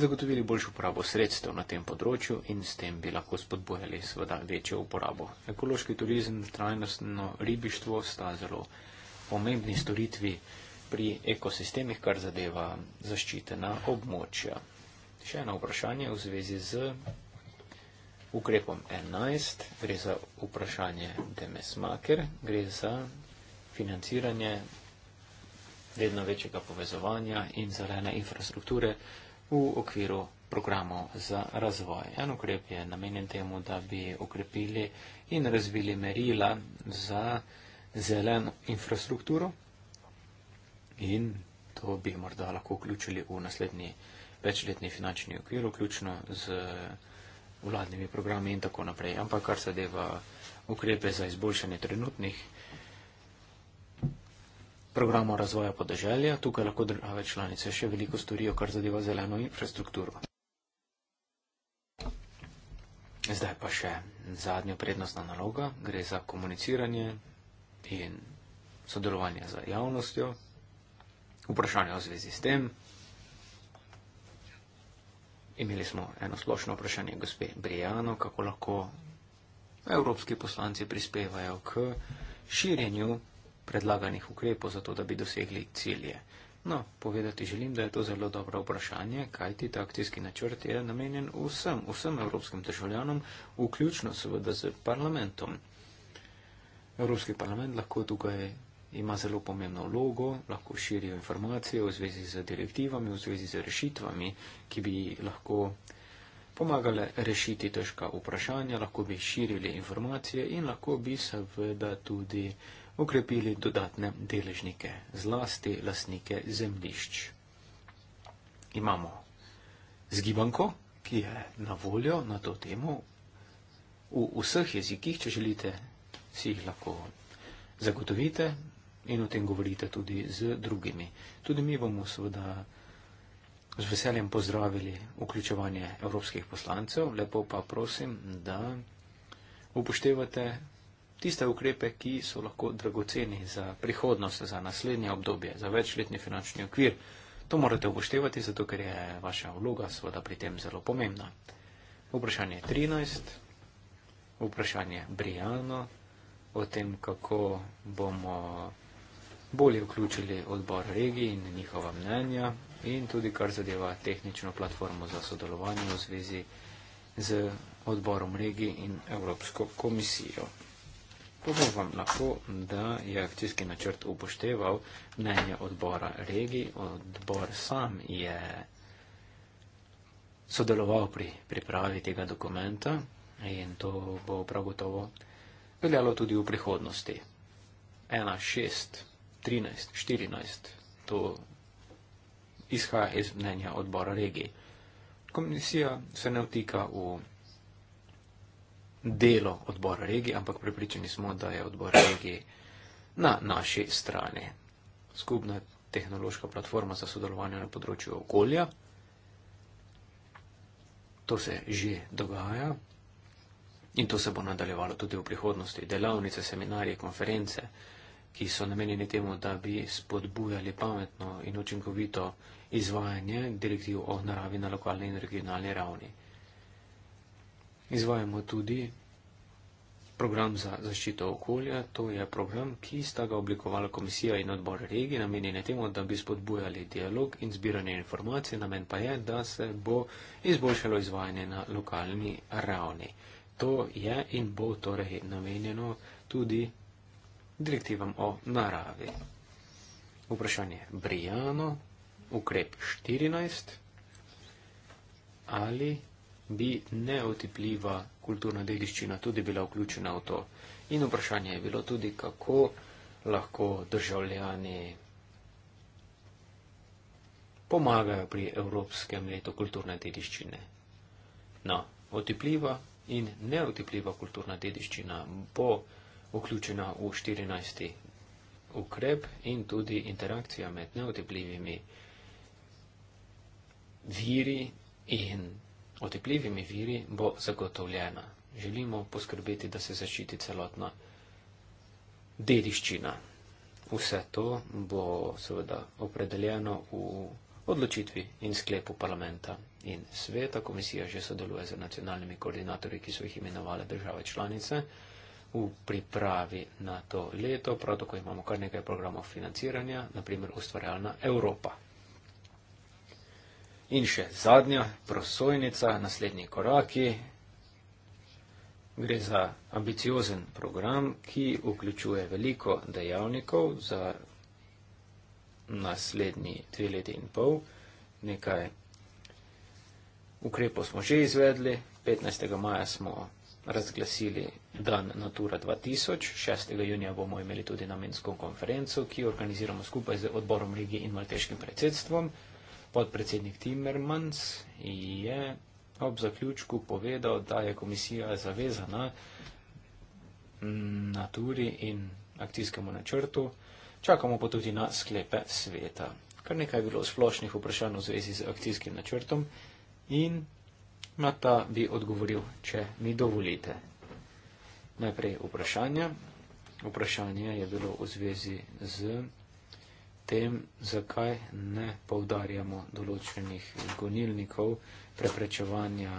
zagotovili boljšo uporabo sredstev na tem področju in s tem bi lahko spodbojali seveda večjo uporabo. Ekološki turizem, trajnostno ribištvo sta zelo pomembni storitvi pri ekosistemih, kar zadeva zaščitena območja. Še eno vprašanje v zvezi z ukrepom 11, gre za vprašanje Demesmaker, gre za financiranje vedno večjega povezovanja in zelene infrastrukture v okviru programov za razvoj. En ukrep je namenjen temu, da bi okrepili in razvili merila za zelen infrastrukturo in to bi morda lahko vključili v naslednji večletni finančni okvir, vključno z vladnimi programi in tako naprej. Ampak kar se deva ukrepe za izboljšanje trenutnih programu razvoja podeželja, tukaj lahko države članice še veliko storijo, kar zadeva zeleno infrastrukturo. Zdaj pa še zadnja prednostna naloga, gre za komuniciranje in sodelovanje z javnostjo, vprašanje o zvezi s tem. Imeli smo eno splošno vprašanje gospe Brijano, kako lahko evropski poslanci prispevajo k širjenju predlaganih ukrepov za to, da bi dosegli cilje? No, povedati želim, da je to zelo dobro vprašanje, kajti ta akcijski načrt je namenjen vsem, vsem evropskim državljanom, vključno seveda z parlamentom. Evropski parlament lahko tukaj ima zelo pomembno vlogo, lahko širijo informacije v zvezi z direktivami, v zvezi z rešitvami, ki bi lahko pomagale rešiti težka vprašanja, lahko bi širili informacije in lahko bi seveda tudi okrepili dodatne deležnike, zlasti lasnike zemlišč. Imamo zgibanko, ki je na voljo na to temo v vseh jezikih, če želite, si jih lahko zagotovite in o tem govorite tudi z drugimi. Tudi mi bomo seveda z veseljem pozdravili vključevanje evropskih poslancev. Lepo pa prosim, da upoštevate tiste ukrepe, ki so lahko dragoceni za prihodnost, za naslednje obdobje, za večletni finančni okvir. To morate upoštevati, zato ker je vaša vloga seveda pri tem zelo pomembna. Vprašanje 13, vprašanje Briano o tem, kako bomo bolje vključili odbor regij in njihova mnenja in tudi kar zadeva tehnično platformo za sodelovanje v zvezi z odborom regij in Evropsko komisijo ko bo vam lahko, da je akcijski načrt upošteval mnenje odbora regij. Odbor sam je sodeloval pri pripravi tega dokumenta in to bo prav gotovo veljalo tudi v prihodnosti. 1, 6, 13, 14, to izhaja iz mnenja odbora regij. Komisija se ne vtika v delo odbora regije, ampak prepričani smo, da je odbor regije na naši strani. Skupna tehnološka platforma za sodelovanje na področju okolja. To se že dogaja in to se bo nadaljevalo tudi v prihodnosti. Delavnice, seminarije, konference, ki so namenjeni temu, da bi spodbujali pametno in učinkovito izvajanje direktiv o naravi na lokalni in regionalni ravni. Izvajamo tudi program za zaščito okolja. To je program, ki sta ga oblikovala komisija in odbor regij, namenjene temu, da bi spodbujali dialog in zbiranje informacij. Namen pa je, da se bo izboljšalo izvajanje na lokalni ravni. To je in bo torej namenjeno tudi direktivam o naravi. Vprašanje Brijano, ukrep 14 ali bi neotipljiva kulturna dediščina tudi bila vključena v to. In vprašanje je bilo tudi, kako lahko državljani pomagajo pri Evropskem letu kulturne dediščine. No, otipljiva in neotipljiva kulturna dediščina bo vključena v 14. ukrep in tudi interakcija med neotipljivimi viri in otepljivimi viri bo zagotovljena. Želimo poskrbeti, da se zaščiti celotna dediščina. Vse to bo seveda opredeljeno v odločitvi in sklepu parlamenta in sveta. Komisija že sodeluje z nacionalnimi koordinatorji, ki so jih imenovali države članice v pripravi na to leto. Prav tako imamo kar nekaj programov financiranja, naprimer ustvarjalna Evropa. In še zadnja prosojnica, naslednji koraki. Gre za ambiciozen program, ki vključuje veliko dejavnikov za naslednji dve leti in pol. Nekaj ukrepov smo že izvedli. 15. maja smo razglasili dan Natura 2000, 6. junija bomo imeli tudi namensko konferenco, ki jo organiziramo skupaj z odborom regije in malteškim predsedstvom. Podpredsednik Timmermans je ob zaključku povedal, da je komisija zavezana naturi in akcijskemu načrtu. Čakamo pa tudi na sklepe sveta. Kar nekaj je bilo splošnih vprašanj v zvezi z akcijskim načrtom in na ta bi odgovoril, če mi dovolite. Najprej vprašanje. Vprašanje je bilo v zvezi z tem, zakaj ne povdarjamo določenih gonilnikov preprečevanja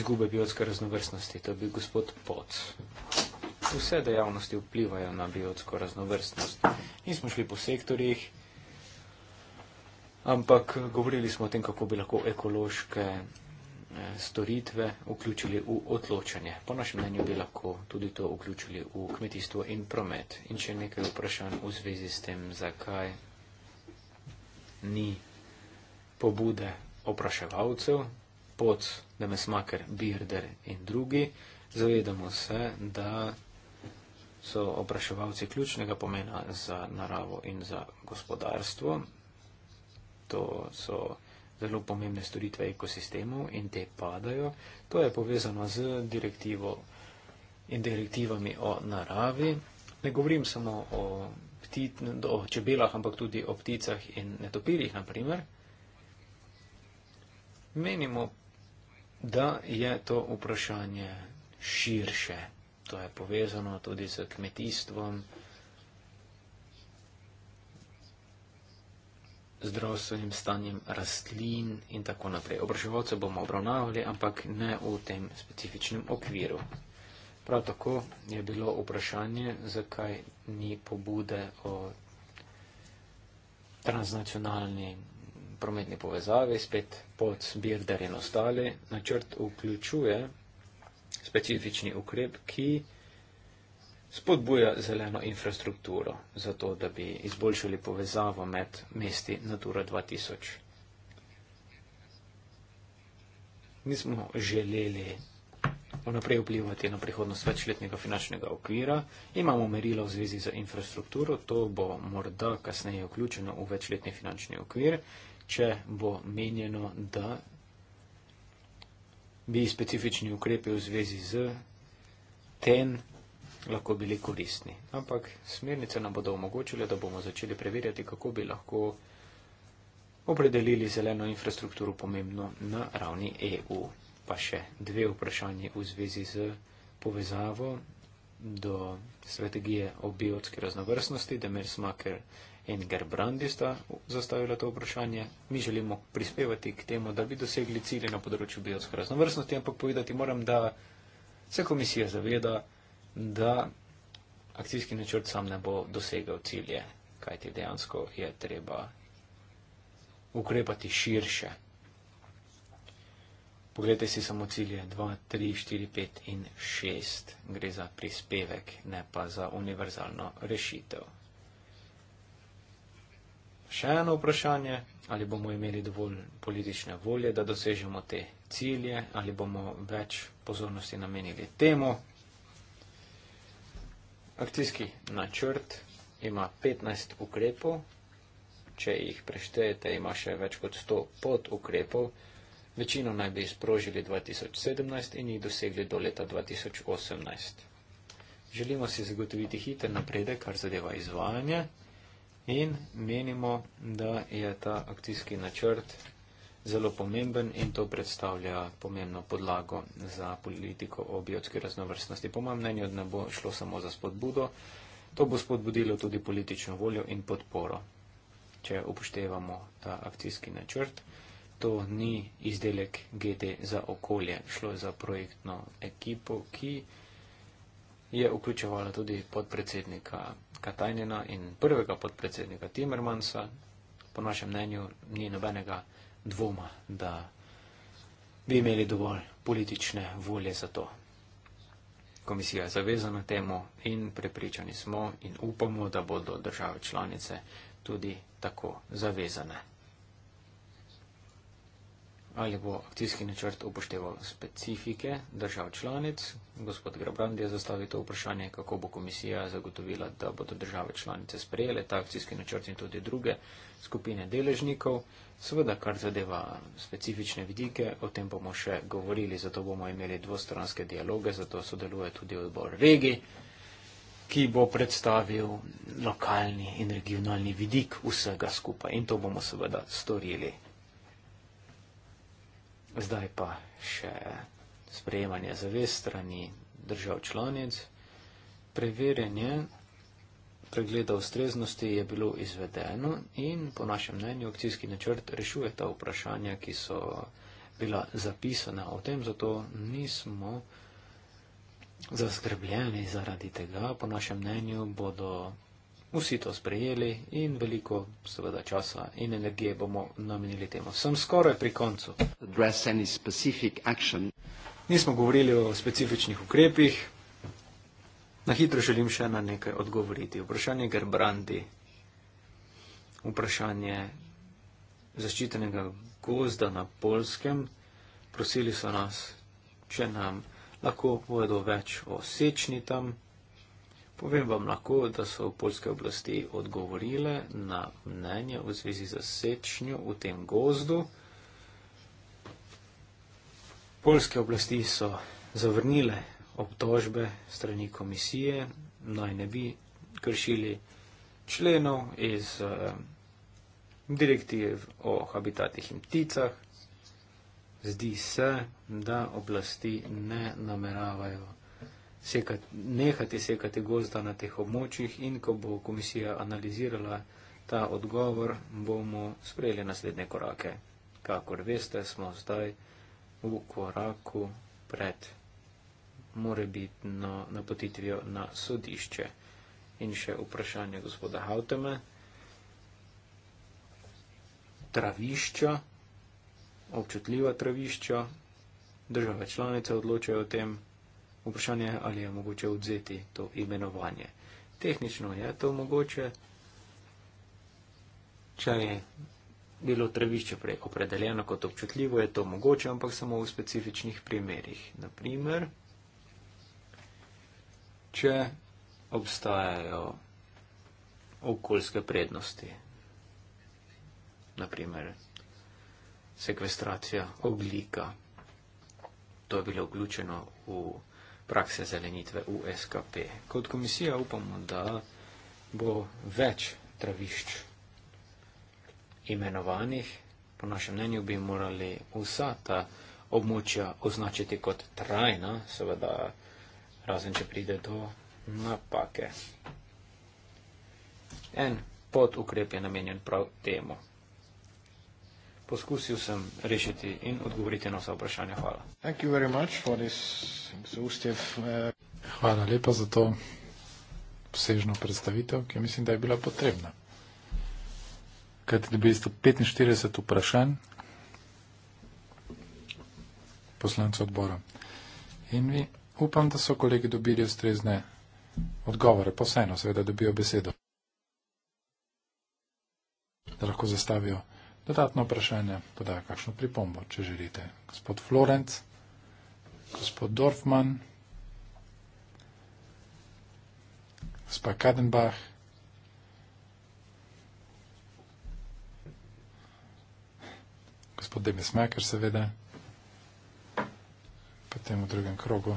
izgube biotske raznovrstnosti. To bi gospod Pot. Vse dejavnosti vplivajo na biotsko raznovrstnost. Nismo šli po sektorjih, ampak govorili smo o tem, kako bi lahko ekološke storitve vključili v odločanje. Po našem mnenju bi lahko tudi to vključili v kmetijstvo in promet. In če nekaj vprašanj v zvezi s tem, zakaj ni pobude opraševalcev pod Demesmaker, Birder in drugi, zavedamo se, da so opraševalci ključnega pomena za naravo in za gospodarstvo. To so zelo pomembne storitve ekosistemov in te padajo. To je povezano z direktivo in direktivami o naravi. Ne govorim samo o, ptit, o čebelah, ampak tudi o pticah in netopirjih, naprimer. Menimo, da je to vprašanje širše. To je povezano tudi z kmetijstvom. zdravstvenim stanjem rastlin in tako naprej. Obraževalce bomo obravnavali, ampak ne v tem specifičnem okviru. Prav tako je bilo vprašanje, zakaj ni pobude o transnacionalni prometni povezavi, spet pod Birder in ostale. Načrt vključuje specifični ukrep, ki spodbuja zeleno infrastrukturo, zato da bi izboljšali povezavo med mesti Natura 2000. Mi smo želeli vnaprej vplivati na prihodnost večletnega finančnega okvira. Imamo merila v zvezi z infrastrukturo, to bo morda kasneje vključeno v večletni finančni okvir, če bo menjeno, da bi specifični ukrepi v zvezi z ten lahko bili koristni. Ampak smernice nam bodo omogočile, da bomo začeli preverjati, kako bi lahko opredelili zeleno infrastrukturo pomembno na ravni EU. Pa še dve vprašanje v zvezi z povezavo do strategije o biotski raznovrstnosti. Demir Smaker in Gerbrandi sta zastavila to vprašanje. Mi želimo prispevati k temu, da bi dosegli cilje na področju biotske raznovrstnosti, ampak povedati moram, da se komisija zaveda, da akcijski načrt sam ne bo dosegal cilje, kajti dejansko je treba ukrepati širše. Poglejte si samo cilje 2, 3, 4, 5 in 6. Gre za prispevek, ne pa za univerzalno rešitev. Še eno vprašanje, ali bomo imeli dovolj politične volje, da dosežemo te cilje, ali bomo več pozornosti namenili temu, Akcijski načrt ima 15 ukrepov, če jih preštejete, ima še več kot 100 pod ukrepov. Večino naj bi sprožili 2017 in jih dosegli do leta 2018. Želimo si zagotoviti hiter napredek, kar zadeva izvajanje in menimo, da je ta akcijski načrt zelo pomemben in to predstavlja pomembno podlago za politiko o biotski raznovrstnosti. Po mojem mnenju ne bo šlo samo za spodbudo, to bo spodbudilo tudi politično voljo in podporo, če upoštevamo ta akcijski načrt. To ni izdelek GD za okolje, šlo je za projektno ekipo, ki je vključevala tudi podpredsednika Katajnina in prvega podpredsednika Timmermansa. Po našem mnenju ni nobenega dvoma, da bi imeli dovolj politične volje za to. Komisija je zavezana temu in prepričani smo in upamo, da bodo države članice tudi tako zavezane. Ali bo akcijski načrt upošteval specifike držav članic? Gospod Grabrand je zastavil to vprašanje, kako bo komisija zagotovila, da bodo države članice sprejele ta akcijski načrt in tudi druge skupine deležnikov. Seveda, kar zadeva specifične vidike, o tem bomo še govorili, zato bomo imeli dvostranske dialoge, zato sodeluje tudi odbor regi, ki bo predstavil lokalni in regionalni vidik vsega skupaj. In to bomo seveda storili. Zdaj pa še sprejemanje zavest strani držav članic, preverjanje pregleda ustreznosti je bilo izvedeno in po našem mnenju akcijski načrt rešuje ta vprašanja, ki so bila zapisana o tem, zato nismo zaskrbljeni zaradi tega. Po našem mnenju bodo vsi to sprejeli in veliko seveda časa in energije bomo namenili temu. Sem skoraj pri koncu. Nismo govorili o specifičnih ukrepih, Na hitro želim še na nekaj odgovoriti. Vprašanje Gerbrandi, vprašanje zaščitenega gozda na Polskem. Prosili so nas, če nam lahko povedo več o sečni tam. Povem vam lahko, da so polske oblasti odgovorile na mnenje v zvezi z sečnjo v tem gozdu. Polske oblasti so zavrnile obtožbe strani komisije, naj ne bi kršili členov iz eh, direktiv o habitatih in pticah. Zdi se, da oblasti ne nameravajo sekati, nehati sekati gozda na teh območjih in ko bo komisija analizirala ta odgovor, bomo sprejeli naslednje korake. Kakor veste, smo zdaj v koraku pred morebitno napotitvijo na sodišče. In še vprašanje gospoda Hauteme. Travišča, občutljiva travišča, države članice odločajo o tem. Vprašanje je, ali je mogoče odzeti to imenovanje. Tehnično je to mogoče, če je bilo travišče prej opredeljeno kot občutljivo, je to mogoče, ampak samo v specifičnih primerih. Naprimer, če obstajajo okoljske prednosti, naprimer sekvestracija oglika. To je bilo vključeno v prakse zelenitve v SKP. Kot komisija upamo, da bo več travišč imenovanih. Po našem mnenju bi morali vsa ta območja označiti kot trajna, seveda razen če pride do napake. En pod ukrep je namenjen prav temu. Poskusil sem rešiti in odgovoriti na vsa vprašanja. Hvala. Uh, Hvala lepa za to obsežno predstavitev, ki mislim, da je bila potrebna. Kaj ti dobili 145 vprašanj poslancev odbora? In vi upam, da so kolegi dobili ustrezne odgovore, pa vseeno seveda dobijo besedo. Da lahko zastavijo dodatno vprašanje, podajo kakšno pripombo, če želite. Gospod Florenc, gospod Dorfman, gospa Kadenbach. Gospod Demis Maker, seveda, potem v drugem krogu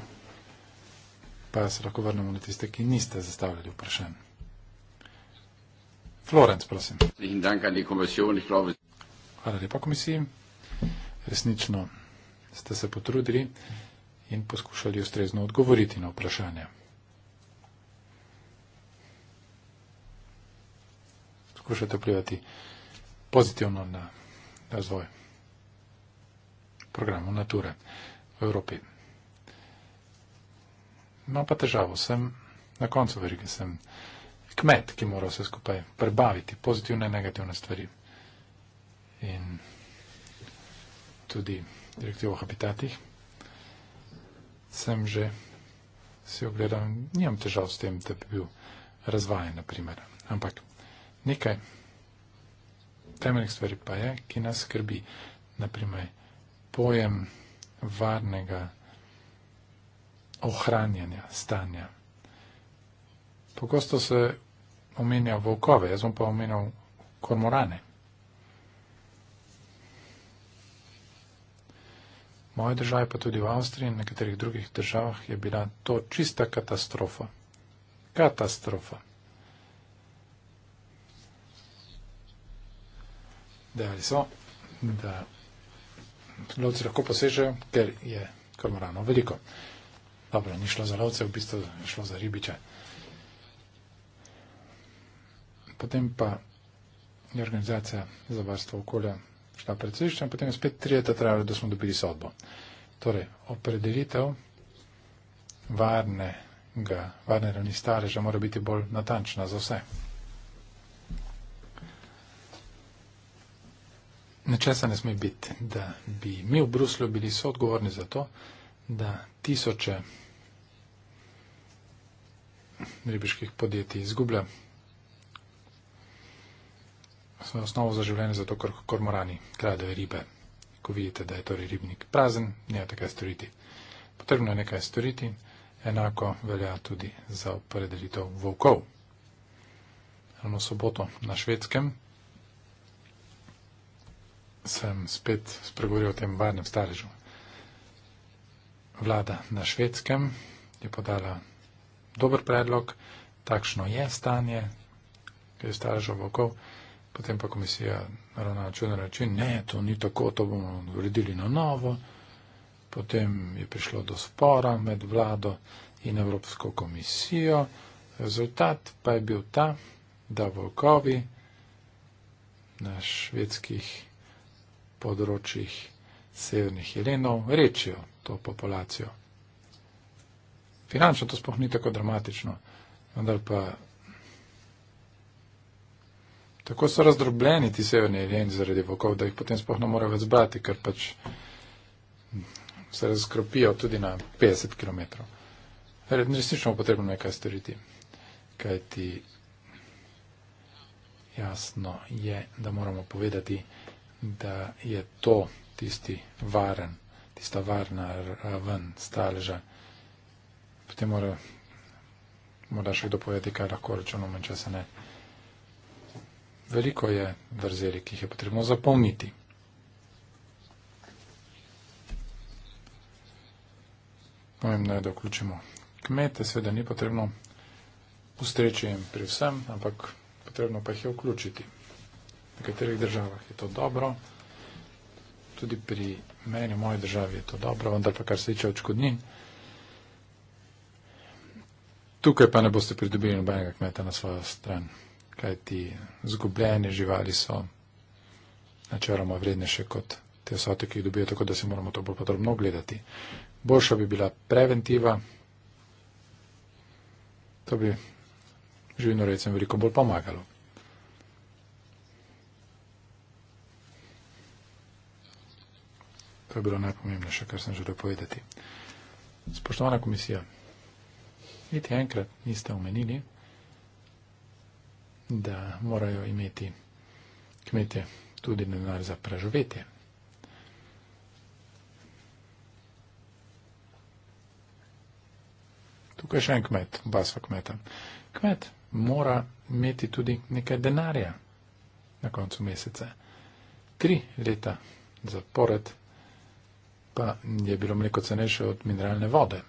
pa se lahko vrnemo na tiste, ki niste zastavljali vprašanj. Florenc, prosim. Hvala lepa komisiji. Resnično ste se potrudili in poskušali ustrezno odgovoriti na vprašanje. Poskušate vplivati pozitivno na razvoj programov Nature v Evropi ima no, pa težavo, sem na koncu verige, sem kmet, ki mora vse skupaj prebaviti, pozitivne in negativne stvari. In tudi direktivo o habitatih sem že si ogledal, nimam težav s tem, da bi bil razvajen, naprimer. Ampak nekaj temeljnih stvari pa je, ki nas skrbi, naprimer pojem varnega ohranjanja stanja. Pogosto se omenja volkove, jaz bom pa omenjal kormorane. V moje države, pa tudi v Avstriji in nekaterih drugih državah, je bila to čista katastrofa. Katastrofa. Dejali so, da lovci lahko posežejo, ker je kormorano veliko. Dobro, ni šlo za lovce, v bistvu je šlo za ribiče. Potem pa je organizacija za varstvo okolja šla pred sodišče in potem je spet tri leta trajalo, da smo dobili sodbo. Torej, opredelitev varnega, varne ravni stareža mora biti bolj natančna za vse. Nečesa ne sme biti, da bi mi v Bruslju bili soodgovorni za to, da tisoče ribiških podjetij izgublja svojo osnovo za življenje, zato ker kormorani kradejo ribe. Ko vidite, da je torej ribnik prazen, ne morete kaj storiti. Potrebno je nekaj storiti, enako velja tudi za opredelitev volkov. Ravno soboto na švedskem sem spet spregovoril o tem varnem staležu vlada na švedskem je podala dober predlog, takšno je stanje, ker je staražo vokov, potem pa komisija ravna na čudno račun, ne, to ni tako, to bomo uredili na novo, potem je prišlo do spora med vlado in Evropsko komisijo, rezultat pa je bil ta, da vokovi na švedskih področjih severnih jelenov rečijo, to populacijo. Finančno to sploh ni tako dramatično, vendar pa tako so razdrobljeni ti severni jeleni zaradi vokov, da jih potem sploh ne morejo več zbrati, ker pač se razkropijo tudi na 50 km. Resnično potrebno nekaj storiti, kaj ti jasno je, da moramo povedati, da je to tisti varen tista varna raven staleža. Potem mora, mora še kdo povedati, kaj lahko računamo in če se ne. Veliko je vrzeli, ki jih je potrebno zapolniti. Pomembno je, da vključimo kmete, seveda ni potrebno ustreči jim pri vsem, ampak potrebno pa jih je vključiti. V nekaterih državah je to dobro tudi pri meni v moji državi je to dobro, vendar pa kar se tiče očkodnin, tukaj pa ne boste pridobili nobenega kmeta na svojo stran, kaj ti zgubljene živali so načeloma vrednejše kot te vsote, ki jih dobijo, tako da si moramo to bolj podrobno gledati. Boljša bi bila preventiva, to bi živino recimo veliko bolj pomagalo. je bilo najpomembnejše, kar sem želel povedati. Spoštovana komisija, niti enkrat niste omenili, da morajo imeti kmete tudi denar za preživetje. Tukaj še en kmet, basva kmeta. Kmet mora imeti tudi nekaj denarja na koncu meseca. Tri leta zapored pa je bilo mleko cenejše od mineralne vode.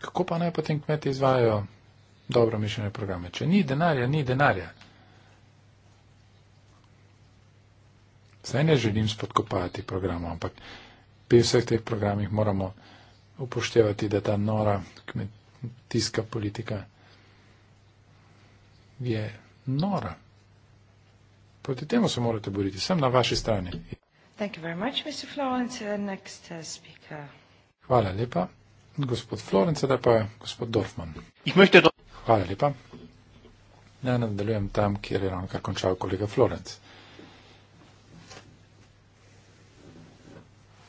Kako pa naj potem kmeti izvajo dobro mišljene programe? Če ni denarja, ni denarja. Zdaj ne želim spodkopati programov, ampak pri vseh teh programih moramo upoštevati, da ta nora kmetijska politika je nora. Proti temu se morate boriti, sem na vaši strani. Thank you very much, Mr. Florence. Next uh, speaker. Hvala lepa. Gospod Florence, da pa gospod Dorfman. Hvala lepa. Naj nadaljujem tam, kjer je ravno kar končal kolega Florence.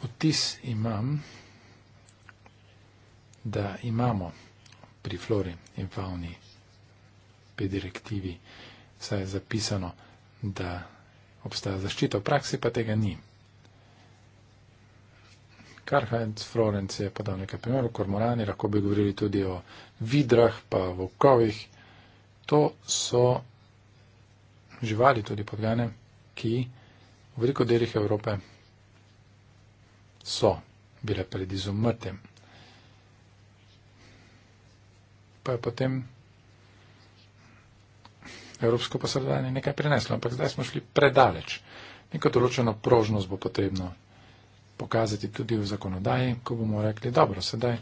Vtis imam, da imamo pri flori in fauni, pri direktivi, saj je zapisano, da obstaja zaščita, v praksi pa tega ni. Kar Heinz Florence je podal nekaj primerov, kormorani, lahko bi govorili tudi o vidrah, pa vokovih. To so živali tudi podgane, ki v veliko delih Evrope so bile pred izumrtjem. Pa je potem evropsko posredovanje nekaj prineslo, ampak zdaj smo šli predaleč. Neko določeno prožnost bo potrebno pokazati tudi v zakonodaji, ko bomo rekli, dobro, sedaj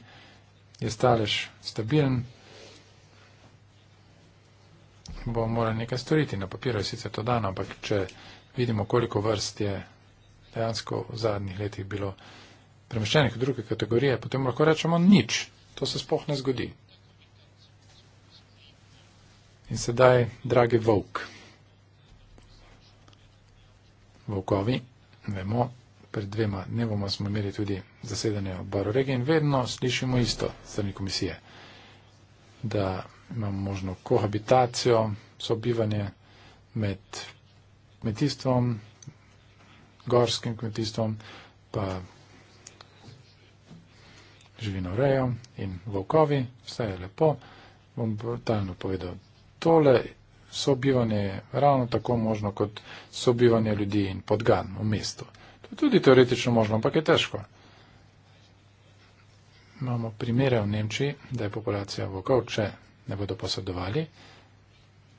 je stalež stabilen, bomo morali nekaj storiti. Na papiru je sicer to dano, ampak če vidimo, koliko vrst je dejansko v zadnjih letih bilo premeščenih v druge kategorije, potem lahko rečemo nič. To se spoh ne zgodi. In sedaj, dragi volk, volkovi, vemo, pred dvema dnevoma smo imeli tudi zasedanje odboru regije in vedno slišimo isto strani komisije, da imamo možno kohabitacijo, sobivanje med kmetijstvom, gorskim kmetijstvom, pa živinorejo in volkovi, vse je lepo. Bom brutalno povedal, tole sobivanje je ravno tako možno kot sobivanje ljudi in podgan v mestu. To je tudi teoretično možno, ampak je težko. Imamo primere v Nemčiji, da je populacija vokov, če ne bodo posedovali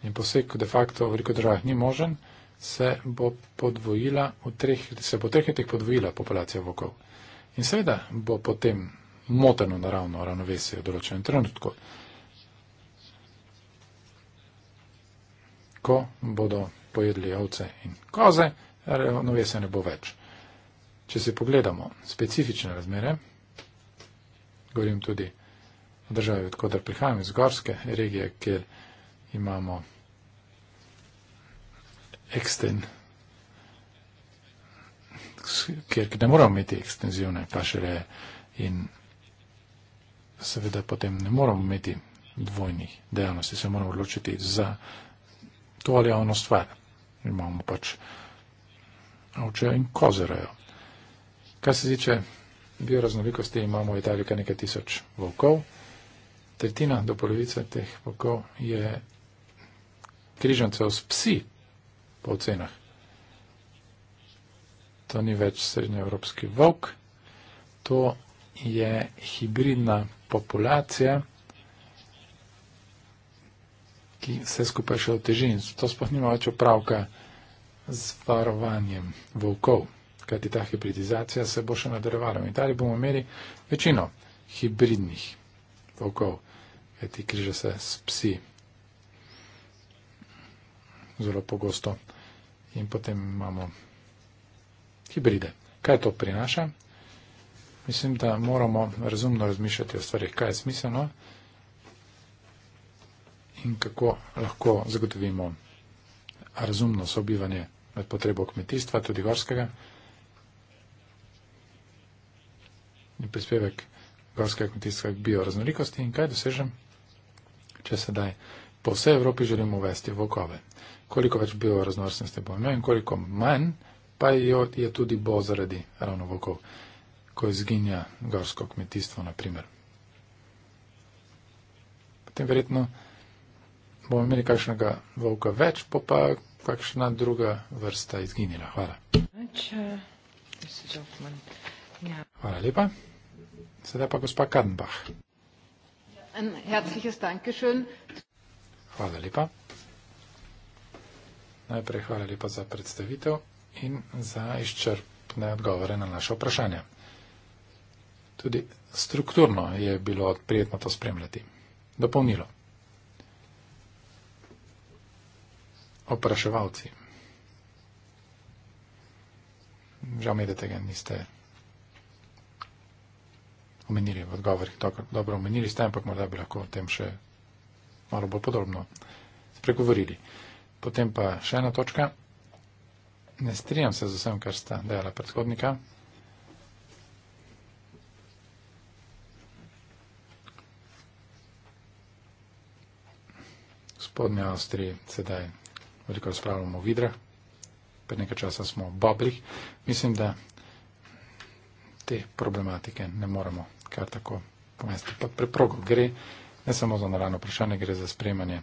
in poseg de facto v veliko državah ni možen, se bo podvojila v treh, se bo treh letih podvojila populacija vokov. In seveda bo potem moteno naravno ravnovesje v določenem trenutku, ko bodo pojedli ovce in koze, ravnovesja ne bo več. Če se pogledamo specifične razmere, govorim tudi o državi, odkudar prihajam iz gorske regije, kjer imamo eksten, kjer ne moramo imeti ekstenzivne pašere in seveda potem ne moramo imeti dvojnih dejavnosti, se moramo odločiti za to ali ono stvar. Imamo pač ovče in kozerajo. Kar se tiče bioraznolikosti, imamo v Italiji kar nekaj tisoč volkov. Tretjina do polovice teh volkov je križancev s psi po ocenah. To ni več srednjeevropski volk, to je hibridna populacija, ki se skupaj še oteži in to sploh nima več opravka z varovanjem volkov kajti ta hibridizacija se bo še nadaljevala. V Italiji bomo imeli večino hibridnih volkov, kajti križa se s psi zelo pogosto in potem imamo hibride. Kaj to prinaša? Mislim, da moramo razumno razmišljati o stvarih, kaj je smiselno in kako lahko zagotovimo razumno sobivanje med potrebo kmetijstva, tudi gorskega. in prispevek gorskega kmetijstva k bioraznolikosti in kaj dosežem, če sedaj po vsej Evropi želimo uvesti vokove. Koliko več bioraznolikosti bo imel in koliko manj pa jo je tudi bo zaradi ravno vokov, ko izginja gorsko kmetijstvo, naprimer. Potem verjetno bomo imeli kakšnega volka več, pa pa kakšna druga vrsta izginila. Hvala. Eh, ja. Hvala lepa. Sedaj pa gospa Kadenbach. Hvala lepa. Najprej hvala lepa za predstavitev in za izčrpne odgovore na naše vprašanje. Tudi strukturno je bilo prijetno to spremljati. Dopolnilo. Opraševalci. Žal mi je, da tega niste omenili v odgovorih, to, kar dobro omenili ste, ampak morda bi lahko o tem še malo bolj podrobno spregovorili. Potem pa še ena točka. Ne strijam se z vsem, kar sta dejala predhodnika. V spodnji Avstriji sedaj veliko razpravljamo o vidrah, pred nekaj časa smo o bobrih. Mislim, da te problematike ne moremo kar tako pomesti pod preprogo. Gre ne samo za naravno vprašanje, gre za spremanje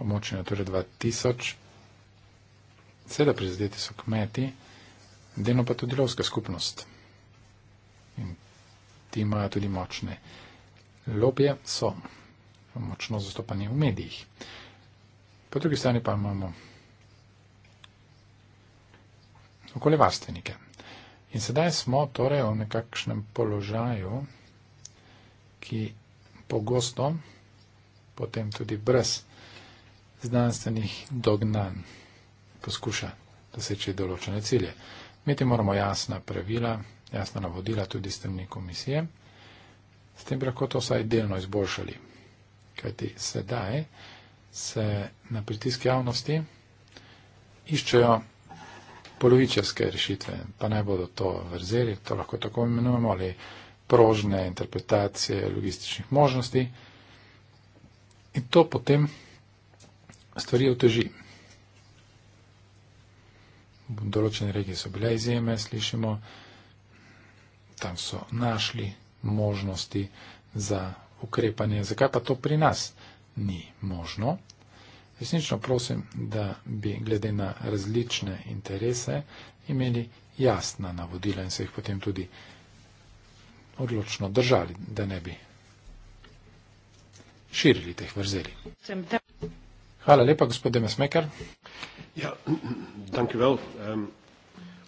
območja Natura 2000. Seveda prizadeti so kmeti, delno pa tudi lovska skupnost. In ti imajo tudi močne lobije, so močno zastopani v medijih. Po drugi strani pa imamo okoljevarstvenike. In sedaj smo torej v nekakšnem položaju, ki pogosto, potem tudi brez znanstvenih dognanj, poskuša doseči določene cilje. Imeti moramo jasna pravila, jasna navodila tudi strani komisije. S tem bi lahko to vsaj delno izboljšali. Kajti sedaj se na pritisk javnosti iščejo polovičarske rešitve, pa ne bodo to vrzeli, to lahko tako imenujemo, ali prožne interpretacije logističnih možnosti. In to potem stvari oteži. Določene regije so bile izjeme, slišimo, tam so našli možnosti za ukrepanje. Zakaj pa to pri nas ni možno? resnično prosim, da bi glede na različne interese imeli jasna navodila in se jih potem tudi odločno držali, da ne bi širili teh vrzeli. Hvala lepa, gospod Demesmeker. Ja, thank you well. Um, ehm,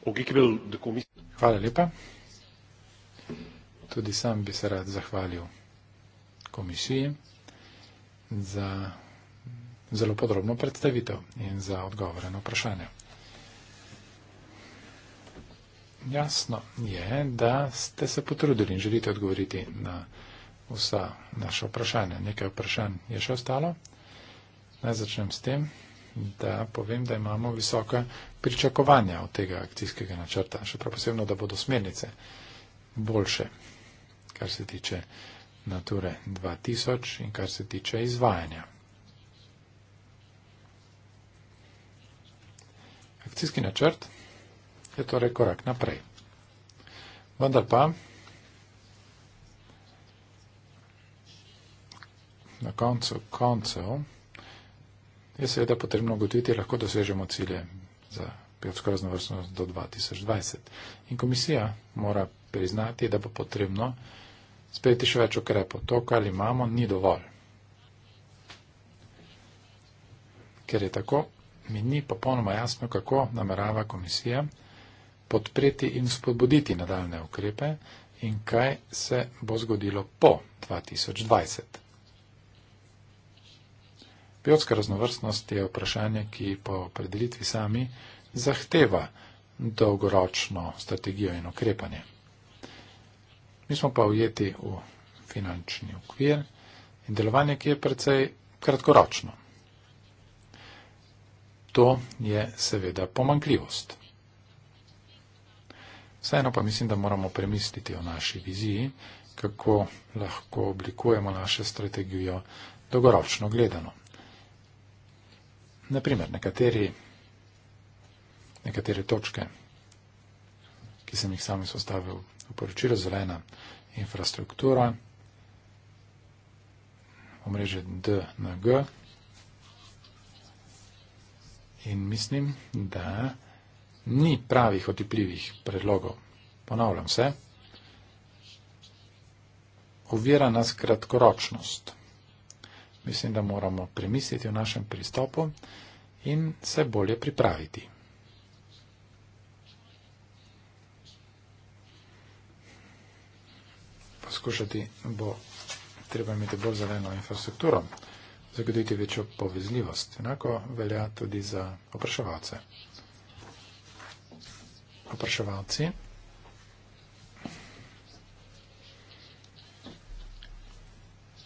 Ogikvil, da komisija. Hvala lepa. Tudi sam bi se rad zahvalil komisiji za zelo podrobno predstavitev in za odgovore na vprašanje. Jasno je, da ste se potrudili in želite odgovoriti na vsa naša vprašanja. Nekaj vprašanj je še ostalo. Naj začnem s tem, da povem, da imamo visoka pričakovanja od tega akcijskega načrta. Še prav posebno, da bodo smernice boljše, kar se tiče Nature 2000 in kar se tiče izvajanja. Akcijski načrt je torej korak naprej. Vendar pa na koncu koncev je seveda potrebno ugotoviti, lahko dosežemo cilje za biotsko raznovrstnost do 2020. In komisija mora priznati, da bo potrebno sprejeti še več ukrepov. To, kar imamo, ni dovolj. Ker je tako, mi ni popolnoma jasno, kako namerava komisija podpreti in spodbuditi nadaljne ukrepe in kaj se bo zgodilo po 2020. Biotska raznovrstnost je vprašanje, ki po opredelitvi sami zahteva dolgoročno strategijo in okrepanje. Mi smo pa ujeti v finančni okvir in delovanje, ki je precej kratkoročno. To je seveda pomankljivost. Vseeno pa mislim, da moramo premisliti o naši viziji, kako lahko oblikujemo našo strategijo dolgoročno gledano. Naprimer, nekateri, nekatere točke, ki sem jih sam izpostavil v poročilu, zelena infrastruktura, omrežje DNG, In mislim, da ni pravih otipljivih predlogov. Ponavljam se, uvira nas kratkoročnost. Mislim, da moramo premisliti o našem pristopu in se bolje pripraviti. Poskušati bo treba imeti bolj zeleno infrastrukturo zagotoviti večjo povezljivost. Enako velja tudi za opraševalce. Opraševalci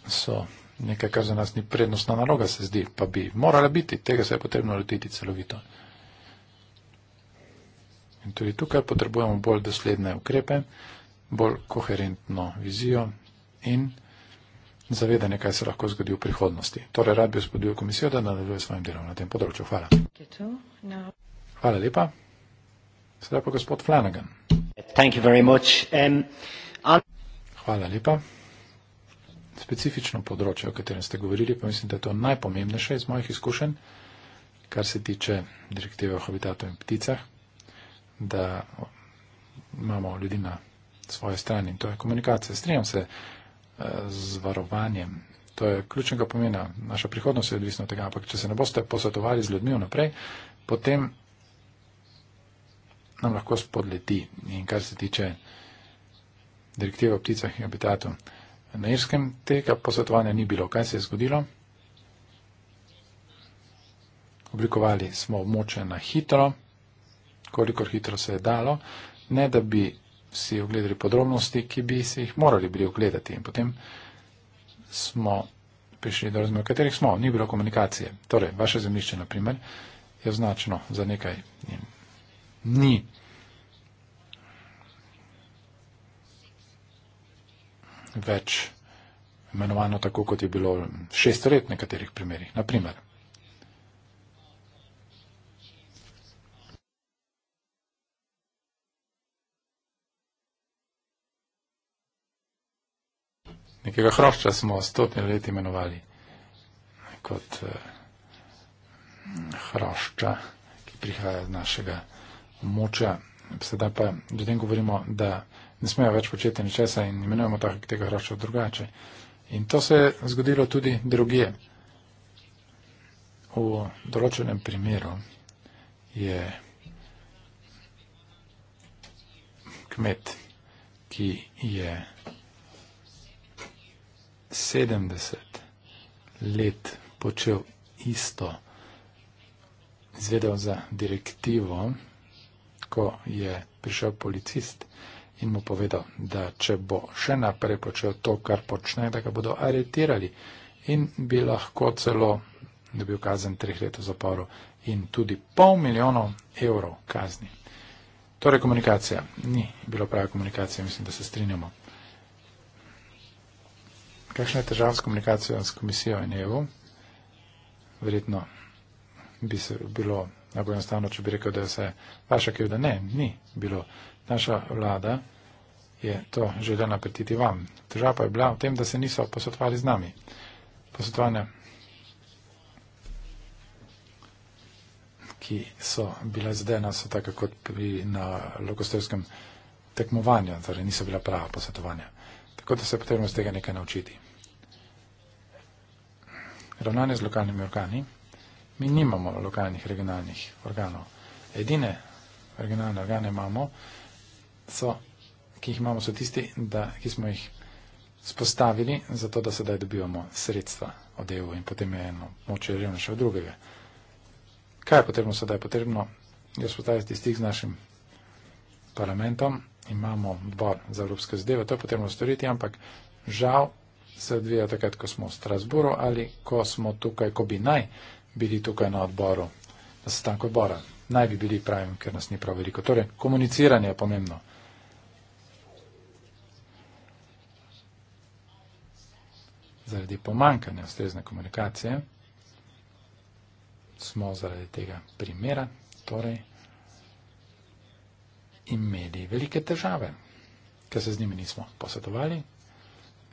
so nekaj, kar za nas ni prednostna naloga, se zdi, pa bi morala biti. Tega se je potrebno lotiti celovito. In tudi tukaj potrebujemo bolj dosledne ukrepe, bolj koherentno vizijo in zavedanje, kaj se lahko zgodi v prihodnosti. Torej, rad bi spodbudil komisijo, da nadaljuje s svojim delom na tem področju. Hvala. Hvala lepa. Sedaj pa gospod Flanagan. Um, Hvala lepa. Specifično področje, o katerem ste govorili, pa mislim, da je to najpomembnejše iz mojih izkušenj, kar se tiče direktive o habitatu in pticah, da imamo ljudi na svoje strani in to je komunikacija. Strijam se, z varovanjem. To je ključnega pomena. Naša prihodnost je odvisna od tega, ampak če se ne boste posvetovali z ljudmi vnaprej, potem nam lahko spodleti. In kar se tiče direktive o pticah in habitatu, na Irskem tega posvetovanja ni bilo. Kaj se je zgodilo? Oblikovali smo območje na hitro, kolikor hitro se je dalo, ne da bi si ogledali podrobnosti, ki bi se jih morali bili ogledati. In potem smo prišli do razmer, v katerih smo, ni bilo komunikacije. Torej, vaše zemljišče, na primer, je označeno za nekaj in ni. Več imenovano tako, kot je bilo šest let v nekaterih primerih. Naprimer, nekega hrošča smo stotine let imenovali kot eh, hrošča, ki prihaja z našega moča. Sedaj pa ljudem govorimo, da ne smejo več početi ničesa in imenujemo tak, tega hrošča drugače. In to se je zgodilo tudi drugje. V določenem primeru je kmet, ki je 70 let počel isto, izvedel za direktivo, ko je prišel policist in mu povedal, da če bo še naprej počel to, kar počne, da ga bodo aretirali in bi lahko celo dobil kazen treh let v zaporu in tudi pol milijonov evrov kazni. Torej komunikacija. Ni bilo prava komunikacija, mislim, da se strinjamo kakšna je težava s komunikacijo s komisijo in EU? Verjetno bi se bilo tako enostavno, če bi rekel, da je vse vaša krivda. Ne, ni bilo. Naša vlada je to želela napetiti vam. Težava pa je bila v tem, da se niso posvetovali z nami. Posvetovanja, ki so bila zadena, so tako kot pri na lokostrovskem tekmovanju, torej niso bila prava posvetovanja. Tako da se je potrebno z tega nekaj naučiti ravnanje z lokalnimi organi. Mi nimamo lokalnih regionalnih organov. Edine regionalne organe imamo, so, ki jih imamo, so tisti, da, ki smo jih spostavili, zato da sedaj dobivamo sredstva od EU in potem je eno moče revno še od drugega. Kaj je potrebno sedaj? Potrebno je spostaviti stik z našim parlamentom, imamo odbor za evropske zadeve, to je potrebno storiti, ampak žal se odvija takrat, ko smo v Strasburu ali ko smo tukaj, ko bi naj bili tukaj na odboru, na sestanku odbora. Naj bi bili pravim, ker nas ni prav veliko. Torej, komuniciranje je pomembno. Zaradi pomankanja ustrezne komunikacije smo zaradi tega primera torej, imeli velike težave, ker se z njimi nismo posedovali,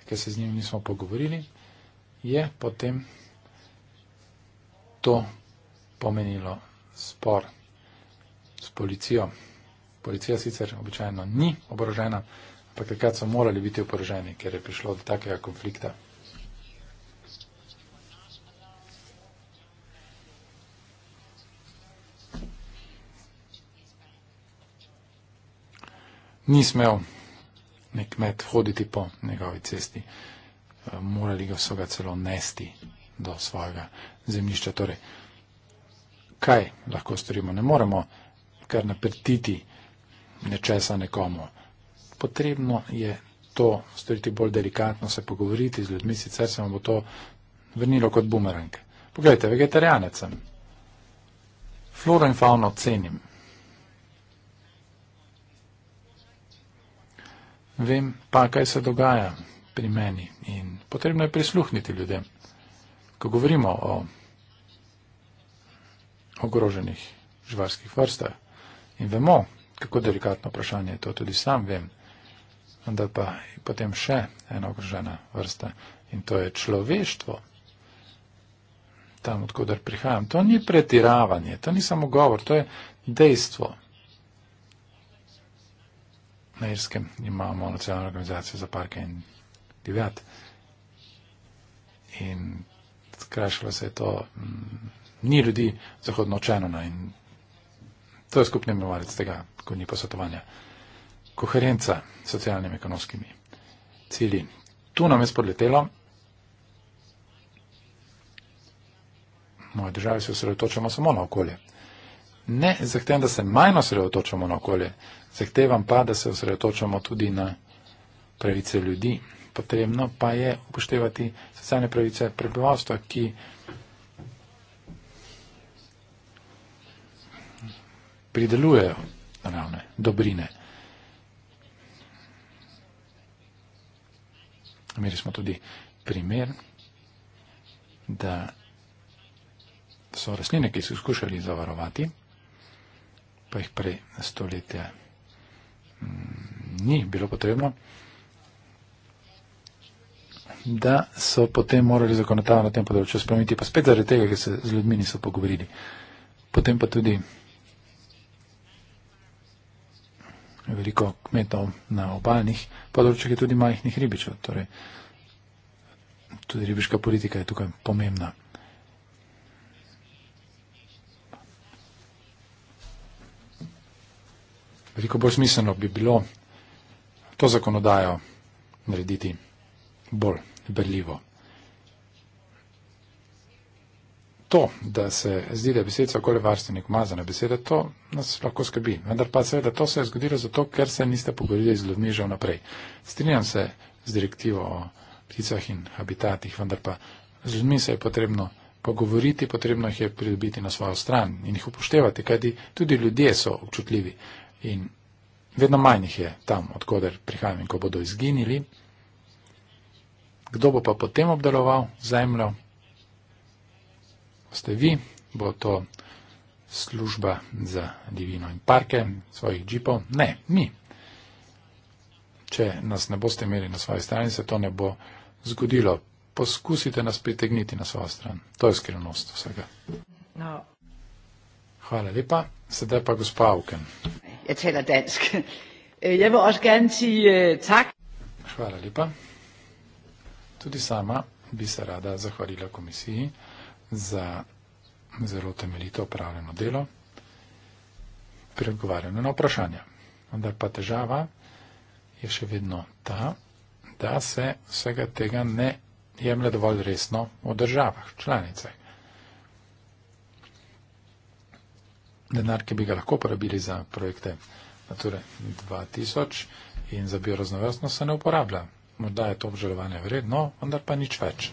ker se z njim nismo pogovorili, je potem to pomenilo spor s policijo. Policija sicer običajno ni oborožena, ampak takrat so morali biti oboroženi, ker je prišlo do takega konflikta. Ni smel nek med hoditi po njegovi cesti. E, morali ga so ga celo nesti do svojega zemljišča. Torej, kaj lahko storimo? Ne moremo kar naprtiti nečesa nekomu. Potrebno je to storiti bolj delikatno, se pogovoriti z ljudmi, sicer se vam bo to vrnilo kot bumerang. Poglejte, vegetarijanec sem. Floro in fauno cenim, vem pa, kaj se dogaja pri meni in potrebno je prisluhniti ljudem, ko govorimo o ogroženih živarskih vrstah in vemo, kako delikatno vprašanje je to, tudi sam vem, vendar pa je potem še ena ogrožena vrsta in to je človeštvo. Tam, odkudar prihajam, to ni pretiravanje, to ni samo govor, to je dejstvo na Irskem imamo nacionalno organizacijo za parke in divjad. In skrajšalo se je to, mm, ni ljudi zahodno očeno in to je skupni imenovalec tega, ko ni posvetovanja. Koherenca s socialnimi ekonomskimi cilji. Tu nam je spodletelo. Moje države se osredotočamo samo na okolje ne zahtevam, da se manj osredotočamo na okolje, zahtevam pa, da se osredotočamo tudi na pravice ljudi. Potrebno pa je upoštevati socialne pravice prebivalstva, ki. pridelujejo naravne dobrine. Imeli smo tudi primer, da so rastline, ki so skušali zavarovati, pa jih prej stoletja ni bilo potrebno. Da so potem morali zakonodajo na tem področju spremeniti, pa spet zaradi tega, ker se z ljudmi niso pogovorili. Potem pa tudi veliko kmetov na obaljnih področjih je tudi majhnih ribičev. Torej, tudi ribiška politika je tukaj pomembna. veliko bolj smiselno bi bilo to zakonodajo narediti bolj berljivo. To, da se zdi, da je beseda okolje varstvenik umazana beseda, to nas lahko skrbi. Vendar pa seveda to se je zgodilo zato, ker se niste pogovorili z ljudmi že vnaprej. Strinjam se z direktivo o pticah in habitatih, vendar pa z ljudmi se je potrebno pogovoriti, potrebno jih je pridobiti na svojo stran in jih upoštevati, kajti tudi ljudje so občutljivi in vedno manj jih je tam, odkuder prihajam in ko bodo izginili. Kdo bo pa potem obdeloval zemljo? Ste vi, bo to služba za divino in parke svojih džipov? Ne, mi. Če nas ne boste imeli na svoji strani, se to ne bo zgodilo. Poskusite nas pritegniti na svojo stran. To je skrivnost vsega. No. Hvala lepa. Sedaj pa gospa Auken jeg taler dansk. Øh, jeg vil også gerne sige uh, tak. Hvala lepa. Tudi sama bi se rada zahvalila komisiji za zelo temeljito opravljeno delo pri odgovarjanju na vprašanja. Vendar pa težava je še vedno ta, da se vsega tega ne jemlje dovolj resno v državah, članicah. denar, ki bi ga lahko uporabili za projekte Nature 2000 in za bioraznovrstnost, se ne uporablja. Morda je to obžalovanje vredno, vendar pa nič več.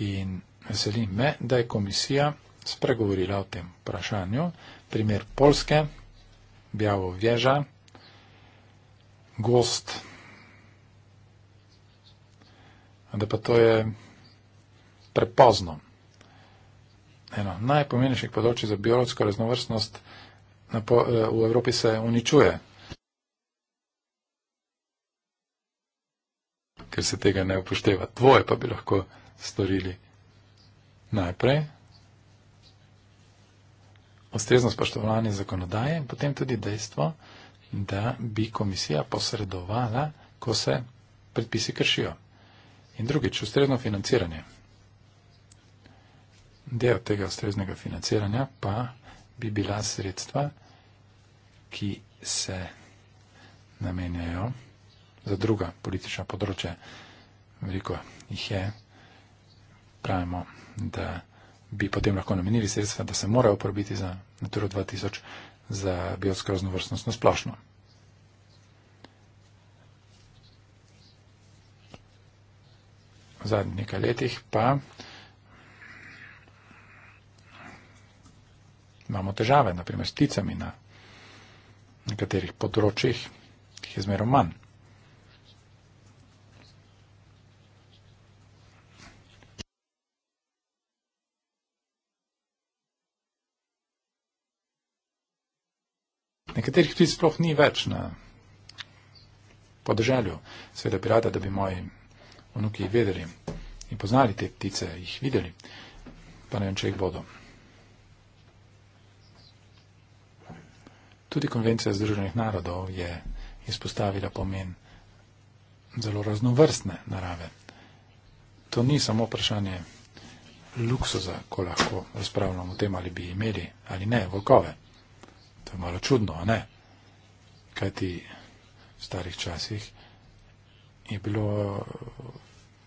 In veseli me, da je komisija spregovorila o tem vprašanju. Primer Polske, Bjavo Vježa, gost. Da pa to je prepozno eno najpomembnejših področji za biologsko raznovrstnost po, eh, v Evropi se uničuje. Ker se tega ne upošteva. Dvoje pa bi lahko storili najprej. Ostrezno spoštovanje zakonodaje in potem tudi dejstvo, da bi komisija posredovala, ko se predpisi kršijo. In drugič, ustrezno financiranje del tega ustreznega financiranja pa bi bila sredstva, ki se namenjajo za druga politična področja. Veliko jih je, pravimo, da bi potem lahko namenili sredstva, da se morajo uporabiti za Natura 2000, za biotsko raznovrstnost na splošno. V zadnjih nekaj letih pa imamo težave, naprimer s ticami na nekaterih področjih, ki jih je zmerom manj. Nekaterih tudi sploh ni več na podeželju. Seveda bi rada, da bi moji vnuki vedeli in poznali te ptice, jih videli, pa ne vem, če jih bodo. Tudi konvencija Združenih narodov je izpostavila pomen zelo raznovrstne narave. To ni samo vprašanje luksuza, ko lahko razpravljamo o tem, ali bi imeli ali ne volkove. To je malo čudno, ne? Kajti v starih časih je bilo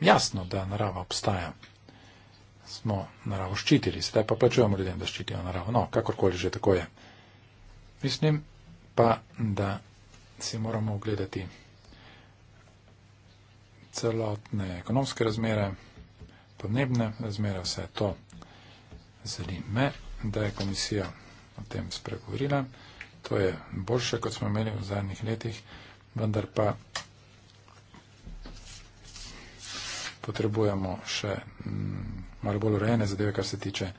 jasno, da narava obstaja. Smo naravo ščitili, sedaj pa plačujemo ljudem, da ščitijo naravo. No, kakorkoli že tako je. Mislim pa, da si moramo ogledati celotne ekonomske razmere, podnebne razmere, vse to. Zanima me, da je komisija o tem spregovorila. To je boljše, kot smo imeli v zadnjih letih, vendar pa potrebujemo še mm, malo bolj urejene zadeve, kar se tiče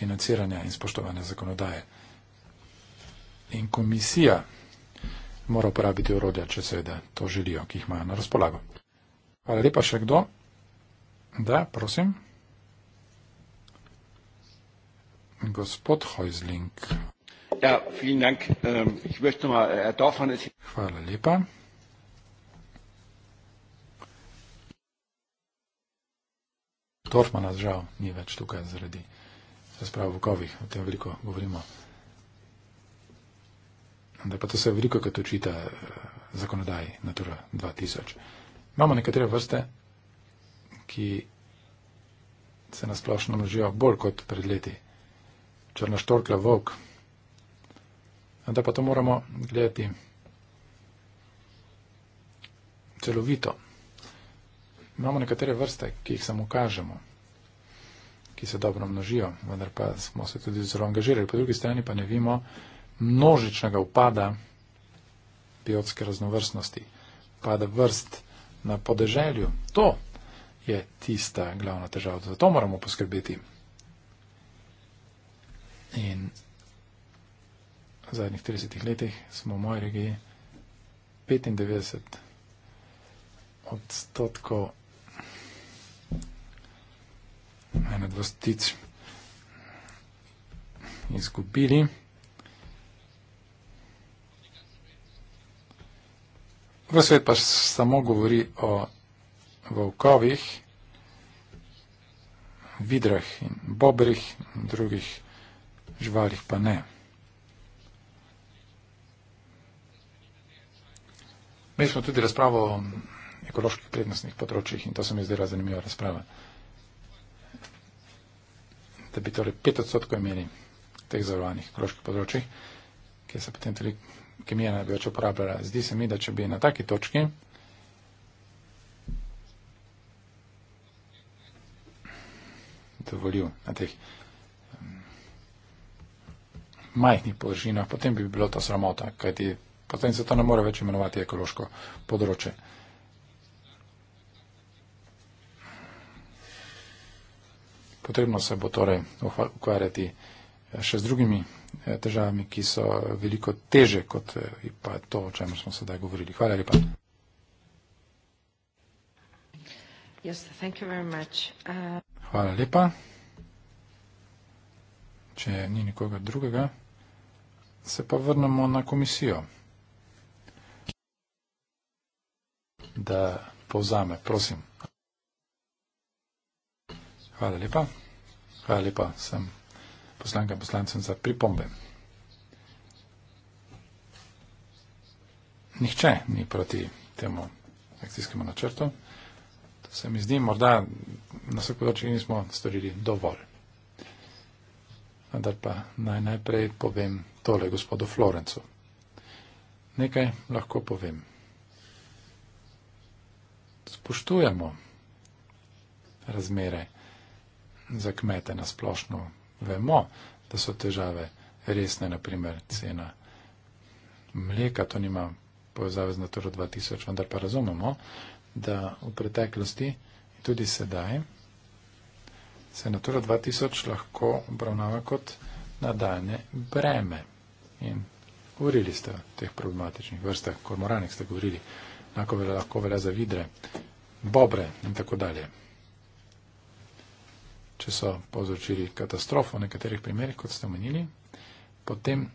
financiranja in spoštovanja zakonodaje in komisija mora uporabiti orodja, če seveda to želijo, ki jih imajo na razpolago. Hvala lepa še kdo. Da, prosim. Gospod Hojzling. Ja, vielen Dank. Ähm, ich möchte noch mal, äh, Herr Dorfmann ist hier. Hvala lepa. Dorfmana žal ni več tukaj zaradi razprav v kovih, o tem veliko govorimo da pa to se veliko kot očita eh, zakonodaji Natura 2000. Imamo nekatere vrste, ki se nasplošno množijo bolj kot pred leti. Črna štorkla, vok. Da pa to moramo gledati celovito. Imamo nekatere vrste, ki jih samo kažemo, ki se dobro množijo, vendar pa smo se tudi zelo angažirali. Po drugi strani pa ne vemo, množičnega upada biotske raznovrstnosti, pada vrst na podeželju. To je tista glavna težava, zato moramo poskrbeti. In v zadnjih 30 letih smo v moji regiji 95 odstotkov ene dvostic izgubili. V svet pa samo govori o volkovih, vidrah in bobrih, in drugih živalih pa ne. Mi smo tudi razpravo o ekoloških prednostnih področjih in to se mi je zdela zanimiva razprava. Da bi torej pet odstotkov imeli teh zavarovanih ekoloških področjih, kjer se potem tudi ki mi je največ uporabljala. Zdi se mi, da če bi na taki točki dovolil na teh majhnih površinah, potem bi bilo to sramota, kajti potem se to ne more več imenovati ekološko področje. Potrebno se bo torej ukvarjati uh, še z drugimi eh, težavami, ki so veliko teže kot eh, pa to, o čemer smo sedaj govorili. Hvala lepa. Yes, thank you very much. Uh... Hvala lepa. Če ni nikoga drugega, se pa vrnemo na komisijo. Da povzame, prosim. Hvala lepa. Hvala lepa sem poslankam poslancem za pripombe. Nihče ni proti temu akcijskemu načrtu. To se mi zdi, morda na vsak področji nismo storili dovolj. Vendar pa naj najprej povem tole gospodu Florencu. Nekaj lahko povem. Spoštujemo razmere za kmete na splošno vemo, da so težave resne, naprimer cena mleka, to nima povezave z Naturo 2000, vendar pa razumemo, da v preteklosti in tudi sedaj se Naturo 2000 lahko obravnava kot nadaljne breme. In govorili ste o teh problematičnih vrstah, kormoranih ste govorili, enako velja, lahko velja za vidre, bobre in tako dalje če so povzročili katastrofo v nekaterih primerjih, kot ste omenili, potem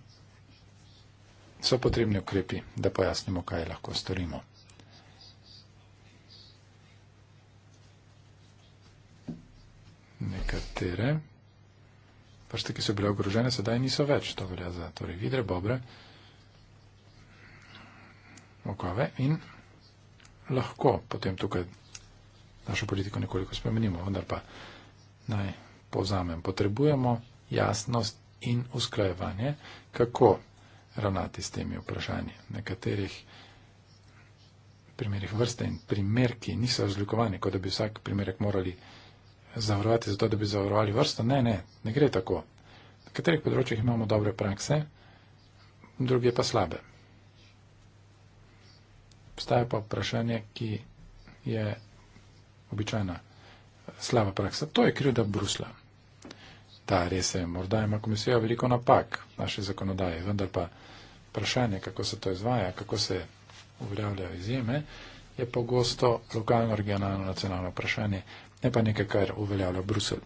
so potrebni ukrepi, da pojasnimo, kaj lahko storimo. Nekatere vrste, ki so bile ogrožene, sedaj niso več. To velja za torej vidre, bobre, okove in lahko potem tukaj našo politiko nekoliko spremenimo, vendar pa Naj povzamem. Potrebujemo jasnost in usklajevanje, kako ravnati s temi vprašanji. Nekaterih primerih vrste in primerki niso razlikovani, kot da bi vsak primerek morali zavarovati, zato da bi zavarovali vrsto. Ne, ne, ne gre tako. Na katerih področjih imamo dobre prakse, druge pa slabe. Obstaja pa vprašanje, ki je običajno slaba praksa. To je krivda Brusla. Da, res je, morda ima komisija veliko napak naše zakonodaje, vendar pa vprašanje, kako se to izvaja, kako se uveljavljajo izjeme, je pogosto lokalno, regionalno, nacionalno vprašanje, ne pa nekaj, kar uveljavlja Brusel.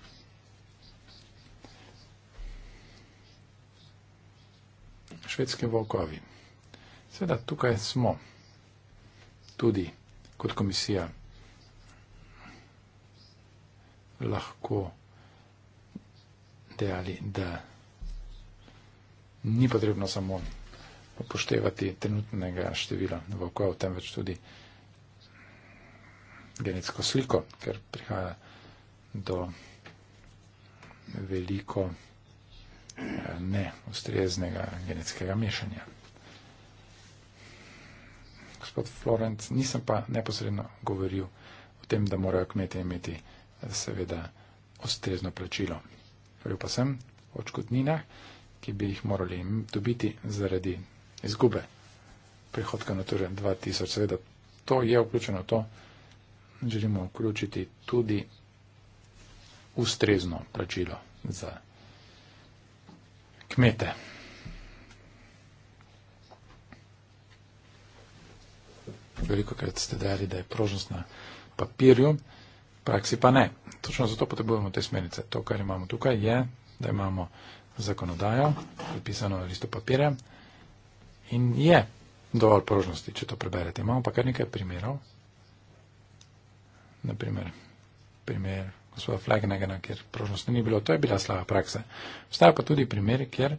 Švedske volkovi. Sveda tukaj smo tudi kot komisija lahko dejali, da ni potrebno samo upoštevati trenutnega števila volkov, temveč tudi genetsko sliko, ker prihaja do veliko eh, neustreznega genetskega mešanja. Gospod Florent, nisem pa neposredno govoril o tem, da morajo kmetje imeti seveda ustrezno plačilo. Hvala pa sem o očkodninah, ki bi jih morali dobiti zaradi izgube prihodka na tuže 2000. Seveda to je vključeno, to želimo vključiti tudi ustrezno plačilo za kmete. Veliko krat ste dali, da je prožnost na papirju praksi pa ne. Točno zato potrebujemo te smernice. To, kar imamo tukaj, je, da imamo zakonodajo, napisano na listu papirja in je dovolj prožnosti, če to preberete. Imamo pa kar nekaj primerov. Naprimer, primer gospoda Flagnagana, kjer prožnosti ni bilo, to je bila slaba praksa. Vstajajo pa tudi primeri, kjer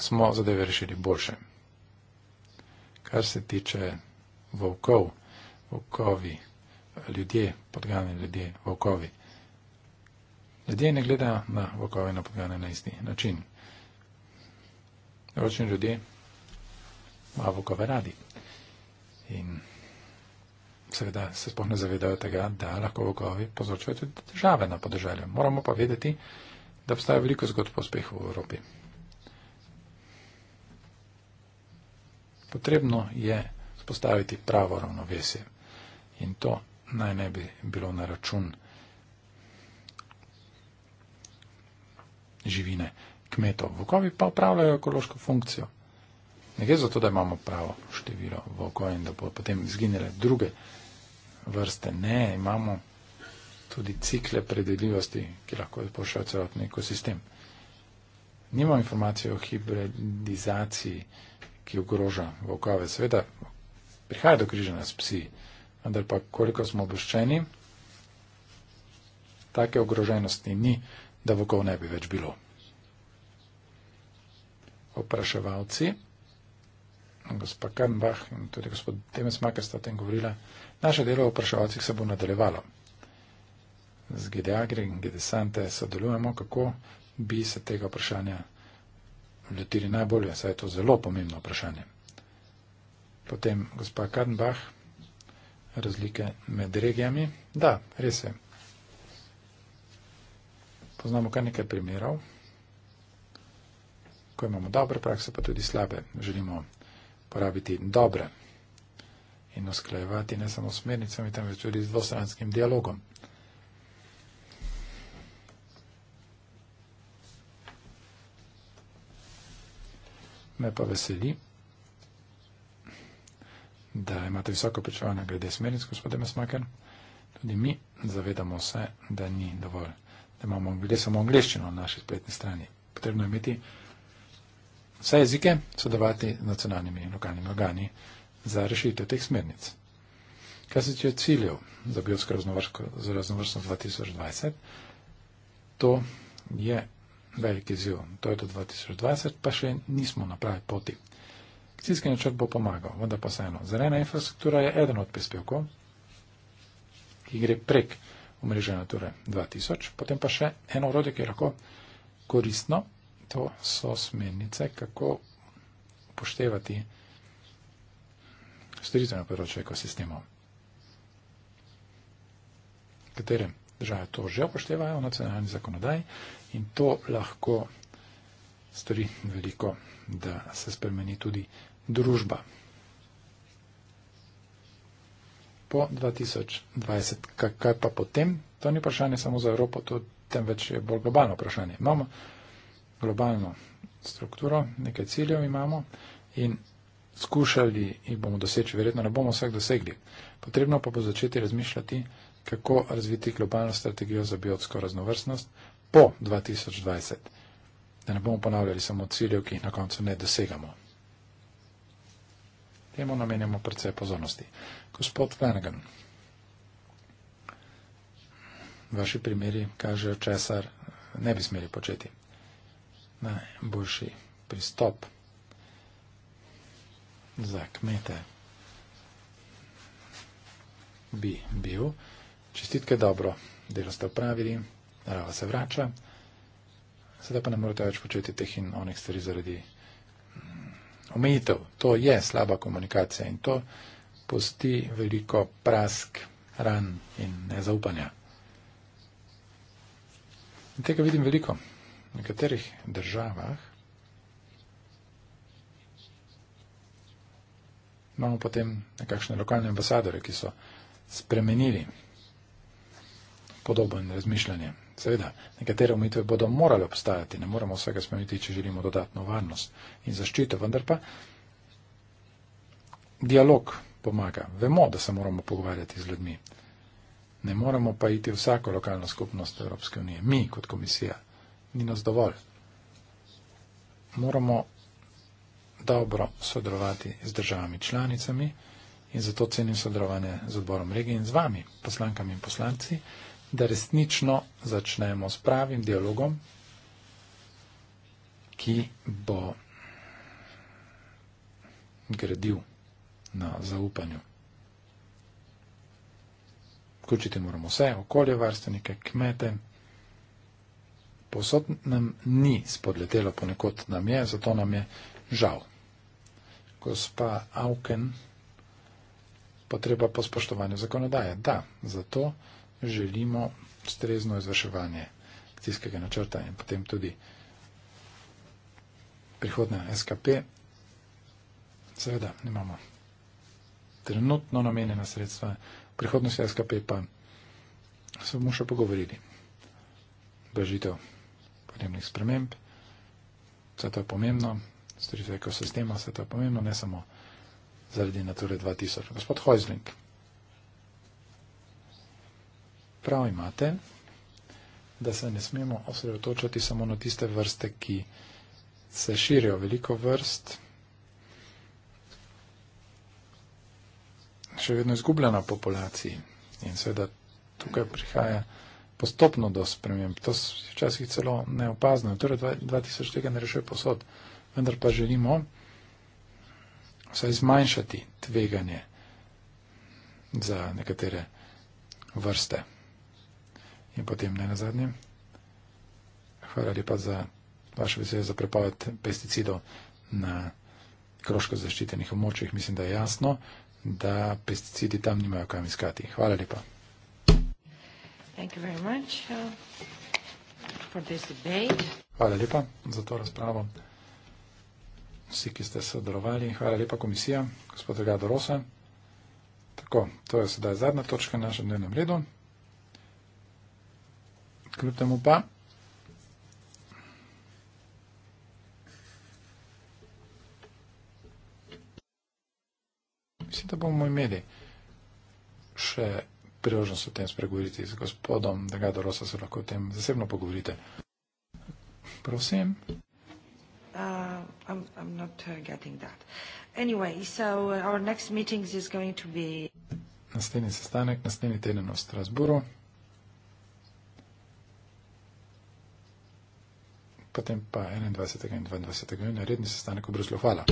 smo zadeve rešili boljše. Kar se tiče volkov, okovi, ljudje, podgani ljudje, okovi. Ljudje ne gledajo na okovi in podgane na isti način. Ročni ljudje ima okove radi. In seveda se sploh ne zavedajo tega, da lahko okovi povzročajo tudi države na podeželju. Moramo pa vedeti, da obstaja veliko zgodb po uspehu v Evropi. Potrebno je spostaviti pravo ravnovesje. In to naj ne bi bilo na račun živine kmetov. Vokovi pa upravljajo ekološko funkcijo. Ne gre za to, da imamo pravo število vokov in da bodo potem izginile druge vrste. Ne, imamo tudi cikle predvidljivosti, ki lahko izboljšajo celotni ekosistem. Nimamo informacije o hibridizaciji, ki ogroža vokove. Seveda prihaja do križanja s psi vendar pa koliko smo obveščeni, take ogroženosti ni, da vokov ne bi več bilo. Opraševalci, gospod Kembach in tudi gospod Temes Maker sta o tem govorila, naše delo v opraševalcih se bo nadaljevalo. Z Gideagri in Gidesante sodelujemo, kako bi se tega vprašanja lotili najbolje, saj je to zelo pomembno vprašanje. Potem gospod Kembach razlike med regijami. Da, res je. Poznamo kar nekaj primerov, ko imamo dobre prakse, pa tudi slabe. Želimo porabiti dobre in usklajevati ne samo smernicami, temveč tudi z dvostranskim dialogom. Me pa veseli da imate visoko pričevanje glede smernic, gospod Demesmaker. Tudi mi zavedamo se, da ni dovolj, da imamo glede samo angliščino na naši spletni strani. Potrebno je imeti vse jezike, sodelovati z nacionalnimi in lokalnimi organi za rešitev teh smernic. Kar se tiče ciljev za biotsko raznovrstnost 2020, to je velik izziv. To je do 2020, pa še nismo na pravi poti. Akcijski načrt bo pomagal, vendar pa vseeno. Zelena infrastruktura je eden od prispevkov, ki gre prek omrežja Nature 2000, potem pa še eno orodje, ki je lahko koristno, to so smernice, kako upoštevati storitev na področju ekosistemov. Katere države to že upoštevajo v nacionalni zakonodaji in to lahko stori veliko, da se spremeni tudi družba. Po 2020, kaj, kaj pa potem? To ni vprašanje samo za Evropo, to temveč je bolj globalno vprašanje. Imamo globalno strukturo, nekaj ciljev imamo in skušali jih bomo doseči, verjetno ne bomo vseh dosegli. Potrebno pa bo začeti razmišljati, kako razviti globalno strategijo za biotsko raznovrstnost po 2020 da ne bomo ponavljali samo ciljev, ki jih na koncu ne dosegamo. Temu namenjamo predvsej pozornosti. Gospod Flanagan, vaši primeri kažejo, česar ne bi smeli početi. Najboljši pristop za kmete bi bil. Čestitke dobro, delo ste opravili, narava se vrača sedaj pa ne morete več početi teh in onih stvari zaradi mm, omejitev. To je slaba komunikacija in to posti veliko prask, ran in nezaupanja. In tega vidim veliko. V nekaterih državah imamo potem nekakšne lokalne ambasadore, ki so spremenili podobo in razmišljanje. Seveda, nekatere omitve bodo morale obstajati, ne moramo vsega spremeniti, če želimo dodatno varnost in zaščito, vendar pa dialog pomaga. Vemo, da se moramo pogovarjati z ljudmi. Ne moramo pa iti vsako lokalno skupnost Evropske unije. Mi kot komisija. Ni nas dovolj. Moramo dobro sodelovati z državami članicami in zato cenim sodelovanje z odborom regije in z vami, poslankami in poslanci da resnično začnemo s pravim dialogom, ki bo gradil na zaupanju. Vključiti moramo vse, okoljevarstvenike, kmete. Posod nam ni spodletelo, ponekod nam je, zato nam je žal. Gospa Auken, potreba po spoštovanju zakonodaje. Da, zato želimo strezno izvrševanje akcijskega načrta in potem tudi prihodne SKP, seveda imamo trenutno namenjena sredstva, prihodnost SKP pa se bomo še pogovorili. Blažitev podnebnih sprememb, vse to je pomembno, storitev ekosistema, vse to je pomembno, ne samo zaradi Nature 2000. Gospod Hojzling, prav imate, da se ne smemo osredotočati samo na tiste vrste, ki se širijo veliko vrst. Še vedno izgublja na populaciji in seveda tukaj prihaja postopno do sprememb. To je včasih celo neopazno. Torej, 2000 tega ne rešuje posod, vendar pa želimo vsaj zmanjšati tveganje za nekatere vrste. In potem ne na zadnje. Hvala lepa za vašo vizijo za prepoved pesticidov na kroško zaščitenih območjih. Mislim, da je jasno, da pesticidi tam nimajo kam iskati. Hvala lepa. Uh, hvala lepa za to razpravo. Vsi, ki ste sodelovali, hvala lepa komisija, gospod Gado Rosa. Tako, to je sedaj zadnja točka našem dnevnem redu kljub temu pa. Mislim, da bomo imeli še priložnost o tem spregovoriti z gospodom, da ga dorosa se lahko o tem zasebno pogovorite. Prosim. Uh, uh, uh, naslednji sestanek, naslednji teden v Strasburu. potem pa 21. in 22. na redni sestanek v Bruslju. Hvala.